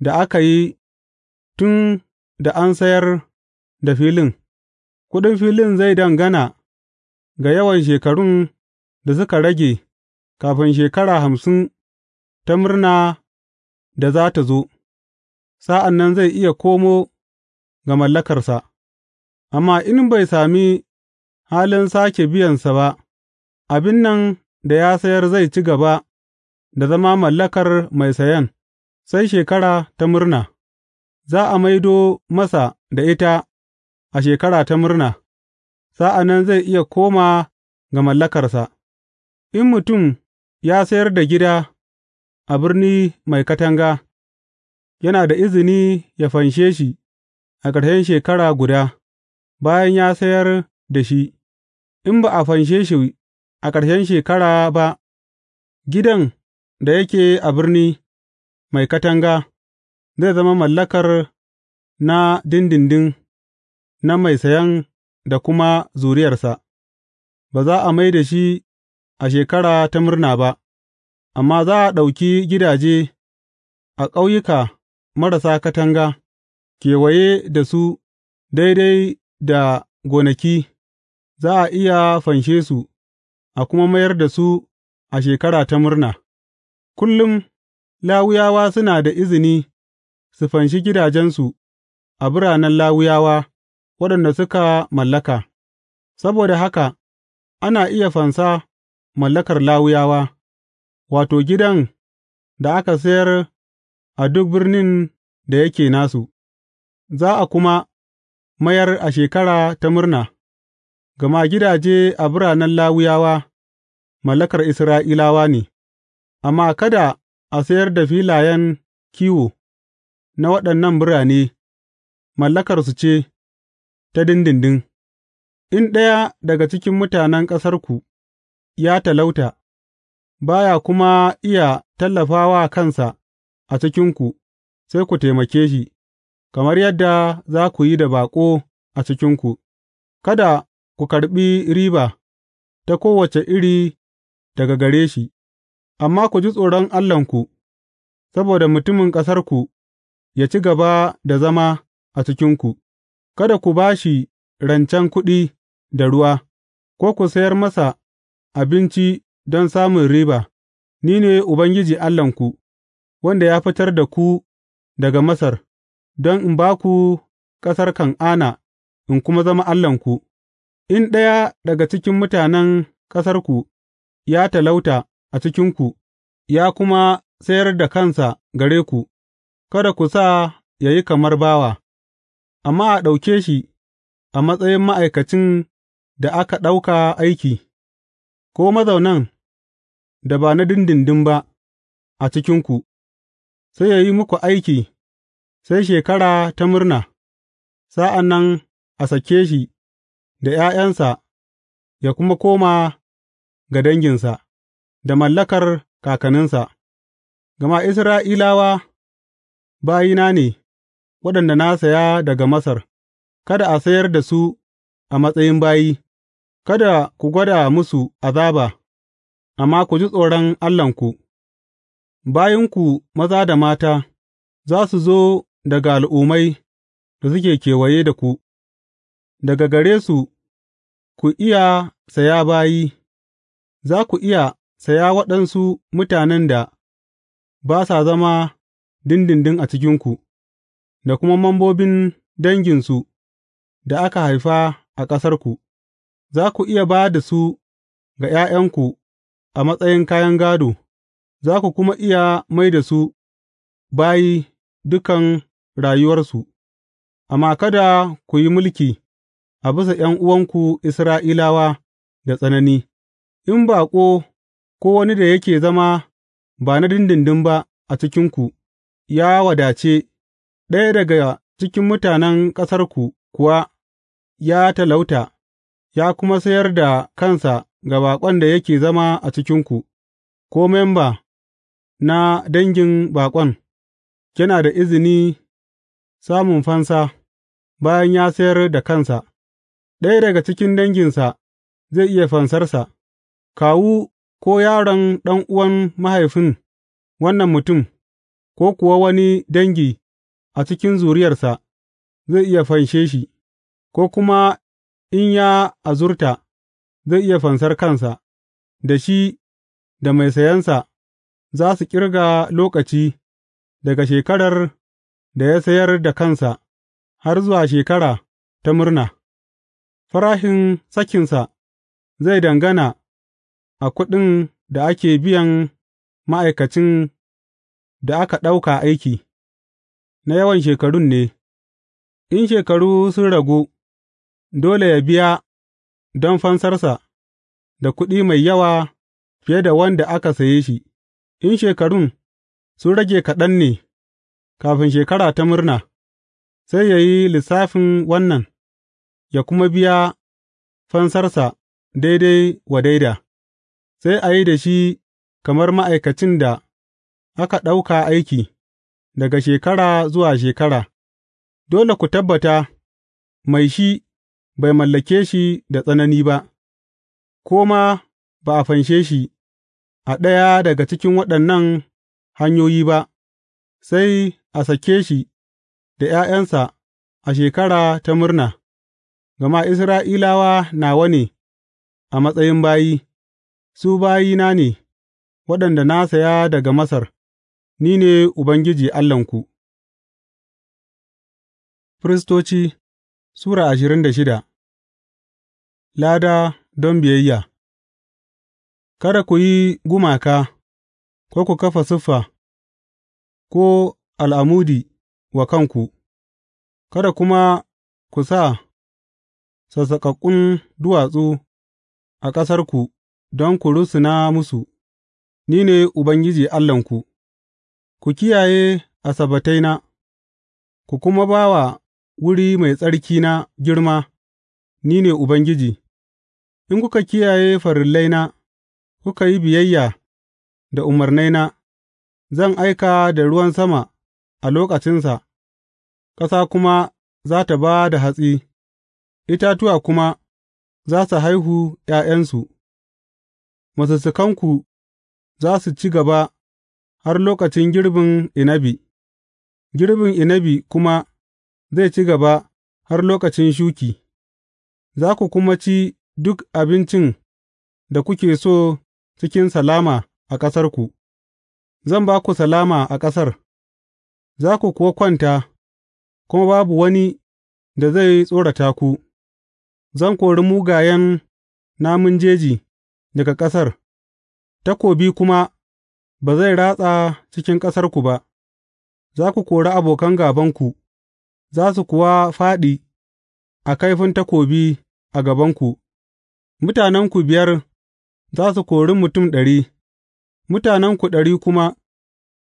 da aka yi tun da an sayar da filin, kuɗin filin zai dangana ga yawan shekarun da suka rage kafin shekara hamsin ta murna da za ta zo, sa'an nan zai iya komo ga mallakarsa. Amma in bai sami halin sāke biyansa ba, abin nan da ya sayar zai ci gaba da zama mallakar mai sayan, sai Shekara ta Murna, za a maido masa da ita a Shekara ta Murna, sa'an nan zai iya koma ga mallakarsa, in mutum ya sayar da gida a birni mai katanga, yana da izini ya fanshe shi a ƙarshen shekara guda. bayan ya sayar da shi, in ba a fanshe shi a ƙarshen shekara ba, gidan da yake a birni mai katanga zai zama mallakar na dindindin na mai sayan da kuma zuriyarsa, ba za a mai da shi a shekara ta murna ba, amma za a ɗauki gidaje a ƙauyuka marasa katanga kewaye da su daidai da gonaki, za a iya fanshe su a kuma mayar da su a Shekara ta Murna, kullum lawuyawa suna da izini su fanshi gidajensu a biranen lawuyawa waɗanda suka mallaka, saboda haka ana iya fansa mallakar lawuyawa wato, gidan da aka sayar a duk birnin da yake nasu, za a kuma mayar a Shekara ta Murna, gama gidaje a biranen Lawiyawa mallakar Isra'ilawa ne, amma kada a sayar da filayen kiwo na waɗannan birane, mallakarsu ce ta dindindin, in ɗaya daga cikin mutanen ƙasarku ya talauta, ba ya kuma iya tallafawa kansa a cikinku, sai ku taimake shi. kamar yadda za ku yi da baƙo a cikinku, kada ku karɓi riba ta kowace iri daga gare shi, amma ku ji tsoron Allahnku, saboda mutumin ƙasarku ya ci gaba da zama a cikinku, kada ku ba shi rancen kuɗi da ruwa, ko ku sayar masa abinci don samun riba, ni ne Ubangiji Allahnku, wanda ya fitar da ku daga Masar. don in ba ku ƙasar Kan'ana in kuma zama Allahnku, in ɗaya daga cikin mutanen ƙasarku ya talauta a cikinku, ya kuma sayar da kansa gare ku, kada ku sa ya yi kamar bawa, amma a ɗauke shi a matsayin ma'aikacin da aka ɗauka aiki, ko mazaunan da ba na dindindin ba a cikinku, sai ya yi muku aiki. sai Shekara ta Murna, sa'an nan a sake shi da ’ya'yansa ya kuma koma ga danginsa, da mallakar kakanninsa, gama Isra'ilawa bayina ne waɗanda na saya daga Masar, kada a sayar da su a matsayin bayi, kada ku gwada musu azaba, amma ku ji tsoron Allahnku, bayinku maza da mata za su zo daga al'ummai da suke kewaye da ku, daga gare su ku iya saya bayi, za ku iya saya waɗansu mutanen da ba sa zama dindindin a cikinku, da kuma mambobin danginsu da aka haifa a ƙasarku, za ku iya ba da su ga ’ya'yanku a matsayin kayan gado, za ku kuma iya mai da su bayi dukan rayuwarsu, amma kada ku yi mulki a bisa ’yan'uwanku Isra'ilawa da tsanani, in baƙo ko wani da yake zama ba na dindindin ba a cikinku ya wadace, ɗaya daga cikin mutanen ƙasarku kuwa ya talauta, ya kuma sayar da kansa ga baƙon da yake zama a cikinku, ko memba na dangin baƙon, yana da izini samun fansa bayan ya sayar da kansa, ɗaya daga cikin danginsa zai iya fansarsa, kawu ko yaron ɗan'uwan mahaifin wannan mutum, ko kuwa wani dangi a cikin zuriyarsa zai iya fanshe shi, ko kuma in ya azurta zai iya fansar kansa, da shi da mai sayansa za su ƙirga lokaci daga shekarar da ya sayar da kansa har zuwa shekara ta murna, farashin sakinsa zai dangana a kuɗin da ake biyan ma'aikacin da aka ɗauka aiki, na yawan shekarun ne, in shekaru sun ragu, dole ya biya don fansarsa da kuɗi mai yawa fiye da wanda aka saye shi, in shekarun sun rage kaɗan ne. kafin Shekara ta Murna, sai ya yi lissafin wannan, ya kuma biya fansarsa daidai wa daida, sai a yi da shi kamar ma'aikacin da aka ɗauka aiki, daga shekara zuwa shekara, dole ku tabbata mai shi bai mallake shi da tsanani ba, ko ma ba a fanshe shi a ɗaya daga cikin waɗannan hanyoyi ba. sai a sake shi da ’ya'yansa a Shekara ta Murna, gama Isra'ilawa nawa ne a matsayin bayi, su bayina ne, waɗanda na saya daga Masar, ni ne Ubangiji Allahnku. Firistoci Sura ashirin da shida Lada don biyayya Kada ku yi gumaka ko ku kafa siffa. ko al'amudi wa kanku, kada kuma ku sa sassaƙaƙƙun duwatsu a ƙasarku don ku rusuna musu, ni ne Ubangiji Allahnku, ku kiyaye Asabbataina, ku kuma ba wa wuri mai tsarkina girma, ni ne Ubangiji, in kuka kiyaye farillaina kuka yi biyayya da umarnaina. Zan aika da ruwan sama a lokacinsa, ƙasa kuma za tă ba da hatsi, itatuwa kuma za su haihu ’ya'yansu, masussukanku za su ci gaba har lokacin girbin inabi, girbin inabi kuma zai ci gaba har lokacin shuki, za ku kuma ci duk abincin da kuke so cikin salama a ƙasarku. Zan ba ku salama a ƙasar, za ku kuwa kwanta, kuma babu wani da zai tsorata ku; zan kori mugayen namun jeji daga ƙasar, takobi kuma ba zai ratsa cikin ƙasarku ba, za ku kori abokan gābanku, za su kuwa fāɗi a kaifin takobi a gabanku, mutanenku biyar za su kori mutum ɗari. Mutanenku ɗari kuma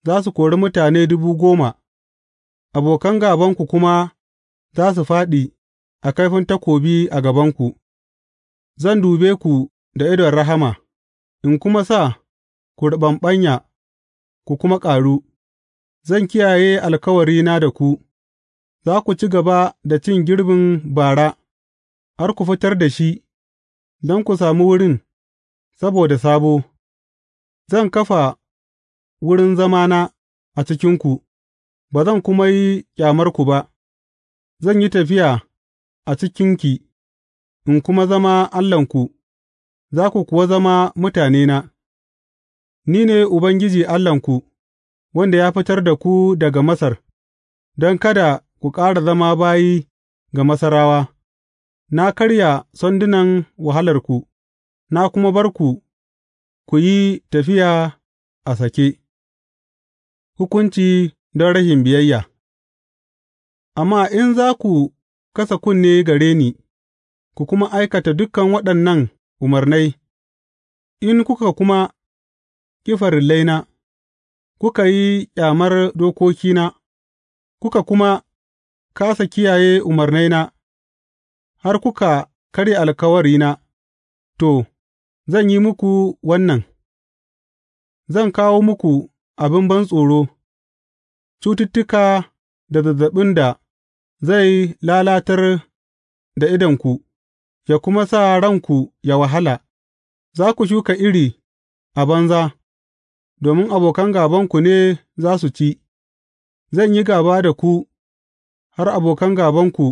za su kori mutane dubu goma, abokan gābanku kuma za su fāɗi a kaifin takobi a gabanku; zan dube ku da idon rahama, in kuma sa ku riɓaɓɓanya ku kuma ƙaru, zan kiyaye alkawarina da ku, za ku ci gaba da cin girbin bara har ku fitar da shi don ku sami wurin saboda sabo. Zan kafa wurin zamana a cikinku, ba zan kuma yi ƙyamarku ba; zan yi tafiya a cikinki in kuma zama Allahnku, za ku kuwa zama mutanena, Ni ne Ubangiji Allahnku, wanda ya fitar da ku daga Masar, don kada ku ƙara zama bayi ga Masarawa; na karya sandunan wahalarku, na kuma bar ku. Ku yi tafiya a sake Hukunci don rashin biyayya Amma in za ku kasa kunne gare ni, ku kuma aikata dukan waɗannan umarnai, in kuka kuma ƙi farillaina, kuka yi ƙyamar dokokina, kuka kuma kasa kiyaye umarnaina, har kuka karya alkawarina, to, Zan yi muku wannan, zan kawo muku abin bantsoro, cututtuka da zazzaɓin da zai lalatar da idonku, ya kuma sa ranku ya wahala, za ku shuka iri a banza, domin abokan gābanku ne za su ci, zan yi gāba da ku har abokan gābanku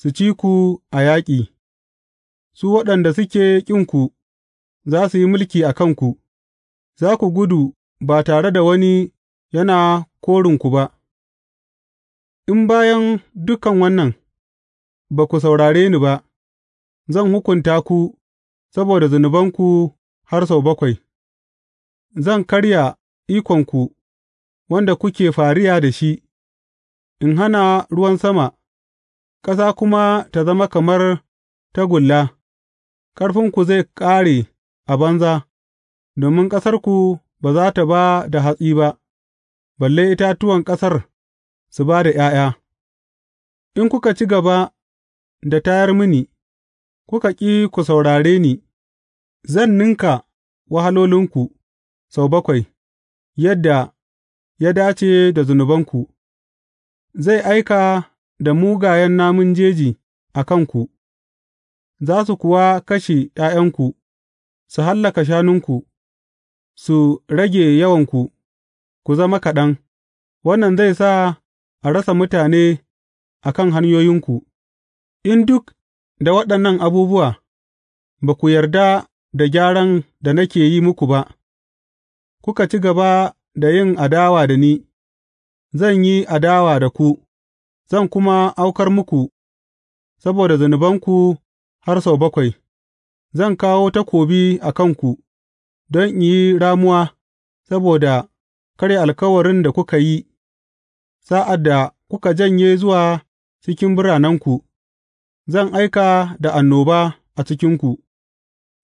su ci ku a yaƙi, su waɗanda suke ƙinku. za su yi mulki a kanku, za ku gudu ba tare da wani yana korinku ba, in bayan dukan wannan ba ku saurare ni ba, zan hukunta ku saboda zunubanku har sau bakwai, zan karya ikonku wanda kuke fariya da shi, in hana ruwan sama, ƙasa kuma ta zama kamar tagulla, ƙarfinku zai ƙare. a banza, domin ƙasarku ba za tă ba da hatsi ba, balle itatuwan ƙasar su ba da ’ya'ya, in kuka ci gaba da tayar mini, kuka ƙi ku saurare ni, zan ninka wahalolinku sau bakwai, yadda ya dace da zunubanku, zai aika da mugayen namun jeji a kanku, za su kuwa kashe ’ya'yanku. su hallaka shanunku, su rage yawanku, ku zama kaɗan, wannan zai sa a rasa mutane a kan hanyoyinku, in duk da waɗannan abubuwa ba ku yarda da gyaran da nake yi muku ba, kuka ci gaba da yin adawa da ni, zan yi adawa da ku, zan kuma aukar muku saboda zunubanku har sau bakwai. Zan kawo takobi a kanku don in yi ramuwa saboda karya alkawarin da kuka yi sa'ad da kuka janye zuwa cikin biranenku; zan aika da annoba a cikinku,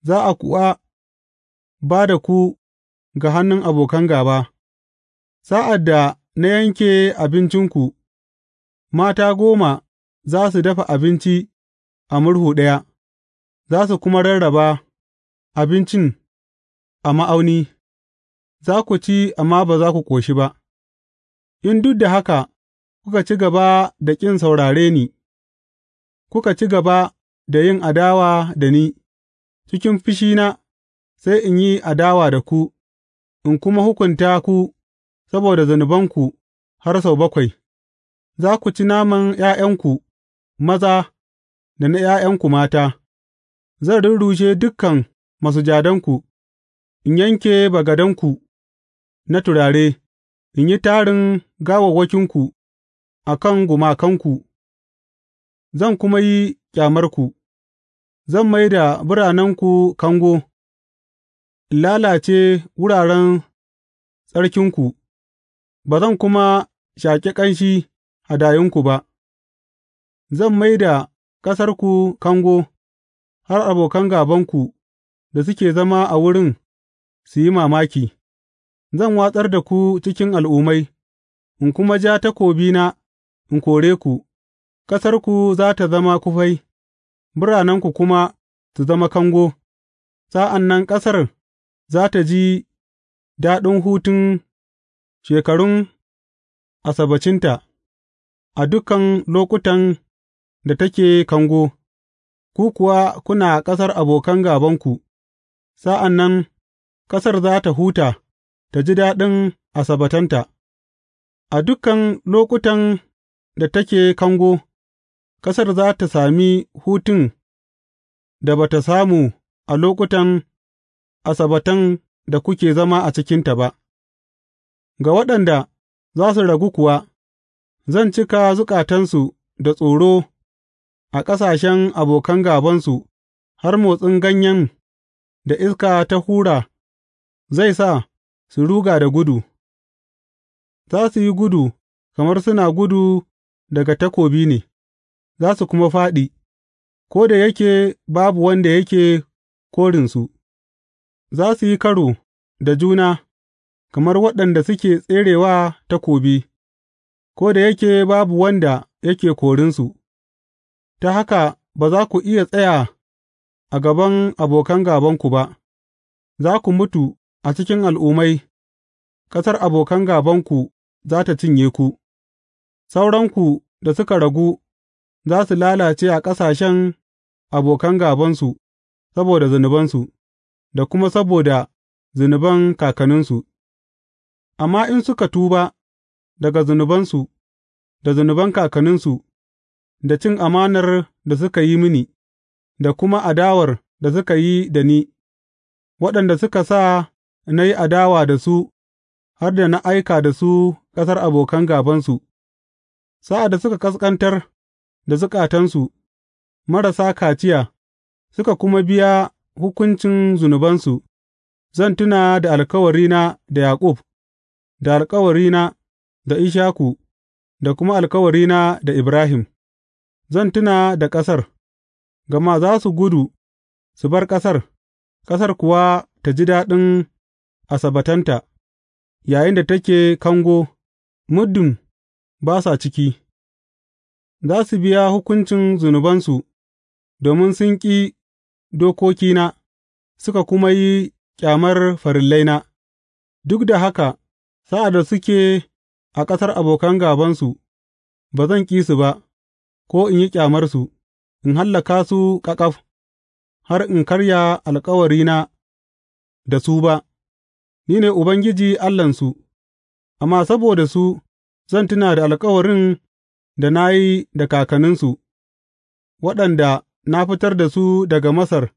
za a kuwa ba da ku ga hannun abokan gāba, sa'ad da na yanke abincinku, mata goma za su dafa abinci a murhu ɗaya. Za su kuma rarraba abincin a ma'auni, za ku ci amma ba za ku ƙoshi ba, in duk da haka kuka ci gaba da ƙin saurare ni, kuka ci gaba da yin adawa da ni, cikin fushina sai in yi adawa da ku, in kuma hukunta ku saboda zunubanku har sau bakwai, za ku ci naman ’ya'yanku maza da na ’ya'yanku mata. Zan rurrushe dukan masujadanku, in yanke bagadanku na turare, in yi tarin gawawwakinku a kan gumakanku, zan kuma yi ƙyamarku; zan mai da biranenku kango, in lalace wuraren tsarkinku, ba zan kuma shaƙi ƙanshi hadayunku ba; zan mai da ƙasarku kango. har abokan gābanku da suke zama a wurin su yi mamaki; zan watsar da ku cikin al'ummai, in kuma ja takobina in kore ku, ƙasarku za tă zama kufai, biranenku kuma su zama kango, sa'an nan ƙasar za tă ji daɗin hutun shekarun Asabacinta. a dukan lokutan da take kango. ku kuwa kuna a ƙasar abokan gābanku, sa'an nan ƙasar za tă huta ta ji daɗin asabatanta a dukan lokutan da take kango, ƙasar za tă sami hutun da ba ta samu a lokutan asabatan da kuke zama a cikinta ba, ga waɗanda za su ragu kuwa, zan cika zukatansu da tsoro. a ƙasashen abokan gābansu, har motsin ganyen da iska ta hura zai sa su ruga da gudu, za su yi gudu kamar suna gudu daga takobi ne, za su kuma fāɗi, ko da yake babu wanda yake korinsu, za su yi karo da juna kamar waɗanda suke tserewa takobi, ko da yake babu wanda yake korinsu. ta haka ba za ku iya tsaya a gaban abokan gābanku ba, za ku mutu a cikin al'ummai, ƙasar abokan gābanku za tă cinye ku, sauranku da suka ragu za su lalace a ƙasashen abokan gābansu saboda zunubansu, da kuma saboda zunuban kakanninsu, amma in suka tuba daga zunubansu da zunuban kakanninsu, da cin amanar da suka yi mini, da kuma adawar da suka yi da ni, waɗanda suka sa na yi adawa da su har da na aika da su ƙasar abokan gābansu, sa'ad da suka ƙasƙantar da zukatansu, marasa kaciya, suka kuma biya hukuncin zunubansu, zan tuna da alkawarina da Yaƙub, da alkawarina da Ishaku, da kuma alkawarina da Ibrahim. Zan tuna da ƙasar, gama za su gudu su bar ƙasar, ƙasar kuwa ta ji daɗin asabbatanta yayinda take kango muddin ba sa ciki; za su biya hukuncin zunubansu, domin sun ƙi dokokina suka kuma yi ƙyamar farillaina, duk da haka sa'ad da suke a ƙasar abokan gābansu, ba zan ƙi su ba. ko in yi ƙyamarsu, in hallaka su ƙaƙaf, har in karya alkawarina da su ba, ni ne Ubangiji Allahnsu, amma saboda su zan tuna da alkawarin da na yi da kakanninsu, waɗanda na fitar da su daga Masar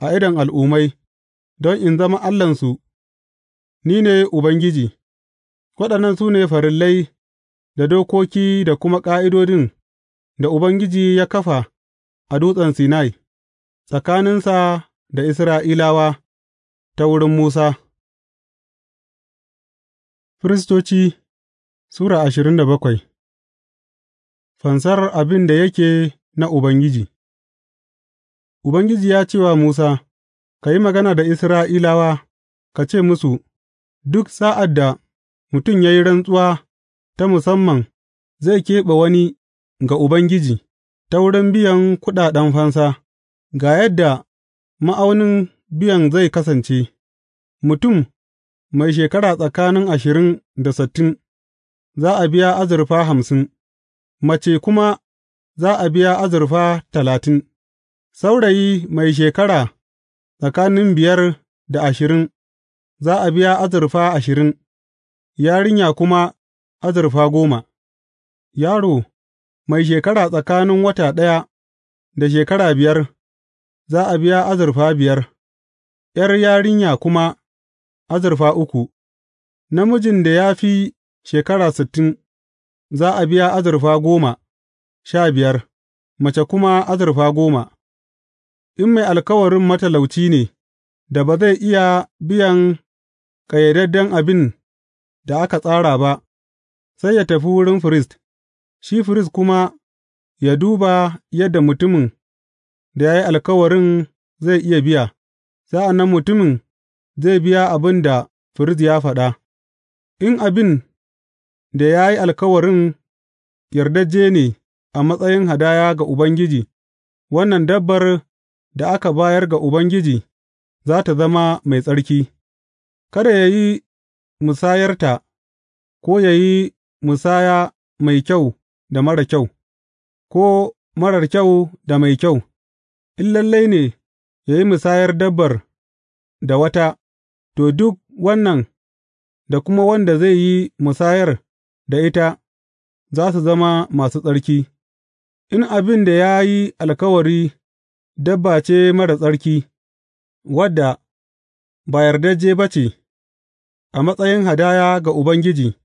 a idon al'ummai, don in zama Allahnsu, ni ne Ubangiji, waɗannan su ne farillai da dokoki da kuma ƙa'idodin. da Ubangiji ya kafa a Dutsen Sinai, tsakaninsa da Isra'ilawa ta wurin Musa. Firistoci Sura ashirin da bakwai Fansar abin da yake na Ubangiji Ubangiji ya ce wa Musa, Ka yi magana da Isra'ilawa, ka ce musu, Duk sa'ad da mutum ya yi rantsuwa ta musamman zai keɓe wani ga Ubangiji ta wurin biyan kuɗaɗen fansa, ga yadda ma'aunin biyan zai kasance, mutum mai shekara tsakanin ashirin da sittin, za a biya azurfa hamsin, mace kuma za a biya azurfa talatin, saurayi mai shekara tsakanin biyar da ashirin, za a biya azurfa ashirin, yarinya kuma azurfa goma, yaro. mai shekara tsakanin wata ɗaya da shekara biyar, za a biya azurfa biyar, ’yar yarinya kuma azurfa uku, namijin da ya fi shekara sittin, za a biya azurfa goma, sha biyar, mace kuma azurfa goma, in mai alkawarin matalauci ne, da ba zai iya biyan ƙayyadadden abin da aka tsara ba, sai ya tafi wurin firist. shi firist kuma yă duba yadda mutumin da ya yi alkawarin zai iya biya, sa'an nan mutumin zai biya abin da firist ya faɗa, in abin da ya yi alkawarin yardajje ne a matsayin hadaya ga Ubangiji, wannan dabbar da aka bayar ga Ubangiji za ta zama mai tsarki, kada yă yi musayarta ko yă yi musaya mai kyau da marar kyau, ko marar kyau da mai kyau, in lallai ne ya yi musayar dabbar da wata, to, duk wannan da kuma wanda zai yi musayar da ita za su zama masu tsarki, in abin da ya yi alkawari dabba ce marar tsarki, wadda ba yardajje ba ce, a matsayin hadaya ga Ubangiji,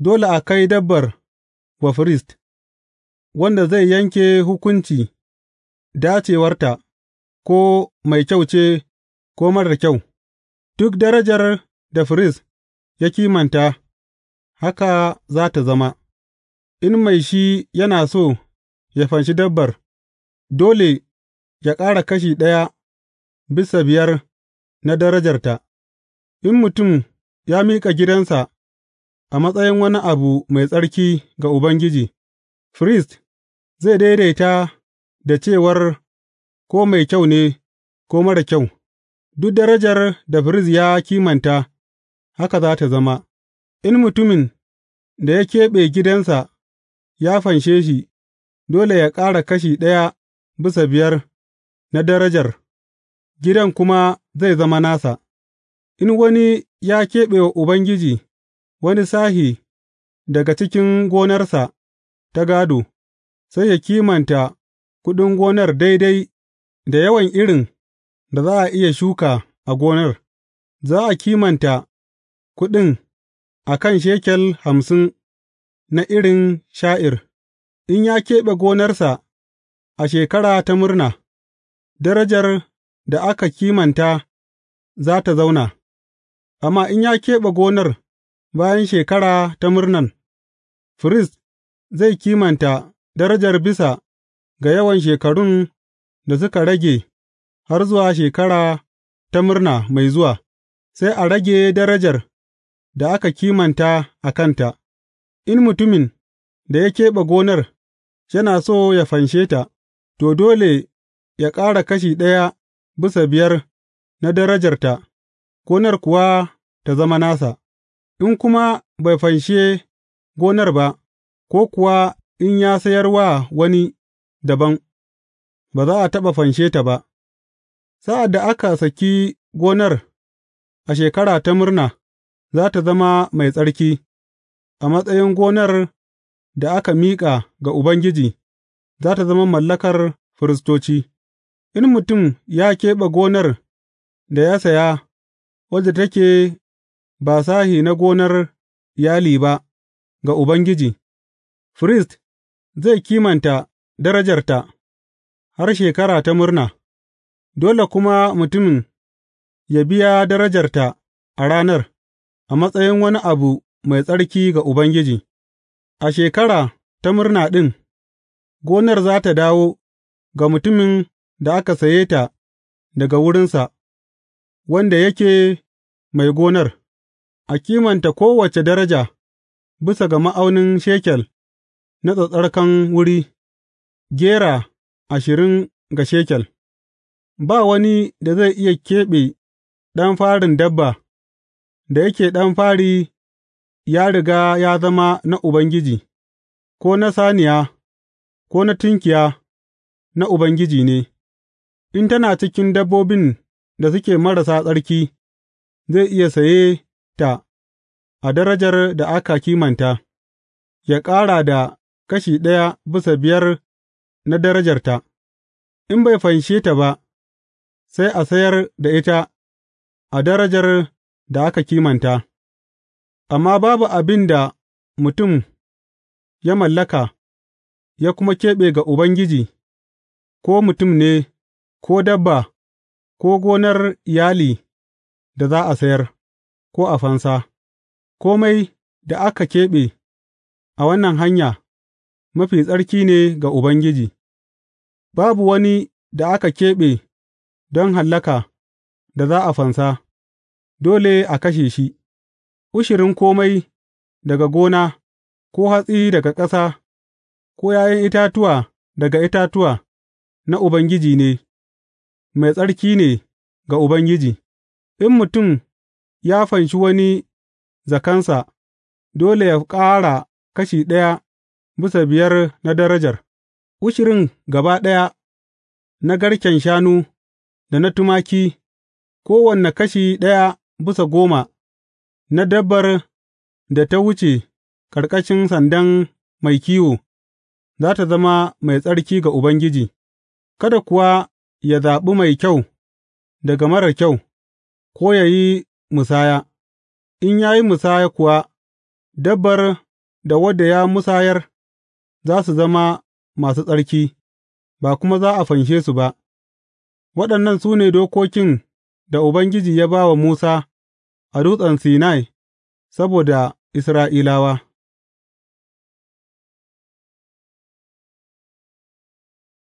dole a kai dabbar wa firist, wanda zai yanke hukunci dacewarta, ko mai kyau ce ko marar kyau, duk darajar da firist ya kimanta, haka za ta zama, in mai shi yana so ya fanshi dabbar, dole ya ƙara kashi ɗaya bisa biyar na darajarta, in mutum ya miƙa gidansa a matsayin wani abu mai tsarki ga Ubangiji, firist zai daidaita da cewar ko mai kyau ne ko mara kyau, duk darajar da firist ya kimanta, haka za tă zama, in mutumin da ya keɓe gidansa ya fanshe shi, dole ya ƙara kashi ɗaya bisa biyar na darajar, gidan kuma zai zama nasa, in wani ya keɓe wa Ubangiji. wani sashe daga cikin gonarsa ta gādo, sai ya kimanta kuɗin gonar daidai da yawan irin da za a iya shuka a gonar, za a kimanta kuɗin a kan shekel hamsin na irin sha'ir, in ya keɓe gonarsa a shekara ta murna, darajar da aka kimanta za ta zauna, amma in ya keɓe gonar bayan Shekara ta Murnan, firist zai kimanta darajar bisa ga yawan shekarun da suka rage har zuwa Shekara ta Murna mai zuwa, sai a rage darajar da aka kimanta a kanta, in mutumin da ya keɓe gonar yana so ya fanshe ta, to, dole ya ƙara kashi ɗaya bisa biyar na darajarta, gonar kuwa ta zama nasa. in kuma bai fanshe gonar ba, ko kuwa in ya sayar wa wani dabam, ba za a taɓa fanshe ta ba, sa'ad da aka saki gonar a shekara ta murna, za ta zama mai tsarki, a matsayin gonar da aka miƙa ga Ubangiji, za ta zama mallakar firistoci, in mutum ya keɓe gonar da ya saya, wadda take ba sashe na gonar iyali ba ga Ubangiji, firist zai kimanta darajarta har shekara ta murna, dole kuma mutumin ya biya darajarta a ranar, a matsayin wani abu mai tsarki ga Ubangiji, a shekara ta murna ɗin, gonar za ta dawo ga mutumin da aka saye ta daga wurinsa, wanda yake mai gonar. A kimanta kowace daraja bisa ga ma'aunin shekel na tsattsarkan wuri, gera ashirin ga shekel, ba wani da zai iya keɓe ɗan farin dabba, da yake ɗan fari ya riga ya zama na Ubangiji, ko na saniya, ko na tunkiya, na Ubangiji ne, in tana cikin dabbobin da suke marasa tsarki, zai iya saye. ta a darajar da aka kimanta, ya ƙara da kashi ɗaya bisa biyar na darajarta, in bai fanshe ta ba, sai a sayar da ita a darajar da aka kimanta, amma babu abin da mutum ya mallaka, ya kuma keɓe ga Ubangiji, ko mutum ne, ko dabba, ko gonar iyali da za a sayar. ko a fansa, kome da aka keɓe a wannan hanya mafi tsarki ne ga Ubangiji, babu wani da aka keɓe don hallaka da za a fansa, dole a kashe shi, ushirin kome daga gona, ko hatsi daga ƙasa, ko ’ya'yan itatuwa daga itatuwa, na Ubangiji ne, mai tsarki ne ga Ubangiji, in mutum ya fanshi wani zakansa, dole yă ƙara kashi ɗaya bisa biyar na darajar, ushirin gaba ɗaya na garken shanu da na tumaki, kowane kashi ɗaya bisa goma na dabbar da ta wuce ƙarƙashin sandan mai kiwo, za ta zama mai tsarki ga Ubangiji, kada kuwa ya zaɓi mai kyau daga marar kyau, ko yă yi musaya, in ya yi musaya kuwa, dabbar da wadda ya musayar za su zama masu tsarki, ba kuma za a fanshe su ba, waɗannan su ne dokokin da Ubangiji ya ba wa Musa a Dutsen Sinai saboda Isra'ilawa.